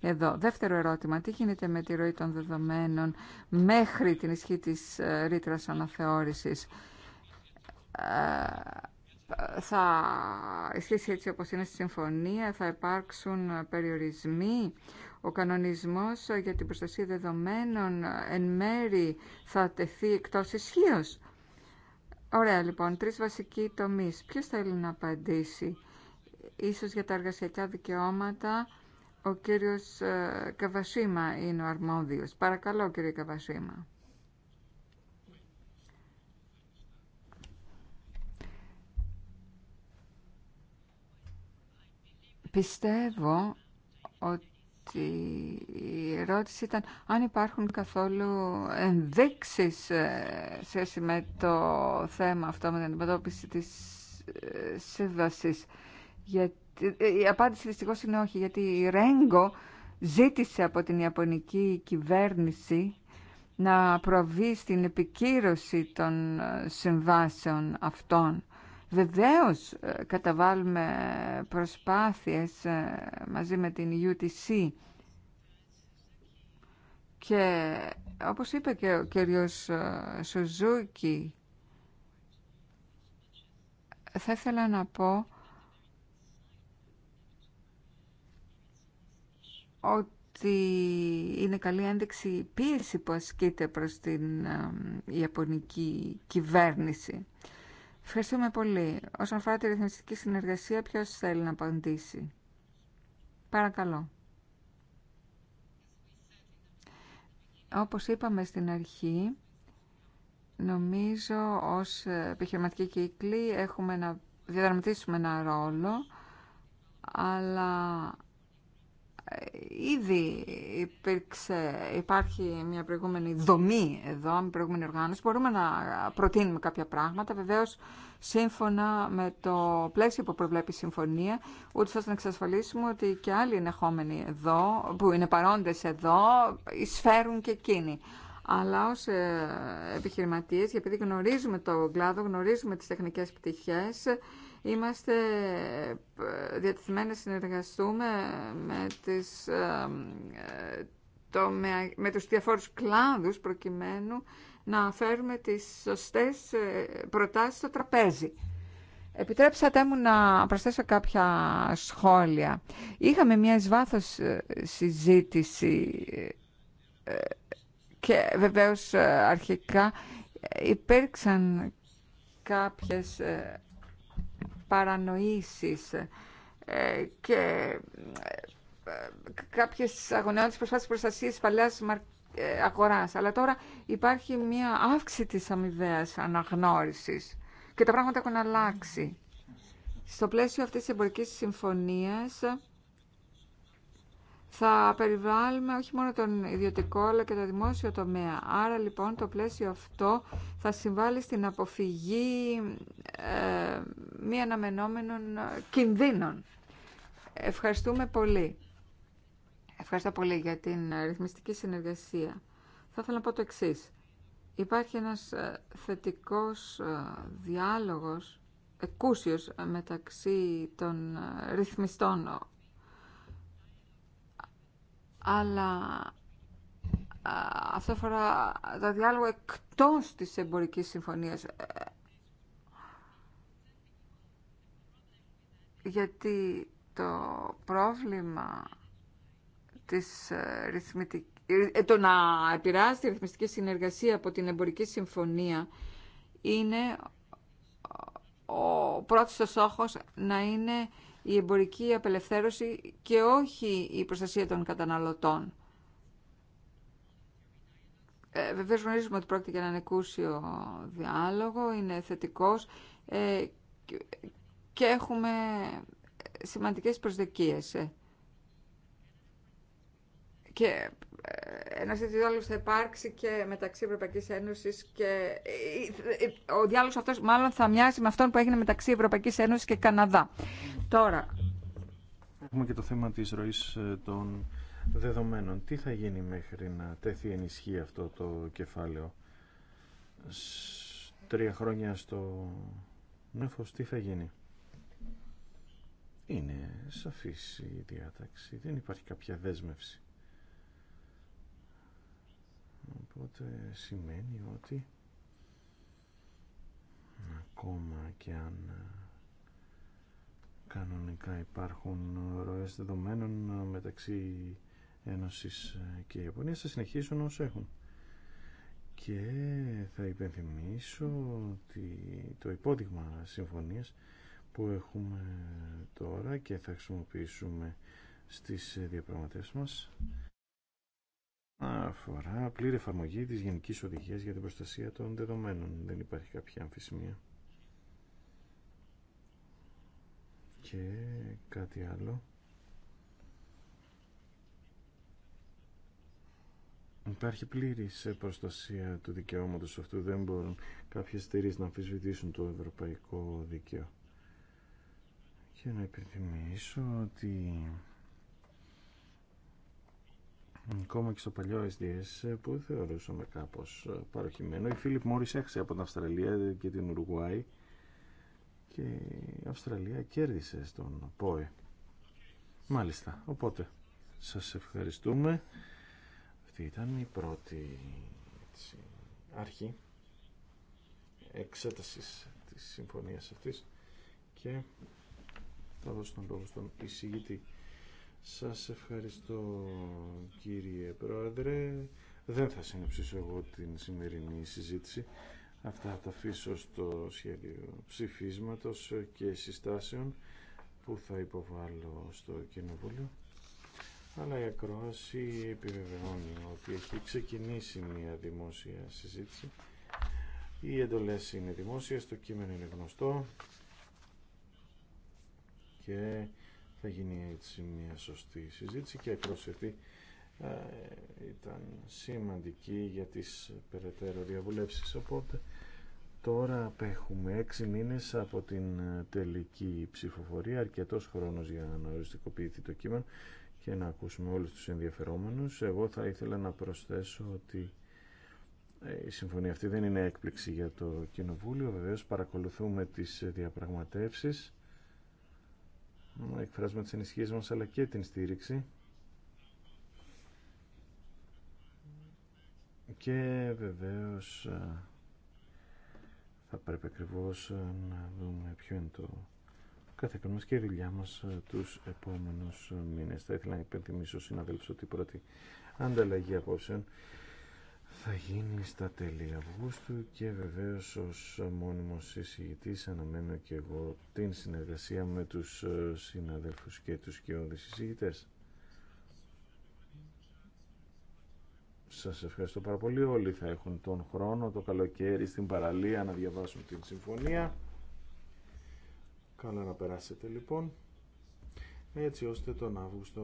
εδώ. Δεύτερο ερώτημα, τι γίνεται με τη ροή των δεδομένων μέχρι την ισχύ της ε, ρήτρας αναθεώρησης. Ε, θα ισχύσει έτσι όπως είναι στη συμφωνία, θα υπάρξουν περιορισμοί. Ο κανονισμός για την προστασία δεδομένων εν μέρη θα τεθεί εκτός ισχύω. Ωραία λοιπόν, τρεις βασικοί τομείς. Ποιος θέλει να απαντήσει. Ίσως για τα εργασιακά δικαιώματα ο κύριος ε, Καβασίμα είναι ο αρμόδιος. Παρακαλώ κύριε Καβασίμα. Πιστεύω ότι η ερώτηση ήταν αν υπάρχουν καθόλου ενδείξεις ε, σχέση με το θέμα αυτό με την αντιμετώπιση της ε, σύμβασης. Γιατί η απάντηση δυστυχώ είναι όχι, γιατί η Ρέγκο ζήτησε από την Ιαπωνική κυβέρνηση να προβεί στην επικύρωση των ε, συμβάσεων αυτών. Βεβαίως ε, καταβάλουμε προσπάθειες ε, μαζί με την UTC και όπως είπε και ο κύριος Σουζούκη θα ήθελα να πω ότι είναι καλή ένδειξη η πίεση που ασκείται προς την Ιαπωνική κυβέρνηση. Ευχαριστούμε πολύ. Όσον αφορά τη ρυθμιστική συνεργασία, ποιος θέλει να απαντήσει. Παρακαλώ. Όπως είπαμε στην αρχή, νομίζω ως επιχειρηματική κύκλη έχουμε να διαδραματίσουμε ένα ρόλο, αλλά ήδη υπήρξε, υπάρχει μια προηγούμενη δομή εδώ, μια προηγούμενη οργάνωση. Μπορούμε να προτείνουμε κάποια πράγματα, βεβαίως σύμφωνα με το πλαίσιο που προβλέπει η συμφωνία, ούτω ώστε να εξασφαλίσουμε ότι και άλλοι ενεχόμενοι εδώ, που είναι παρόντες εδώ, εισφέρουν και εκείνοι. Αλλά ως ε, επιχειρηματίε, επειδή γνωρίζουμε το κλάδο, γνωρίζουμε τι τεχνικέ πτυχέ. Είμαστε ε, διατεθειμένοι να συνεργαστούμε με, τις, ε, ε, το, με, με τους διαφόρους κλάδους προκειμένου να φέρουμε τις σωστές προτάσεις στο τραπέζι. Επιτρέψατε μου να προσθέσω κάποια σχόλια. Είχαμε μια εσβάθος συζήτηση και βεβαίως αρχικά υπήρξαν κάποιες παρανοήσεις ε, και ε, ε, κάποιες αγωνιώτες προσπάθειες προστασία παλιάς αγορά, αγοράς. Αλλά τώρα υπάρχει μια αύξηση της αμοιβαίας αναγνώρισης και τα πράγματα έχουν αλλάξει. Στο πλαίσιο αυτής της εμπορικής συμφωνίας θα περιβάλλουμε όχι μόνο τον ιδιωτικό αλλά και το δημόσιο τομέα. Άρα λοιπόν το πλαίσιο αυτό θα συμβάλλει στην αποφυγή ε, μη αναμενόμενων κινδύνων. Ευχαριστούμε πολύ. Ευχαριστώ πολύ για την ρυθμιστική συνεργασία. Θα ήθελα να πω το εξή. Υπάρχει ένας ε, θετικός ε, διάλογος εκούσιος ε, μεταξύ των ρυθμιστών αλλά αυτό φορά το διάλογο εκτός της εμπορικής συμφωνίας. Ε, γιατί το πρόβλημα της ε, ε, το να επηρεάζει τη ρυθμιστική συνεργασία από την εμπορική συμφωνία είναι ο πρώτος στόχος να είναι η εμπορική απελευθέρωση και όχι η προστασία των καταναλωτών. Ε, βεβαίως γνωρίζουμε ότι πρόκειται για έναν εκούσιο διάλογο, είναι θετικός ε, και έχουμε σημαντικές προσδοκίες. Ε και ε, ένα τέτοιο διάλογο θα υπάρξει και μεταξύ Ευρωπαϊκή Ένωση και. Ε, ε, ο διάλογο αυτό μάλλον θα μοιάζει με αυτόν που έγινε μεταξύ Ευρωπαϊκή Ένωση και Καναδά. Τώρα. Έχουμε και το θέμα τη ροή των δεδομένων. Τι θα γίνει μέχρι να τέθει ενισχύ αυτό το κεφάλαιο. τρία χρόνια στο νέφο, τι θα γίνει. Είναι σαφής η διάταξη, δεν υπάρχει κάποια δέσμευση. Οπότε σημαίνει ότι ακόμα και αν ε, κανονικά υπάρχουν ροές δεδομένων ε, μεταξύ Ένωσης ε, και Ιαπωνίας θα συνεχίσουν όσο έχουν. Και θα υπενθυμίσω ότι το υπόδειγμα συμφωνίας που έχουμε τώρα και θα χρησιμοποιήσουμε στις διαπραγματεύσεις μας αφορά πλήρη εφαρμογή της Γενικής Οδηγίας για την Προστασία των Δεδομένων. Δεν υπάρχει κάποια αμφισημία. Και κάτι άλλο. Υπάρχει πλήρης προστασία του δικαιώματος αυτού. Δεν μπορούν κάποιες εταιρείες να αμφισβητήσουν το ευρωπαϊκό δίκαιο. Και να υπενθυμίσω ότι ακόμα και στο παλιό SDS ε, που θεωρούσαμε κάπως ε, παροχημένο. Η Φίλιπ Μόρι έχασε από την Αυστραλία και την Ουρουγουάη και η Αυστραλία κέρδισε στον ΠΟΕ. Μάλιστα, οπότε σας ευχαριστούμε. Αυτή ήταν η πρώτη έτσι, αρχή εξέτασης της συμφωνίας αυτής και θα δώσω τον λόγο στον εισηγητή. Σας ευχαριστώ κύριε Πρόεδρε. Δεν θα συνοψίσω εγώ την σημερινή συζήτηση. Αυτά θα τα αφήσω στο σχέδιο ψηφίσματος και συστάσεων που θα υποβάλω στο Κοινοβούλιο. Αλλά η ακρόαση επιβεβαιώνει ότι έχει ξεκινήσει μια δημόσια συζήτηση. Οι εντολές είναι δημόσιες, το κείμενο είναι γνωστό και θα γίνει έτσι μια σωστή συζήτηση και η προσοχή ε, ήταν σημαντική για τις περαιτέρω διαβουλεύσεις οπότε τώρα απέχουμε έξι μήνες από την ε, τελική ψηφοφορία αρκετός χρόνος για να οριστικοποιηθεί το κείμενο και να ακούσουμε όλους τους ενδιαφερόμενους εγώ θα ήθελα να προσθέσω ότι ε, η συμφωνία αυτή δεν είναι έκπληξη για το Κοινοβούλιο βεβαίως παρακολουθούμε τις διαπραγματεύσεις εκφράζουμε τις ενισχύσεις μας αλλά και την στήριξη και βεβαίως θα πρέπει ακριβώ να δούμε ποιο είναι το καθήκον μας και η δουλειά μας τους επόμενους μήνες. Θα ήθελα να υπενθυμίσω συναδέλφους ότι η πρώτη ανταλλαγή απόψεων θα γίνει στα τέλη Αυγούστου και βεβαίως ως μόνιμος συζητητής αναμένω και εγώ την συνεργασία με τους ε, συναδέλφους και τους κοιόδης συζητητές. Σας ευχαριστώ πάρα πολύ. Όλοι θα έχουν τον χρόνο το καλοκαίρι στην παραλία να διαβάσουν την συμφωνία. Καλό να περάσετε λοιπόν. Έτσι ώστε τον Αύγουστο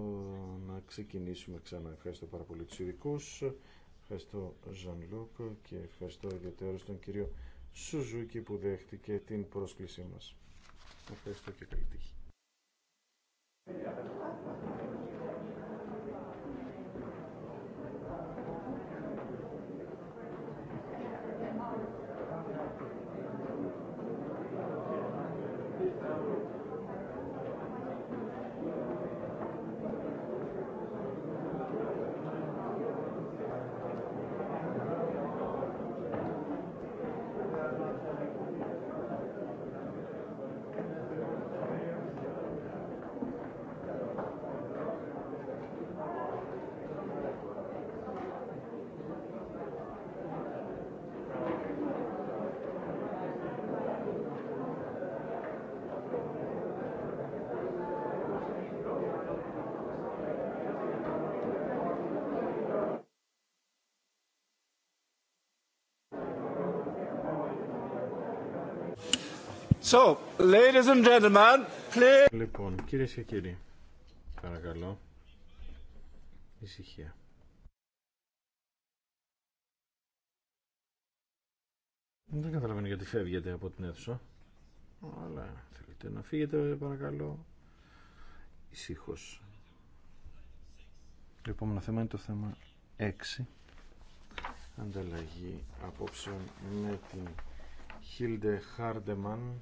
να ξεκινήσουμε ξανά. Ευχαριστώ πάρα πολύ τους ειδικούς. Ευχαριστώ Ζαν Λούκ και ευχαριστώ ιδιαίτερα τον κύριο Σουζούκη που δέχτηκε την πρόσκλησή μας. Ευχαριστώ και καλή τύχη. So, ladies and gentlemen, please... Λοιπόν, κύριε και κύριοι, παρακαλώ, ησυχία. Δεν καταλαβαίνω γιατί φεύγετε από την αίθουσα. Αλλά θέλετε να φύγετε, παρακαλώ, ησύχω. Το επόμενο θέμα είναι το θέμα 6. Ανταλλαγή απόψεων με την Χίλντε Χάρντεμαν,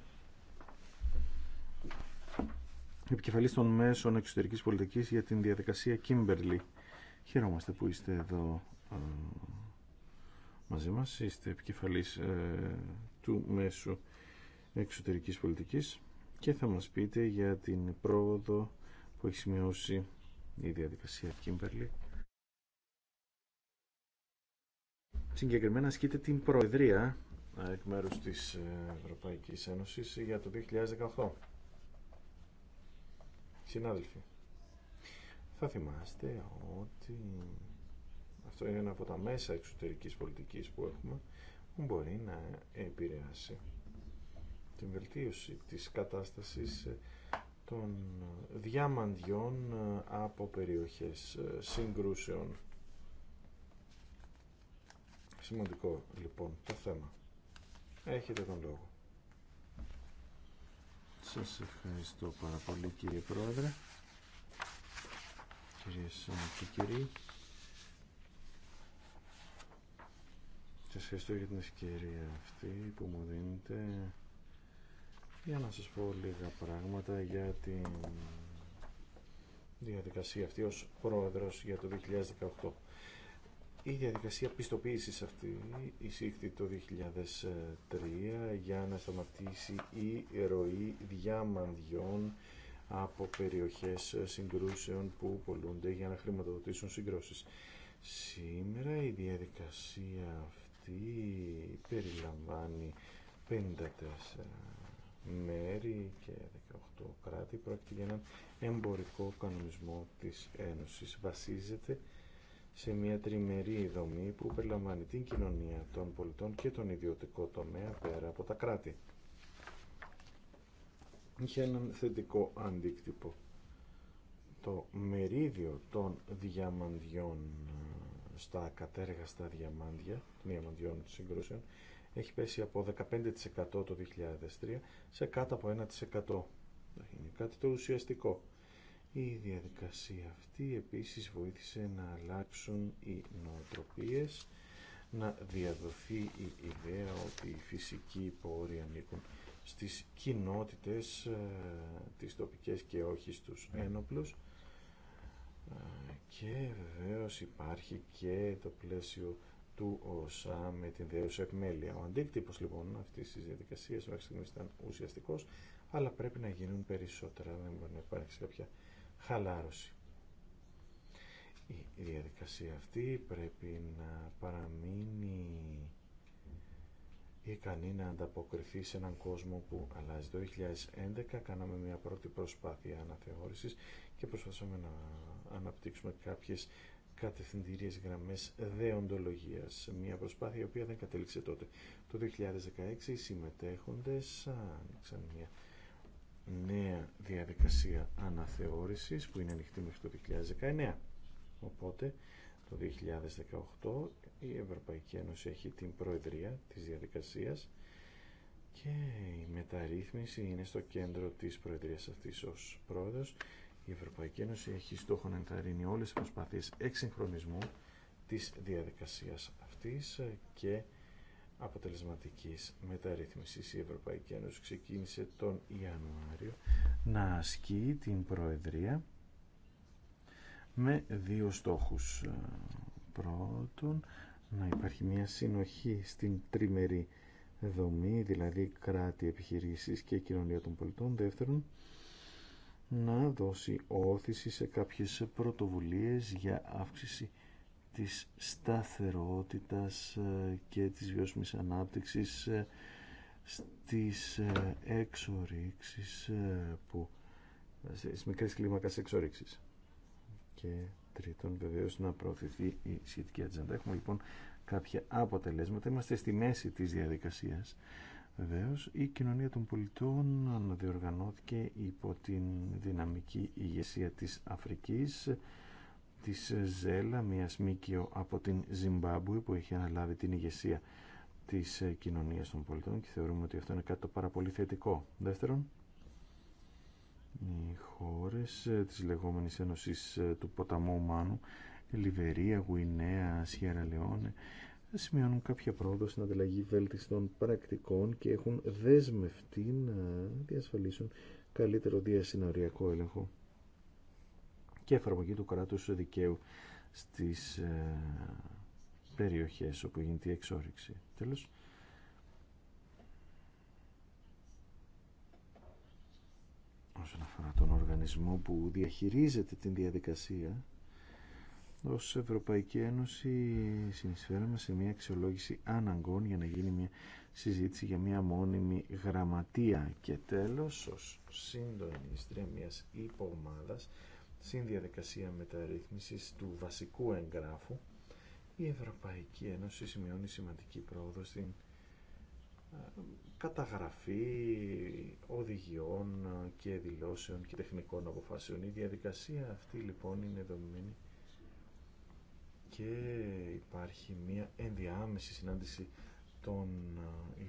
επικεφαλής των μέσων εξωτερικής πολιτικής για την διαδικασία Κίμπερλι. Χαιρόμαστε που είστε εδώ ε, μαζί μας. Είστε επικεφαλής ε, του μέσου εξωτερικής πολιτικής και θα μας πείτε για την πρόοδο που έχει σημειώσει η διαδικασία Κίμπερλι. Συγκεκριμένα ασκείται την Προεδρία ε, εκ μέρους της Ευρωπαϊκής Ένωσης για το 2018. Συνάδελφοι, θα θυμάστε ότι αυτό είναι ένα από τα μέσα εξωτερικής πολιτικής που έχουμε που μπορεί να επηρεάσει την βελτίωση της κατάστασης των διαμαντιών από περιοχές συγκρούσεων. Σημαντικό λοιπόν το θέμα. Έχετε τον λόγο. Σας ευχαριστώ πάρα πολύ κύριε Πρόεδρε. Κυρίες και κύριοι. Σας ευχαριστώ για την ευκαιρία αυτή που μου δίνετε για να σας πω λίγα πράγματα για τη διαδικασία αυτή ως πρόεδρος για το 2018. Η διαδικασία πιστοποίησης αυτή εισήχθη το 2003 για να σταματήσει η ροή διαμανδιών από περιοχές συγκρούσεων που πολλούνται για να χρηματοδοτήσουν συγκρούσεις. Σήμερα η διαδικασία αυτή περιλαμβάνει 54 μέρη και 18 κράτη. Πρόκειται για έναν εμπορικό κανονισμό της Ένωσης. Βασίζεται σε μια τριμερή δομή που περιλαμβάνει την κοινωνία των πολιτών και τον ιδιωτικό τομέα πέρα από τα κράτη. Είχε έναν θετικό αντίκτυπο. Το μερίδιο των διαμαντιών ε, στα κατέργαστα διαμάντια, των διαμαντιών συγκρούσεων, έχει πέσει από 15% το 2003 σε κάτω από 1%. Είναι κάτι το ουσιαστικό. Η διαδικασία αυτή επίσης βοήθησε να αλλάξουν οι νοοτροπίες, να διαδοθεί η ιδέα ότι οι φυσικοί πόροι ανήκουν στις κοινότητες, ε, τις τοπικές και όχι στους ναι. ένοπλους ε, και βεβαίω υπάρχει και το πλαίσιο του ΟΣΑ με την δέουσα επιμέλεια. Ο αντίκτυπος λοιπόν αυτής της διαδικασίας μέχρι στιγμής ήταν ουσιαστικός αλλά πρέπει να γίνουν περισσότερα, δεν μπορεί να υπάρξει κάποια χαλάρωση. Η διαδικασία αυτή πρέπει να παραμείνει ικανή να ανταποκριθεί σε έναν κόσμο που αλλάζει. Το 2011 κάναμε μια πρώτη προσπάθεια αναθεώρησης και προσπαθούμε να αναπτύξουμε κάποιες κατευθυντηρίες γραμμές δεοντολογίας. Μια προσπάθεια η οποία δεν κατέληξε τότε. Το 2016 οι συμμετέχοντες άνοιξαν μια νέα διαδικασία αναθεώρησης που είναι ανοιχτή μέχρι το 2019. Οπότε το 2018 η Ευρωπαϊκή Ένωση έχει την προεδρία της διαδικασίας και η μεταρρύθμιση είναι στο κέντρο της προεδρίας αυτής ως πρόεδρος. Η Ευρωπαϊκή Ένωση έχει στόχο να ενθαρρύνει όλες τις προσπάθειες εξυγχρονισμού της διαδικασίας αυτής και αποτελεσματικής μεταρρύθμισης η Ευρωπαϊκή Ένωση ξεκίνησε τον Ιανουάριο να ασκεί την Προεδρία με δύο στόχους. Πρώτον, να υπάρχει μια συνοχή στην τριμερή δομή, δηλαδή κράτη επιχειρήσεις και κοινωνία των πολιτών. Δεύτερον, να δώσει όθηση σε κάποιες πρωτοβουλίες για αύξηση της σταθερότητας ε, και της βιώσιμης ανάπτυξης ε, στις ε, εξορίξεις που στις μικρές κλίμακες εξορίξεις και τρίτον βεβαίω να προωθηθεί η σχετική ατζέντα έχουμε λοιπόν κάποια αποτελέσματα είμαστε στη μέση της διαδικασίας βεβαίω, η κοινωνία των πολιτών αναδιοργανώθηκε υπό την δυναμική ηγεσία της Αφρικής της Ζέλα, μια μήκυο από την Ζιμπάμπουη που έχει αναλάβει την ηγεσία της ε, κοινωνίας των πολιτών και θεωρούμε ότι αυτό είναι κάτι το πάρα πολύ θετικό. Δεύτερον, οι χώρες ε, της λεγόμενης Ένωσης ε, του Ποταμού Μάνου, Λιβερία, Γουινέα, Σιέρα Λεόνε, σημειώνουν κάποια πρόοδο στην ανταλλαγή βέλτιστων πρακτικών και έχουν δεσμευτεί να διασφαλίσουν καλύτερο διασυνοριακό έλεγχο και εφαρμογή του κράτους δικαίου στις ε, περιοχές όπου γίνεται η εξόριξη. Τέλος. Όσον αφορά τον οργανισμό που διαχειρίζεται την διαδικασία, ως Ευρωπαϊκή Ένωση συνεισφέραμε σε μια αξιολόγηση αναγκών για να γίνει μια συζήτηση για μια μόνιμη γραμματεία και τέλος ως σύντονη μιας υπομάδας διαδικασία μεταρρύθμισης του βασικού εγγράφου, η Ευρωπαϊκή Ένωση σημειώνει σημαντική πρόοδο στην καταγραφή οδηγιών και δηλώσεων και τεχνικών αποφάσεων. Η διαδικασία αυτή λοιπόν είναι δομημένη και υπάρχει μία ενδιάμεση συνάντηση τον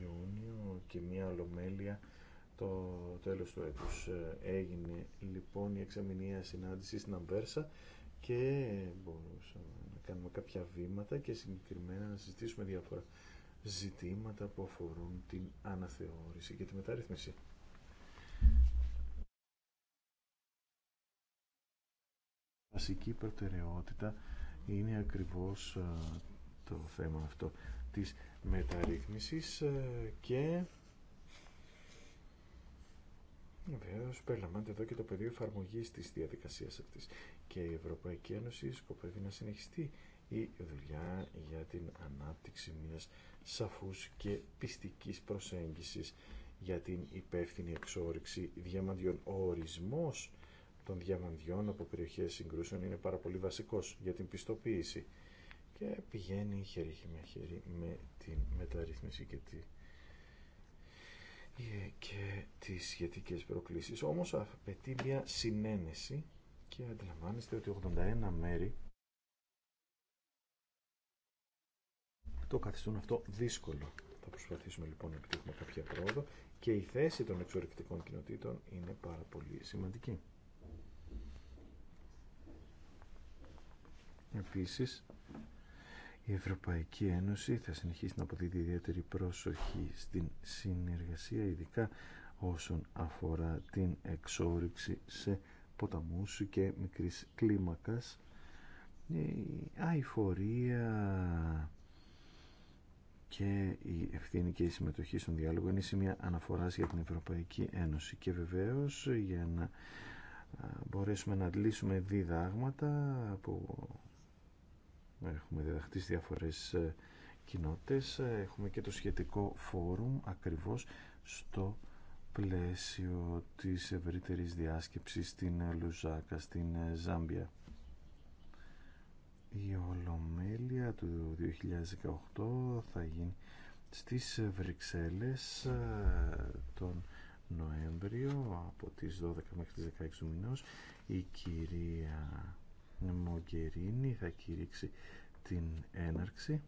Ιούνιο και μία ολομέλεια το τέλος του έτους. Ε, έγινε λοιπόν η εξαμηνία συνάντηση στην Αμβέρσα και μπορούσαμε να κάνουμε κάποια βήματα και συγκεκριμένα να συζητήσουμε διάφορα ζητήματα που αφορούν την αναθεώρηση και τη μεταρρύθμιση. Η βασική προτεραιότητα είναι ακριβώς ε, το θέμα αυτό της μεταρρύθμισης ε, και Βεβαίω, περιλαμβάνεται εδώ και το πεδίο εφαρμογή τη διαδικασία αυτή. Και η Ευρωπαϊκή Ένωση σκοπεύει να συνεχιστεί η δουλειά για την ανάπτυξη μια σαφού και πιστική προσέγγιση για την υπεύθυνη εξόρυξη διαμαντιών. Ο ορισμό των διαμαντιών από περιοχέ συγκρούσεων είναι πάρα πολύ βασικό για την πιστοποίηση και πηγαίνει χέρι με χέρι με την μεταρρύθμιση και τη ε, και τις σχετικές προκλήσεις. Όμως απαιτεί μια συνένεση και αντιλαμβάνεστε ότι 81 μέρη το καθιστούν αυτό δύσκολο. Θα προσπαθήσουμε λοιπόν να επιτύχουμε κάποια πρόοδο και η θέση των εξορρυκτικών κοινοτήτων είναι πάρα πολύ σημαντική. Επίσης, η Ευρωπαϊκή Ένωση θα συνεχίσει να αποδίδει ιδιαίτερη πρόσοχη στην συνεργασία, ειδικά όσον αφορά την εξόριξη σε ποταμούς και μικρής κλίμακας. Η αηφορία και η ευθύνη και η συμμετοχή στον διάλογο είναι σημεία αναφοράς για την Ευρωπαϊκή Ένωση και βεβαίως για να μπορέσουμε να λύσουμε διδάγματα από Έχουμε διδαχτεί στις διάφορες ε, κοινότητες. Ε, έχουμε και το σχετικό φόρουμ ακριβώς στο πλαίσιο της ευρύτερης διάσκεψης στην ε, Λουζάκα, στην Ζάμπια. Η Ολομέλεια του 2018 θα γίνει στις Βρυξέλλες τον Νοέμβριο από τις 12 μέχρι τις 16 μηνός. Η κυρία Μογκερίνη θα κηρύξει την έναρξη.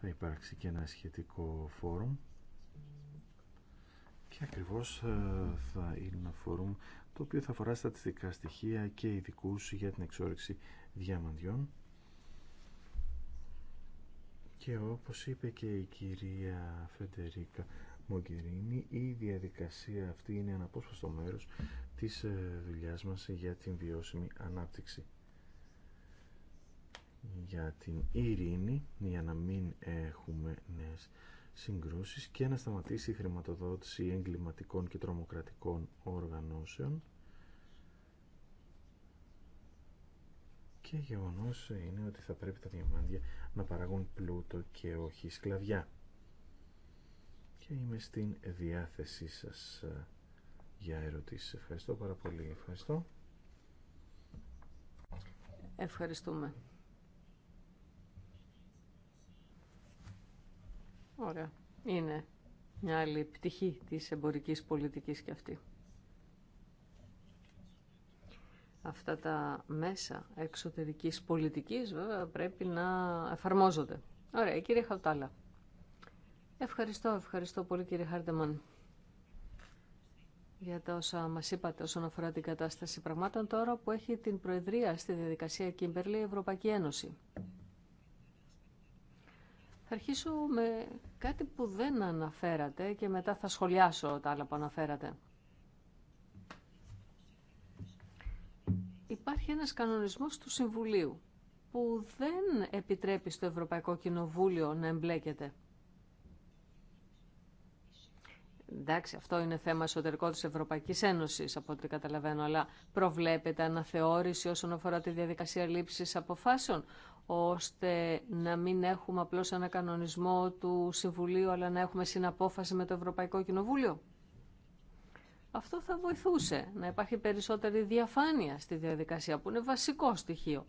Θα υπάρξει και ένα σχετικό φόρουμ και ακριβώς ε, θα είναι ένα φόρουμ το οποίο θα αφορά στατιστικά στοιχεία και ειδικού για την εξόρυξη διαμαντιών. Και όπως είπε και η κυρία Φεντερίκα Μογκερίνη, η διαδικασία αυτή είναι ένα απόσπαστο μέρος της ε, δουλειάς μας για την βιώσιμη ανάπτυξη. Για την ειρήνη, για να μην έχουμε νέες συγκρούσεις και να σταματήσει η χρηματοδότηση εγκληματικών και τρομοκρατικών οργανώσεων και γεγονός είναι ότι θα πρέπει τα διαμάντια να παραγούν πλούτο και όχι σκλαβιά και είμαι στην διάθεσή σας ε, για ερωτήσεις. Ευχαριστώ πάρα πολύ. Ευχαριστώ. Ευχαριστούμε. Ωραία. Είναι μια άλλη πτυχή της εμπορικής πολιτικής και αυτή. Αυτά τα μέσα εξωτερικής πολιτικής βέβαια πρέπει να εφαρμόζονται. Ωραία, κύριε Χαουτάλα. Ευχαριστώ, ευχαριστώ πολύ κύριε Χάρτεμαν για τα όσα μα είπατε όσον αφορά την κατάσταση πραγμάτων τώρα που έχει την Προεδρία στη διαδικασία η Ευρωπαϊκή Ένωση. Θα αρχίσω με κάτι που δεν αναφέρατε και μετά θα σχολιάσω τα άλλα που αναφέρατε. Υπάρχει ένας κανονισμός του Συμβουλίου που δεν επιτρέπει στο Ευρωπαϊκό Κοινοβούλιο να εμπλέκεται. Εντάξει, αυτό είναι θέμα εσωτερικό της Ευρωπαϊκής Ένωσης, από ό,τι καταλαβαίνω, αλλά προβλέπεται αναθεώρηση όσον αφορά τη διαδικασία λήψης αποφάσεων, ώστε να μην έχουμε απλώς ένα κανονισμό του Συμβουλίου, αλλά να έχουμε συναπόφαση με το Ευρωπαϊκό Κοινοβούλιο. Αυτό θα βοηθούσε να υπάρχει περισσότερη διαφάνεια στη διαδικασία, που είναι βασικό στοιχείο.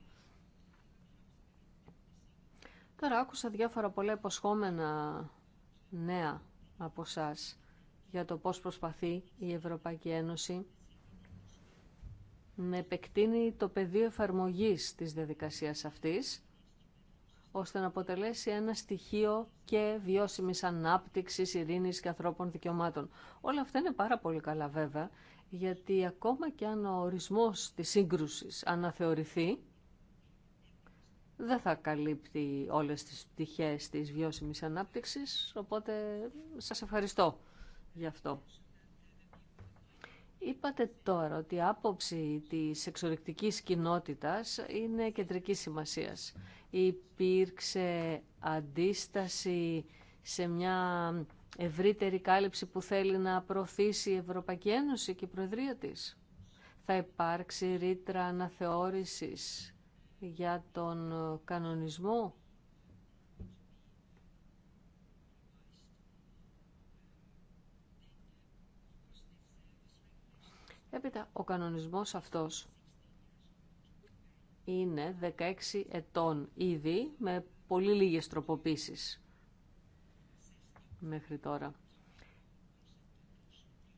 Τώρα άκουσα διάφορα πολλά υποσχόμενα νέα από σας για το πώς προσπαθεί η Ευρωπαϊκή Ένωση να επεκτείνει το πεδίο εφαρμογής της διαδικασίας αυτής, ώστε να αποτελέσει ένα στοιχείο και βιώσιμης ανάπτυξης, ειρήνης και ανθρώπων δικαιωμάτων. Όλα αυτά είναι πάρα πολύ καλά βέβαια, γιατί ακόμα και αν ο ορισμός της σύγκρουσης αναθεωρηθεί, δεν θα καλύπτει όλες τις πτυχές της βιώσιμης ανάπτυξης, οπότε σας ευχαριστώ γι' αυτό. Είπατε τώρα ότι η άποψη της εξορρυκτικής κοινότητας είναι κεντρική σημασίας. Υπήρξε αντίσταση σε μια ευρύτερη κάλυψη που θέλει να προωθήσει η Ευρωπαϊκή Ένωση και η Προεδρία της. Θα υπάρξει ρήτρα αναθεώρησης για τον κανονισμό Έπειτα, ο κανονισμός αυτός είναι 16 ετών ήδη με πολύ λίγες τροποποίησεις μέχρι τώρα.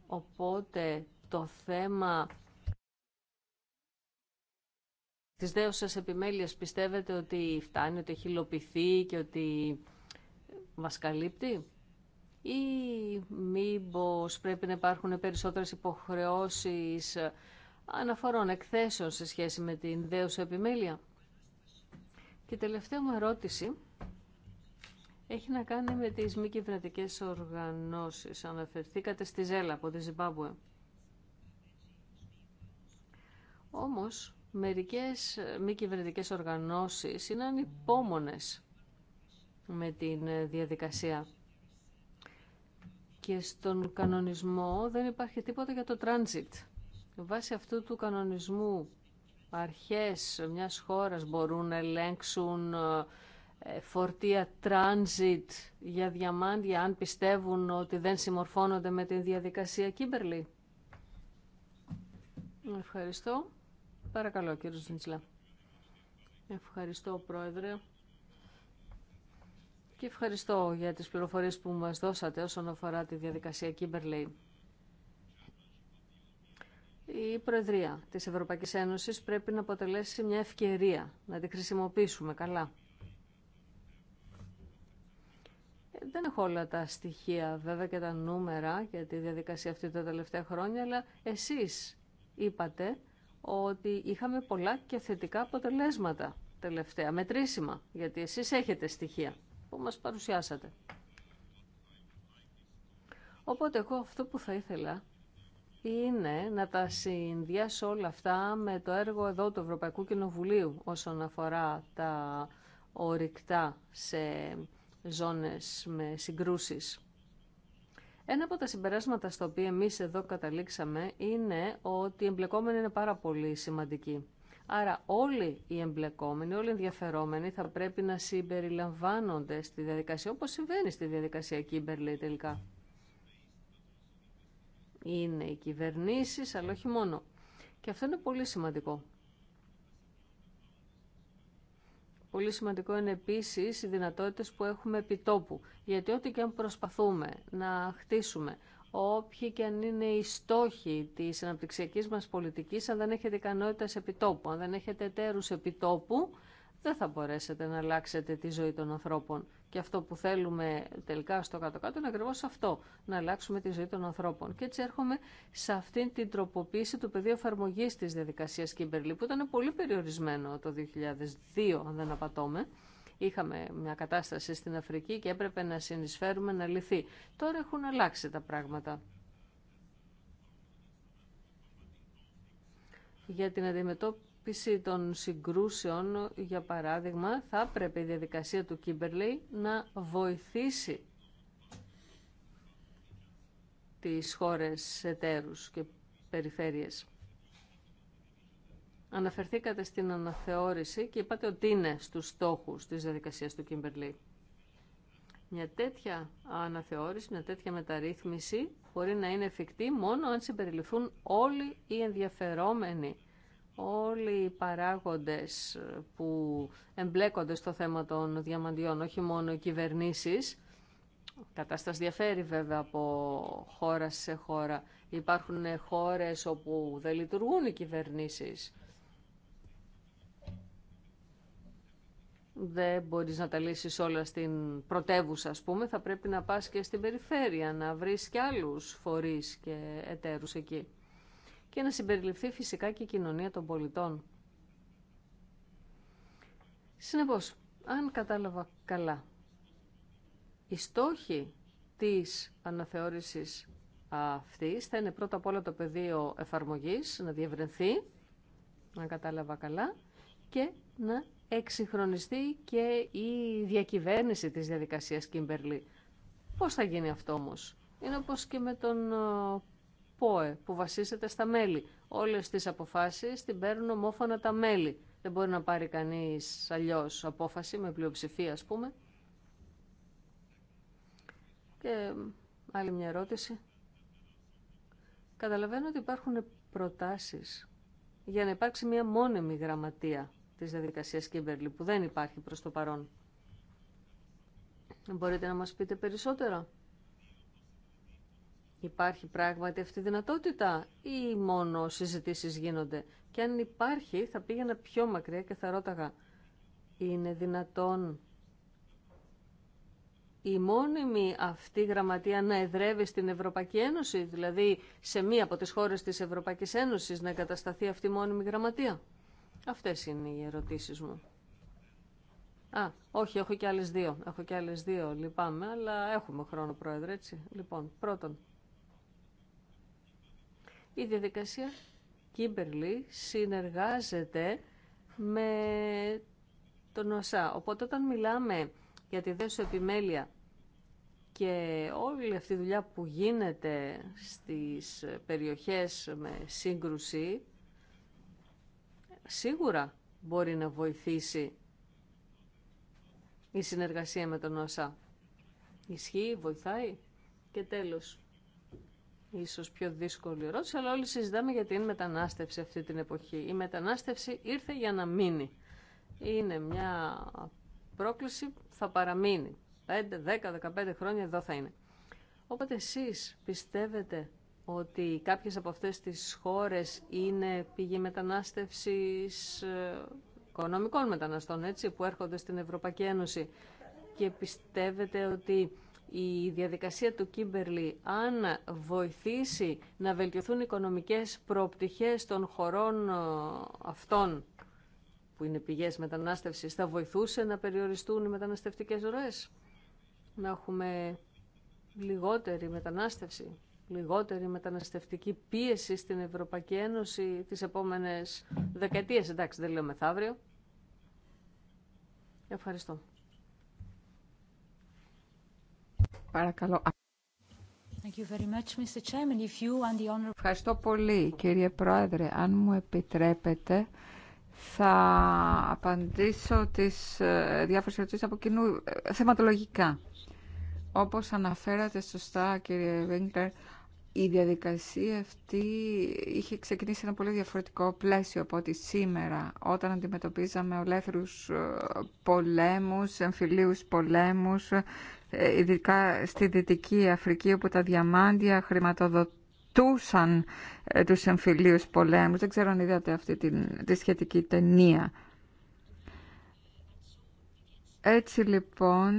Οπότε το θέμα της δέωσας επιμέλειας πιστεύετε ότι φτάνει, ότι έχει υλοποιηθεί και ότι μας καλύπτει ή μήπως πρέπει να υπάρχουν περισσότερες υποχρεώσεις αναφορών εκθέσεων σε σχέση με την δέουσα επιμέλεια. Και η τελευταία μου ερώτηση έχει να κάνει με τις μη κυβερνητικέ οργανώσεις. Αναφερθήκατε στη Ζέλα από τη Ζιμπάμπουε. Όμως, μερικές μη κυβερνητικέ οργανώσεις είναι ανυπόμονες με την διαδικασία και στον κανονισμό δεν υπάρχει τίποτα για το transit. Βάσει αυτού του κανονισμού αρχές μιας χώρας μπορούν να ελέγξουν ε, ε, φορτία transit για διαμάντια αν πιστεύουν ότι δεν συμμορφώνονται με τη διαδικασία Κίμπερλι. Ευχαριστώ. Παρακαλώ κύριε Ζήντσλα. Ευχαριστώ πρόεδρε. Και ευχαριστώ για τις πληροφορίες που μας δώσατε όσον αφορά τη διαδικασία Kimberley. Η Προεδρία της Ευρωπαϊκής Ένωσης πρέπει να αποτελέσει μια ευκαιρία, να τη χρησιμοποιήσουμε καλά. Ε, δεν έχω όλα τα στοιχεία βέβαια και τα νούμερα για τη διαδικασία αυτή τα τελευταία χρόνια, αλλά εσείς είπατε ότι είχαμε πολλά και θετικά αποτελέσματα τελευταία, μετρήσιμα, γιατί εσείς έχετε στοιχεία που μας παρουσιάσατε. Οπότε εγώ αυτό που θα ήθελα είναι να τα συνδυάσω όλα αυτά με το έργο εδώ του Ευρωπαϊκού Κοινοβουλίου όσον αφορά τα ορυκτά σε ζώνες με συγκρούσεις. Ένα από τα συμπεράσματα στο οποίο εμείς εδώ καταλήξαμε είναι ότι οι εμπλεκόμενοι είναι πάρα πολύ σημαντικοί. Άρα όλοι οι εμπλεκόμενοι, όλοι οι ενδιαφερόμενοι θα πρέπει να συμπεριλαμβάνονται στη διαδικασία, όπως συμβαίνει στη διαδικασία λέει τελικά. Είναι οι κυβερνήσεις, αλλά όχι μόνο. Και αυτό είναι πολύ σημαντικό. Πολύ σημαντικό είναι επίσης οι δυνατότητες που έχουμε επιτόπου. Γιατί ό,τι και αν προσπαθούμε να χτίσουμε, όποιοι και αν είναι οι στόχοι της αναπτυξιακής μας πολιτικής, αν δεν έχετε ικανότητες επιτόπου, αν δεν έχετε εταίρους επιτόπου, δεν θα μπορέσετε να αλλάξετε τη ζωή των ανθρώπων. Και αυτό που θέλουμε τελικά στο κάτω-κάτω είναι ακριβώ αυτό, να αλλάξουμε τη ζωή των ανθρώπων. Και έτσι έρχομαι σε αυτήν την τροποποίηση του πεδίου εφαρμογή τη διαδικασία Κίμπερλι, που ήταν πολύ περιορισμένο το 2002, αν δεν απατώμε. Είχαμε μια κατάσταση στην Αφρική και έπρεπε να συνεισφέρουμε να λυθεί. Τώρα έχουν αλλάξει τα πράγματα. Για την αντιμετώπιση των συγκρούσεων, για παράδειγμα, θα πρέπει η διαδικασία του Κίμπερλεϊ να βοηθήσει τις χώρες εταίρους και περιφέρειες. Αναφερθήκατε στην αναθεώρηση και είπατε ότι είναι στους στόχους της διαδικασίας του Κιμπερλή. Μια τέτοια αναθεώρηση, μια τέτοια μεταρρύθμιση μπορεί να είναι εφικτή μόνο αν συμπεριληφθούν όλοι οι ενδιαφερόμενοι, όλοι οι παράγοντες που εμπλέκονται στο θέμα των διαμαντιών, όχι μόνο οι κυβερνήσεις. Η κατάσταση διαφέρει βέβαια από χώρα σε χώρα. Υπάρχουν χώρες όπου δεν λειτουργούν οι κυβερνήσεις δεν μπορείς να τα λύσεις όλα στην πρωτεύουσα, ας πούμε, θα πρέπει να πας και στην περιφέρεια, να βρεις και άλλους φορείς και εταίρους εκεί. Και να συμπεριληφθεί φυσικά και η κοινωνία των πολιτών. Συνεπώς, αν κατάλαβα καλά, οι στόχοι της αναθεώρησης αυτής θα είναι πρώτα απ' όλα το πεδίο εφαρμογής, να διευρυνθεί, αν κατάλαβα καλά, και να εξυγχρονιστεί και η διακυβέρνηση της διαδικασίας Κίμπερλι. Πώς θα γίνει αυτό όμως. Είναι όπως και με τον ε, ΠΟΕ που βασίζεται στα μέλη. Όλες τις αποφάσεις την παίρνουν ομόφωνα τα μέλη. Δεν μπορεί να πάρει κανείς αλλιώς απόφαση με πλειοψηφία ας πούμε. Και άλλη μια ερώτηση. Καταλαβαίνω ότι υπάρχουν προτάσεις για να υπάρξει μια μόνιμη γραμματεία της διαδικασίας Κίμπερλι που δεν υπάρχει προς το παρόν. Μπορείτε να μας πείτε περισσότερα. Υπάρχει πράγματι αυτή η δυνατότητα ή μόνο συζητήσεις γίνονται. Και αν υπάρχει θα πήγαινα πιο μακριά και θα ρώταγα είναι δυνατόν η μόνιμη αυτή γραμματεία να εδρεύει στην Ευρωπαϊκή Ένωση, δηλαδή σε μία από τις χώρες της Ευρωπαϊκής Ένωσης να κατασταθεί αυτή η μόνιμη γραμματεία. Αυτές είναι οι ερωτήσεις μου. Α, όχι, έχω και άλλες δύο. Έχω και άλλες δύο, λυπάμαι, αλλά έχουμε χρόνο, Πρόεδρε, έτσι. Λοιπόν, πρώτον, η διαδικασία Κίμπερλι συνεργάζεται με τον ΟΣΑ. Οπότε όταν μιλάμε για τη δέσου επιμέλεια και όλη αυτή η δουλειά που γίνεται στις περιοχές με σύγκρουση σίγουρα μπορεί να βοηθήσει η συνεργασία με τον ΩΣΑ. Ισχύει, βοηθάει και τέλος. Ίσως πιο δύσκολη ερώτηση, αλλά όλοι συζητάμε για την μετανάστευση αυτή την εποχή. Η μετανάστευση ήρθε για να μείνει. Είναι μια πρόκληση που θα παραμείνει. 5, 10, 15 χρόνια εδώ θα είναι. Όποτε εσείς πιστεύετε ότι κάποιες από αυτές τις χώρες είναι πηγή μετανάστευσης ε, οικονομικών μεταναστών έτσι, που έρχονται στην Ευρωπαϊκή Ένωση και πιστεύετε ότι η διαδικασία του Κίμπερλι αν βοηθήσει να βελτιωθούν οι οικονομικές προοπτυχές των χωρών ε, αυτών που είναι πηγές μετανάστευσης θα βοηθούσε να περιοριστούν οι μεταναστευτικές ροές να έχουμε λιγότερη μετανάστευση λιγότερη μεταναστευτική πίεση στην Ευρωπαϊκή Ένωση τις επόμενες δεκαετίες. Εντάξει, δεν λέω μεθαύριο. Ευχαριστώ. Παρακαλώ. Ευχαριστώ πολύ, κύριε Πρόεδρε. Αν μου επιτρέπετε, θα απαντήσω τις ε, διάφορες ερωτήσεις από κοινού ε, θεματολογικά. Όπως αναφέρατε σωστά, κύριε Βίγκλερ, η διαδικασία αυτή είχε ξεκινήσει ένα πολύ διαφορετικό πλαίσιο από ότι σήμερα όταν αντιμετωπίζαμε ολέθρους ε, πολέμους, εμφυλίους πολέμους, ε, ειδικά στη Δυτική Αφρική όπου τα διαμάντια χρηματοδοτούσαν ε, τους εμφυλίους πολέμους. Δεν ξέρω αν είδατε αυτή την, τη σχετική ταινία. Έτσι λοιπόν,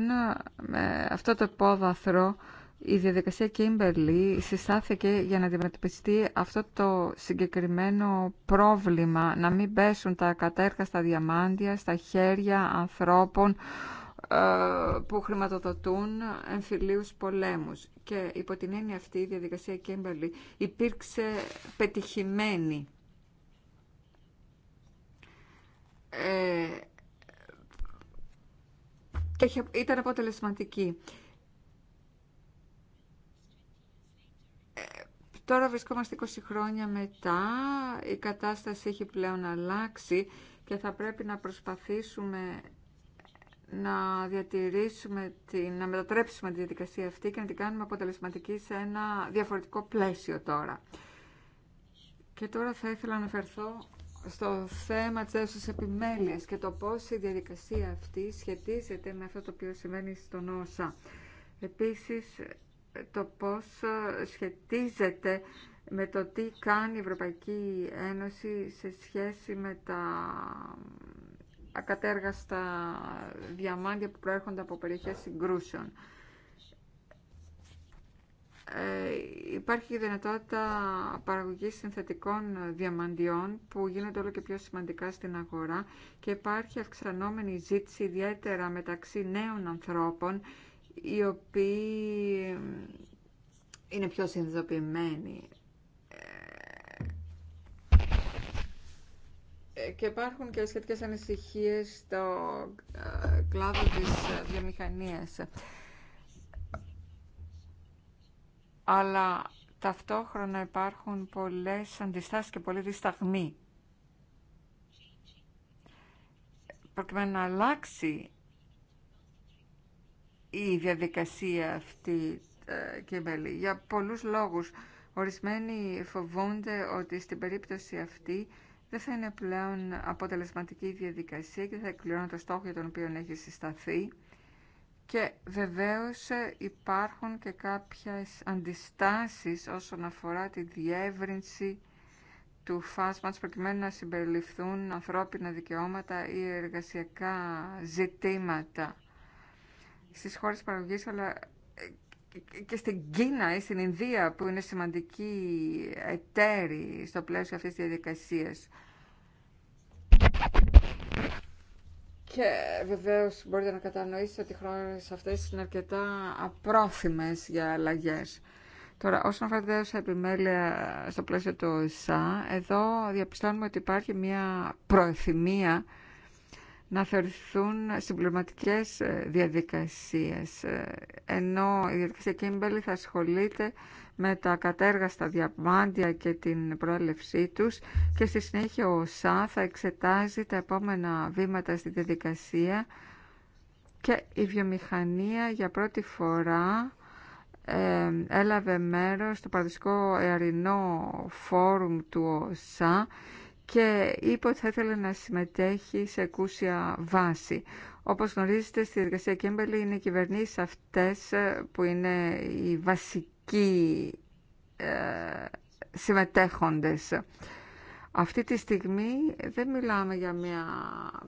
αυτό το υπόβαθρο η διαδικασία Κίμπερλι συστάθηκε για να αντιμετωπιστεί αυτό το συγκεκριμένο πρόβλημα, να μην πέσουν τα κατέρχαστα διαμάντια στα χέρια ανθρώπων ε, που χρηματοδοτούν εμφυλίους πολέμους. Και υπό την έννοια αυτή η διαδικασία Κίμπερλι υπήρξε πετυχημένη. Ε, και ήταν αποτελεσματική. Τώρα βρισκόμαστε 20 χρόνια μετά, η κατάσταση έχει πλέον αλλάξει και θα πρέπει να προσπαθήσουμε να διατηρήσουμε, την, να μετατρέψουμε τη διαδικασία αυτή και να την κάνουμε αποτελεσματική σε ένα διαφορετικό πλαίσιο τώρα. Και τώρα θα ήθελα να αναφερθώ στο θέμα της έσωσης επιμέλειας και το πώς η διαδικασία αυτή σχετίζεται με αυτό το οποίο συμβαίνει στον ΩΣΑ. Επίσης, το πώς ε, σχετίζεται με το τι κάνει η Ευρωπαϊκή Ένωση σε σχέση με τα ακατέργαστα διαμάντια που προέρχονται από περιοχές συγκρούσεων. Ε, υπάρχει η δυνατότητα παραγωγής συνθετικών διαμαντιών που γίνονται όλο και πιο σημαντικά στην αγορά και υπάρχει αυξανόμενη ζήτηση ιδιαίτερα μεταξύ νέων ανθρώπων οι οποίοι είναι πιο συνειδητοποιημένοι ε, ε, και υπάρχουν και σχετικές ανησυχίες στο ε, κλάδο της βιομηχανία. Αλλά ταυτόχρονα υπάρχουν πολλές αντιστάσεις και πολλοί δισταγμοί. Προκειμένου να αλλάξει η διαδικασία αυτή ε, και μέλη. Για πολλούς λόγους. Ορισμένοι φοβούνται ότι στην περίπτωση αυτή δεν θα είναι πλέον αποτελεσματική διαδικασία και θα εκπληρώνει το στόχο για τον οποίο έχει συσταθεί. Και βεβαίως ε, υπάρχουν και κάποιες αντιστάσεις όσον αφορά τη διεύρυνση του φάσματος προκειμένου να συμπεριληφθούν ανθρώπινα δικαιώματα ή εργασιακά ζητήματα στις χώρες παραγωγής αλλά ε, και στην Κίνα ή στην Ινδία που είναι σημαντική εταίροι στο πλαίσιο αυτής της διαδικασίας. Και βεβαίω μπορείτε να κατανοήσετε ότι οι χρόνες αυτές είναι αρκετά απρόθυμες για αλλαγέ. Τώρα, όσον αφορά τη επιμέλεια στο πλαίσιο του ΙΣΑ, εδώ διαπιστώνουμε ότι υπάρχει μια προεθυμία να θεωρηθούν συμπληρωματικέ ε, διαδικασίες ε, ενώ η διαδικασία Κίμπελ θα ασχολείται με τα κατέργαστα διαμάντια και την προέλευσή τους και στη συνέχεια ο ΣΑ θα εξετάζει τα επόμενα βήματα στη διαδικασία και η βιομηχανία για πρώτη φορά ε, έλαβε μέρος στο παραδοσιακό Εαρινό φόρουμ του ΟΣΑ και είπε ότι θα ήθελε να συμμετέχει σε εκούσια βάση. Όπως γνωρίζετε, στη διαδικασία Κέμπελη είναι οι κυβερνήσεις αυτές ε, που είναι οι βασικοί ε, συμμετέχοντες. Αυτή τη στιγμή δεν μιλάμε για μια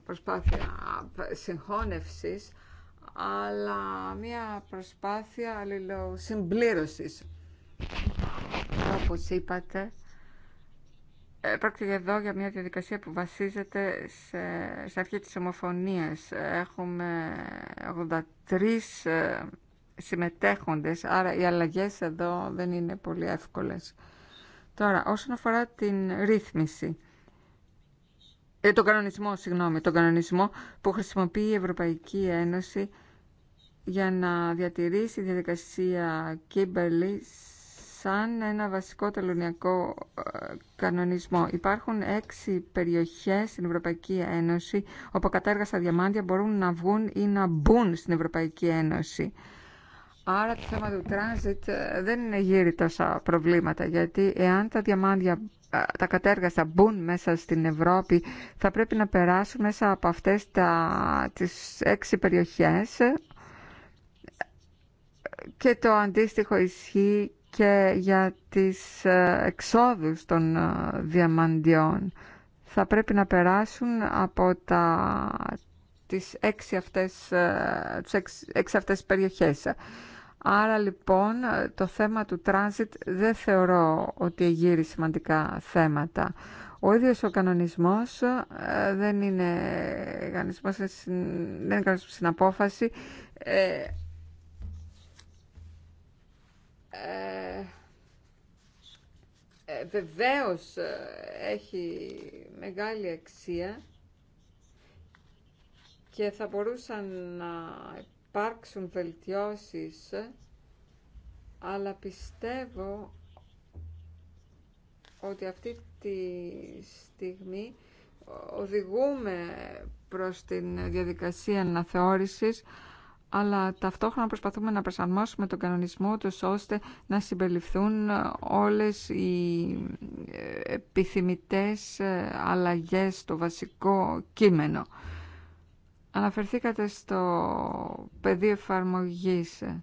προσπάθεια συγχώνευσης, αλλά μια προσπάθεια αλληλοσυμπλήρωσης. Όπως είπατε, ε, πρόκειται εδώ για μια διαδικασία που βασίζεται σε, σε αρχή της ομοφωνίας. Έχουμε 83 ε, συμμετέχοντες, άρα οι αλλαγές εδώ δεν είναι πολύ εύκολες. Τώρα, όσον αφορά την ρύθμιση, ε, τον κανονισμό, συγγνώμη, τον κανονισμό που χρησιμοποιεί η Ευρωπαϊκή Ένωση για να διατηρήσει τη διαδικασία Κίμπερλι σαν ένα βασικό τελωνιακό ε, κανονισμό. Υπάρχουν έξι περιοχές στην Ευρωπαϊκή Ένωση όπου κατέργαστα διαμάντια μπορούν να βγουν ή να μπουν στην Ευρωπαϊκή Ένωση. Άρα το θέμα του transit ε, δεν είναι γύρι τόσα προβλήματα, γιατί εάν τα διαμάντια, ε, τα κατέργαστα μπουν μέσα στην Ευρώπη, θα πρέπει να περάσουν μέσα από αυτές τα, τις έξι περιοχές και το αντίστοιχο ισχύει και για τις ε, εξόδους των ε, διαμαντιών. Θα πρέπει να περάσουν από τα, τις έξι αυτές, ε, τις έξι, περιοχές. Άρα λοιπόν το θέμα του transit... δεν θεωρώ ότι εγείρει σημαντικά θέματα. Ο ίδιος ο κανονισμός δεν είναι κανονισμός, δεν είναι κανονισμός στην απόφαση. Ε, ε, βεβαίως ε, έχει μεγάλη αξία και θα μπορούσαν να υπάρξουν βελτιώσεις αλλά πιστεύω ότι αυτή τη στιγμή οδηγούμε προς την διαδικασία αναθεώρησης αλλά ταυτόχρονα προσπαθούμε να προσαρμόσουμε τον κανονισμό τους ώστε να συμπεριληφθούν όλες οι ε, επιθυμητές ε, αλλαγές στο βασικό κείμενο. Αναφερθήκατε στο πεδίο εφαρμογής, ή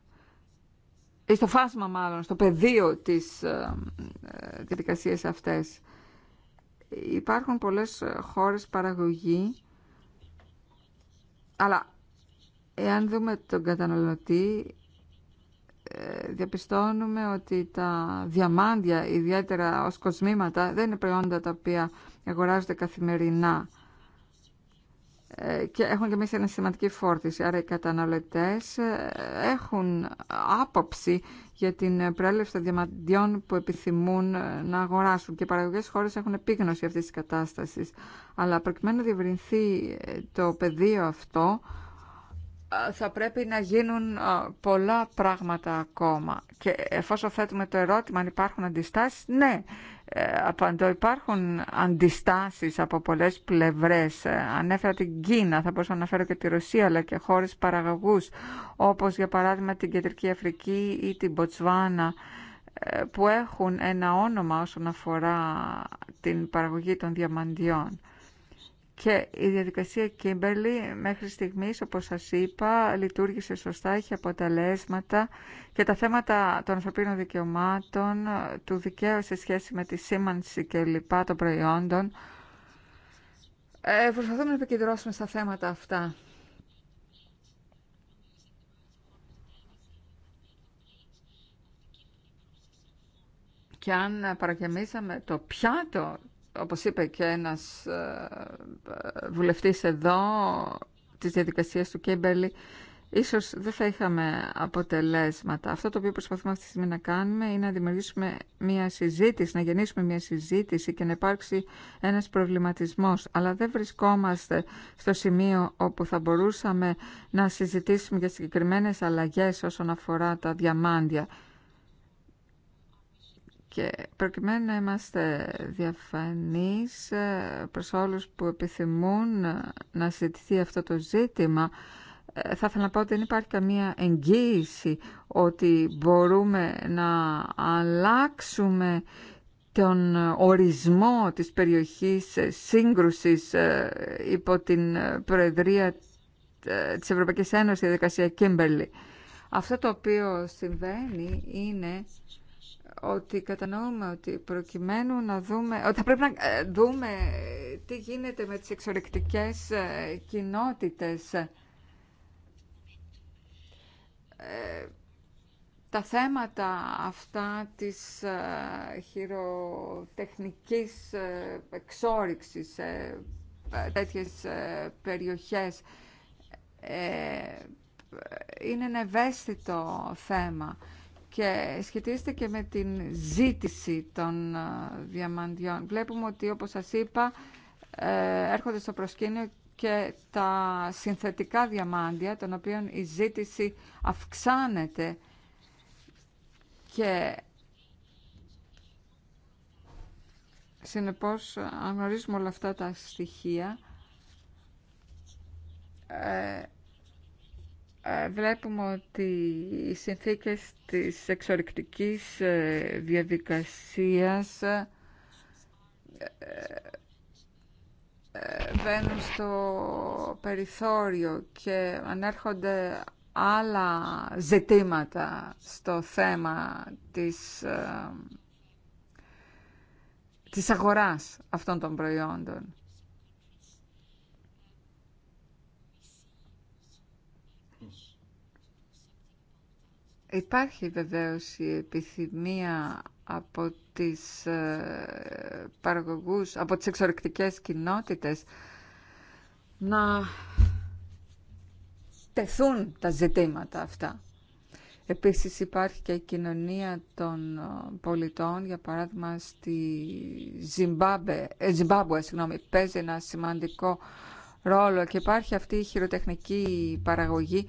ε, στο φάσμα μάλλον, στο πεδίο της διαδικασίας αυτές. Υπάρχουν πολλές χώρες παραγωγή, αλλά Εάν δούμε τον καταναλωτή, ε, διαπιστώνουμε ότι τα διαμάντια, ιδιαίτερα ως κοσμήματα, δεν είναι προϊόντα τα οποία αγοράζονται καθημερινά ε, και έχουν και εμείς ένα σημαντική φόρτιση. Άρα οι καταναλωτές ε, έχουν άποψη για την προέλευση των διαμαντιών που επιθυμούν να αγοράσουν και οι παραγωγές χώρες έχουν επίγνωση αυτής της κατάστασης. Αλλά προκειμένου να διευρυνθεί το πεδίο αυτό, θα πρέπει να γίνουν πολλά πράγματα ακόμα. Και εφόσον θέτουμε το ερώτημα αν υπάρχουν αντιστάσεις, ναι, ε, απαντώ υπάρχουν αντιστάσεις από πολλές πλευρές. Ε, ανέφερα την Κίνα, θα μπορούσα να αναφέρω και τη Ρωσία, αλλά και χώρες παραγωγούς, όπως για παράδειγμα την Κεντρική Αφρική ή την Μποτσβάνα, ε, που έχουν ένα όνομα όσον αφορά την παραγωγή των διαμαντιών. Και η διαδικασία Κίμπερλι μέχρι στιγμής, όπως σας είπα, λειτουργήσε σωστά, είχε αποτελέσματα και τα θέματα των ανθρωπίνων δικαιωμάτων, του δικαίου σε σχέση με τη σήμανση και λοιπά των προϊόντων, ε, προσπαθούμε να επικεντρώσουμε στα θέματα αυτά. Και αν παρακεμίσαμε το πιάτο όπως είπε και ένας ε, βουλευτής εδώ, της διαδικασίας του Κέμπερλι, ίσως δεν θα είχαμε αποτελέσματα. Αυτό το οποίο προσπαθούμε αυτή τη στιγμή να κάνουμε είναι να δημιουργήσουμε μια συζήτηση, να γεννήσουμε μια συζήτηση και να υπάρξει ένας προβληματισμός. Αλλά δεν βρισκόμαστε στο σημείο όπου θα μπορούσαμε να συζητήσουμε για συγκεκριμένες αλλαγές όσον αφορά τα διαμάντια. Και προκειμένου να είμαστε διαφανείς ε, προς όλους που επιθυμούν να συζητηθεί αυτό το ζήτημα, ε, θα ήθελα να πω ότι δεν υπάρχει καμία εγγύηση ότι μπορούμε να αλλάξουμε τον ορισμό της περιοχής σύγκρουσης ε, υπό την Προεδρία της Ευρωπαϊκής Ένωσης, η διαδικασία Κίμπερλι. Αυτό το οποίο συμβαίνει είναι ότι κατανοούμε ότι προκειμένου να δούμε, ότι θα πρέπει να ε, δούμε τι γίνεται με τις εξορεκτικές ε, κοινότητες. Ε, τα θέματα αυτά της χειροτεχνικής εξόριξης σε τέτοιες περιοχές είναι ένα ευαίσθητο θέμα και σχετίζεται και με την ζήτηση των ε, διαμαντιών. Βλέπουμε ότι, όπως σας είπα, ε, έρχονται στο προσκήνιο και τα συνθετικά διαμάντια, των οποίων η ζήτηση αυξάνεται και συνεπώς αν γνωρίζουμε όλα αυτά τα στοιχεία ε, ε, βλέπουμε ότι οι συνθήκες της εξορρυκτικής ε, διαδικασίας ε, βαίνουν στο περιθώριο και ανέρχονται άλλα ζητήματα στο θέμα της, της αγοράς αυτών των προϊόντων. Υπάρχει βεβαίως η επιθυμία από τις ε, παραγωγούς, από τις κοινότητες να τεθούν τα ζητήματα αυτά. Επίσης υπάρχει και η κοινωνία των ε, πολιτών, για παράδειγμα στη Ζιμπάμπε, ε, συγγνώμη, παίζει ένα σημαντικό ρόλο και υπάρχει αυτή η χειροτεχνική παραγωγή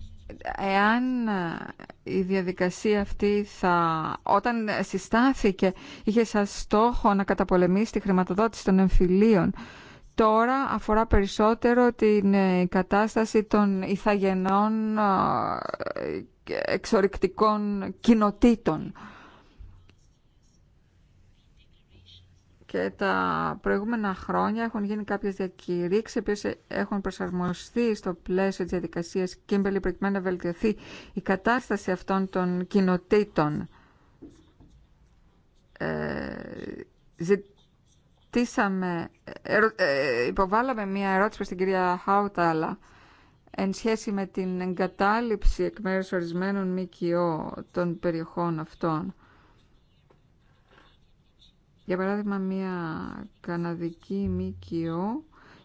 εάν η διαδικασία αυτή θα, όταν συστάθηκε, είχε σαν στόχο να καταπολεμήσει τη χρηματοδότηση των εμφυλίων, τώρα αφορά περισσότερο την ε, κατάσταση των ηθαγενών ε, εξορρυκτικών κοινοτήτων. και τα προηγούμενα χρόνια έχουν γίνει κάποιες διακηρύξεις οι έχουν προσαρμοστεί στο πλαίσιο της διαδικασίας Κίμπελη προκειμένου να βελτιωθεί η κατάσταση αυτών των κοινοτήτων. Ε, ζητήσαμε, ε, υποβάλαμε μία ερώτηση προς την κυρία Χάουταλα εν σχέση με την εγκατάλειψη εκ μέρους ορισμένων ΜΚΟ των περιοχών αυτών. Για παράδειγμα, μια καναδική ΜΚΟ,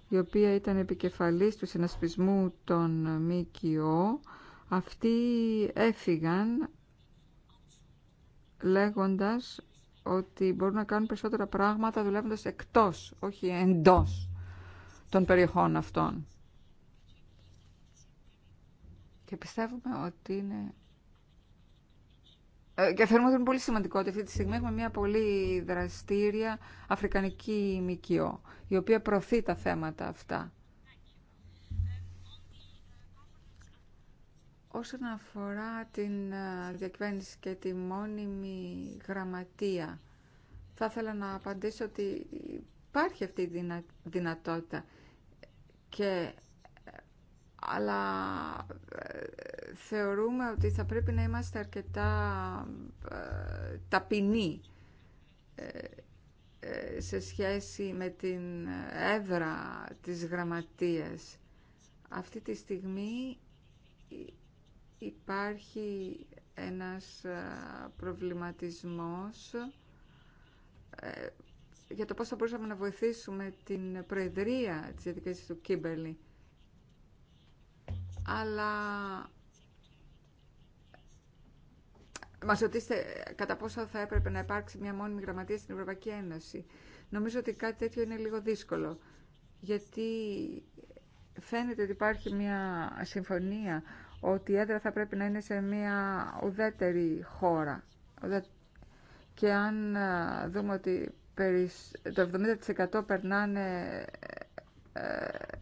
η οποία ήταν επικεφαλής του συνασπισμού των ΜΚΟ, αυτοί έφυγαν λέγοντας ότι μπορούν να κάνουν περισσότερα πράγματα δουλεύοντας εκτός, όχι εντός των περιοχών αυτών. Και πιστεύουμε ότι είναι ε, και θεωρούμε ότι είναι πολύ σημαντικό ότι αυτή τη στιγμή έχουμε μια πολύ δραστήρια αφρικανική μικιό, η οποία προωθεί τα θέματα αυτά. Όσον αφορά την ε, διακυβέρνηση και τη μόνιμη γραμματεία, θα ήθελα να απαντήσω ότι υπάρχει αυτή η δυνατότητα και αλλά ε, θεωρούμε ότι θα πρέπει να είμαστε αρκετά ε, ταπεινοί ε, σε σχέση με την έδρα της γραμματείας. Αυτή τη στιγμή υπάρχει ένας προβληματισμός για το πώς θα μπορούσαμε να βοηθήσουμε την Προεδρία της διαδικασίας του Κίμπερλι αλλά Μα ρωτήσετε κατά πόσο θα έπρεπε να υπάρξει μια μόνιμη γραμματεία στην Ευρωπαϊκή Ένωση. Νομίζω ότι κάτι τέτοιο είναι λίγο δύσκολο. Γιατί φαίνεται ότι υπάρχει μια συμφωνία ότι η έδρα θα πρέπει να είναι σε μια ουδέτερη χώρα. Και αν ε, δούμε ότι το 70% περνάνε ε, ε,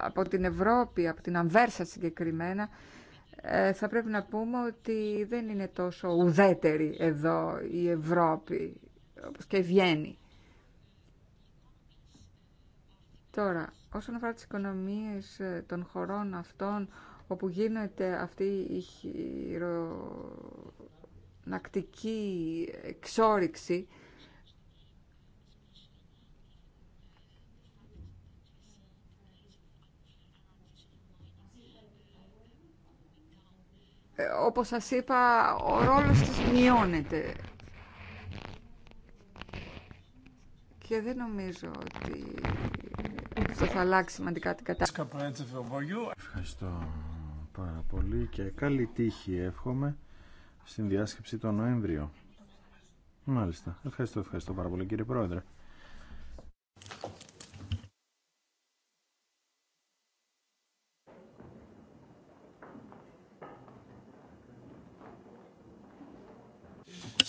από την Ευρώπη, από την Αμβέρσα συγκεκριμένα, ε, θα πρέπει να πούμε ότι δεν είναι τόσο ουδέτερη εδώ η Ευρώπη, όπως και η Βιέννη. Τώρα, όσον αφορά τις οικονομίες ε, των χωρών αυτών, όπου γίνεται αυτή η χειρονακτική εξόριξη, Ε, όπως σας είπα, ο ρόλος της μειώνεται. Και δεν νομίζω ότι αυτό θα αλλάξει σημαντικά την κατάσταση. Ευχαριστώ πάρα πολύ και καλή τύχη εύχομαι στην διάσκεψη τον Νοέμβριο. Μάλιστα. Ευχαριστώ, ευχαριστώ πάρα πολύ κύριε Πρόεδρε.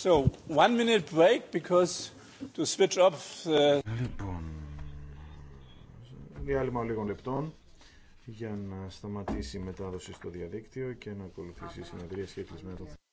Λοιπόν, διάλειμμα λίγων λεπτών για να σταματήσει η μετάδοση στο διαδίκτυο και να ακολουθήσει η συνεδρία σχετισμένη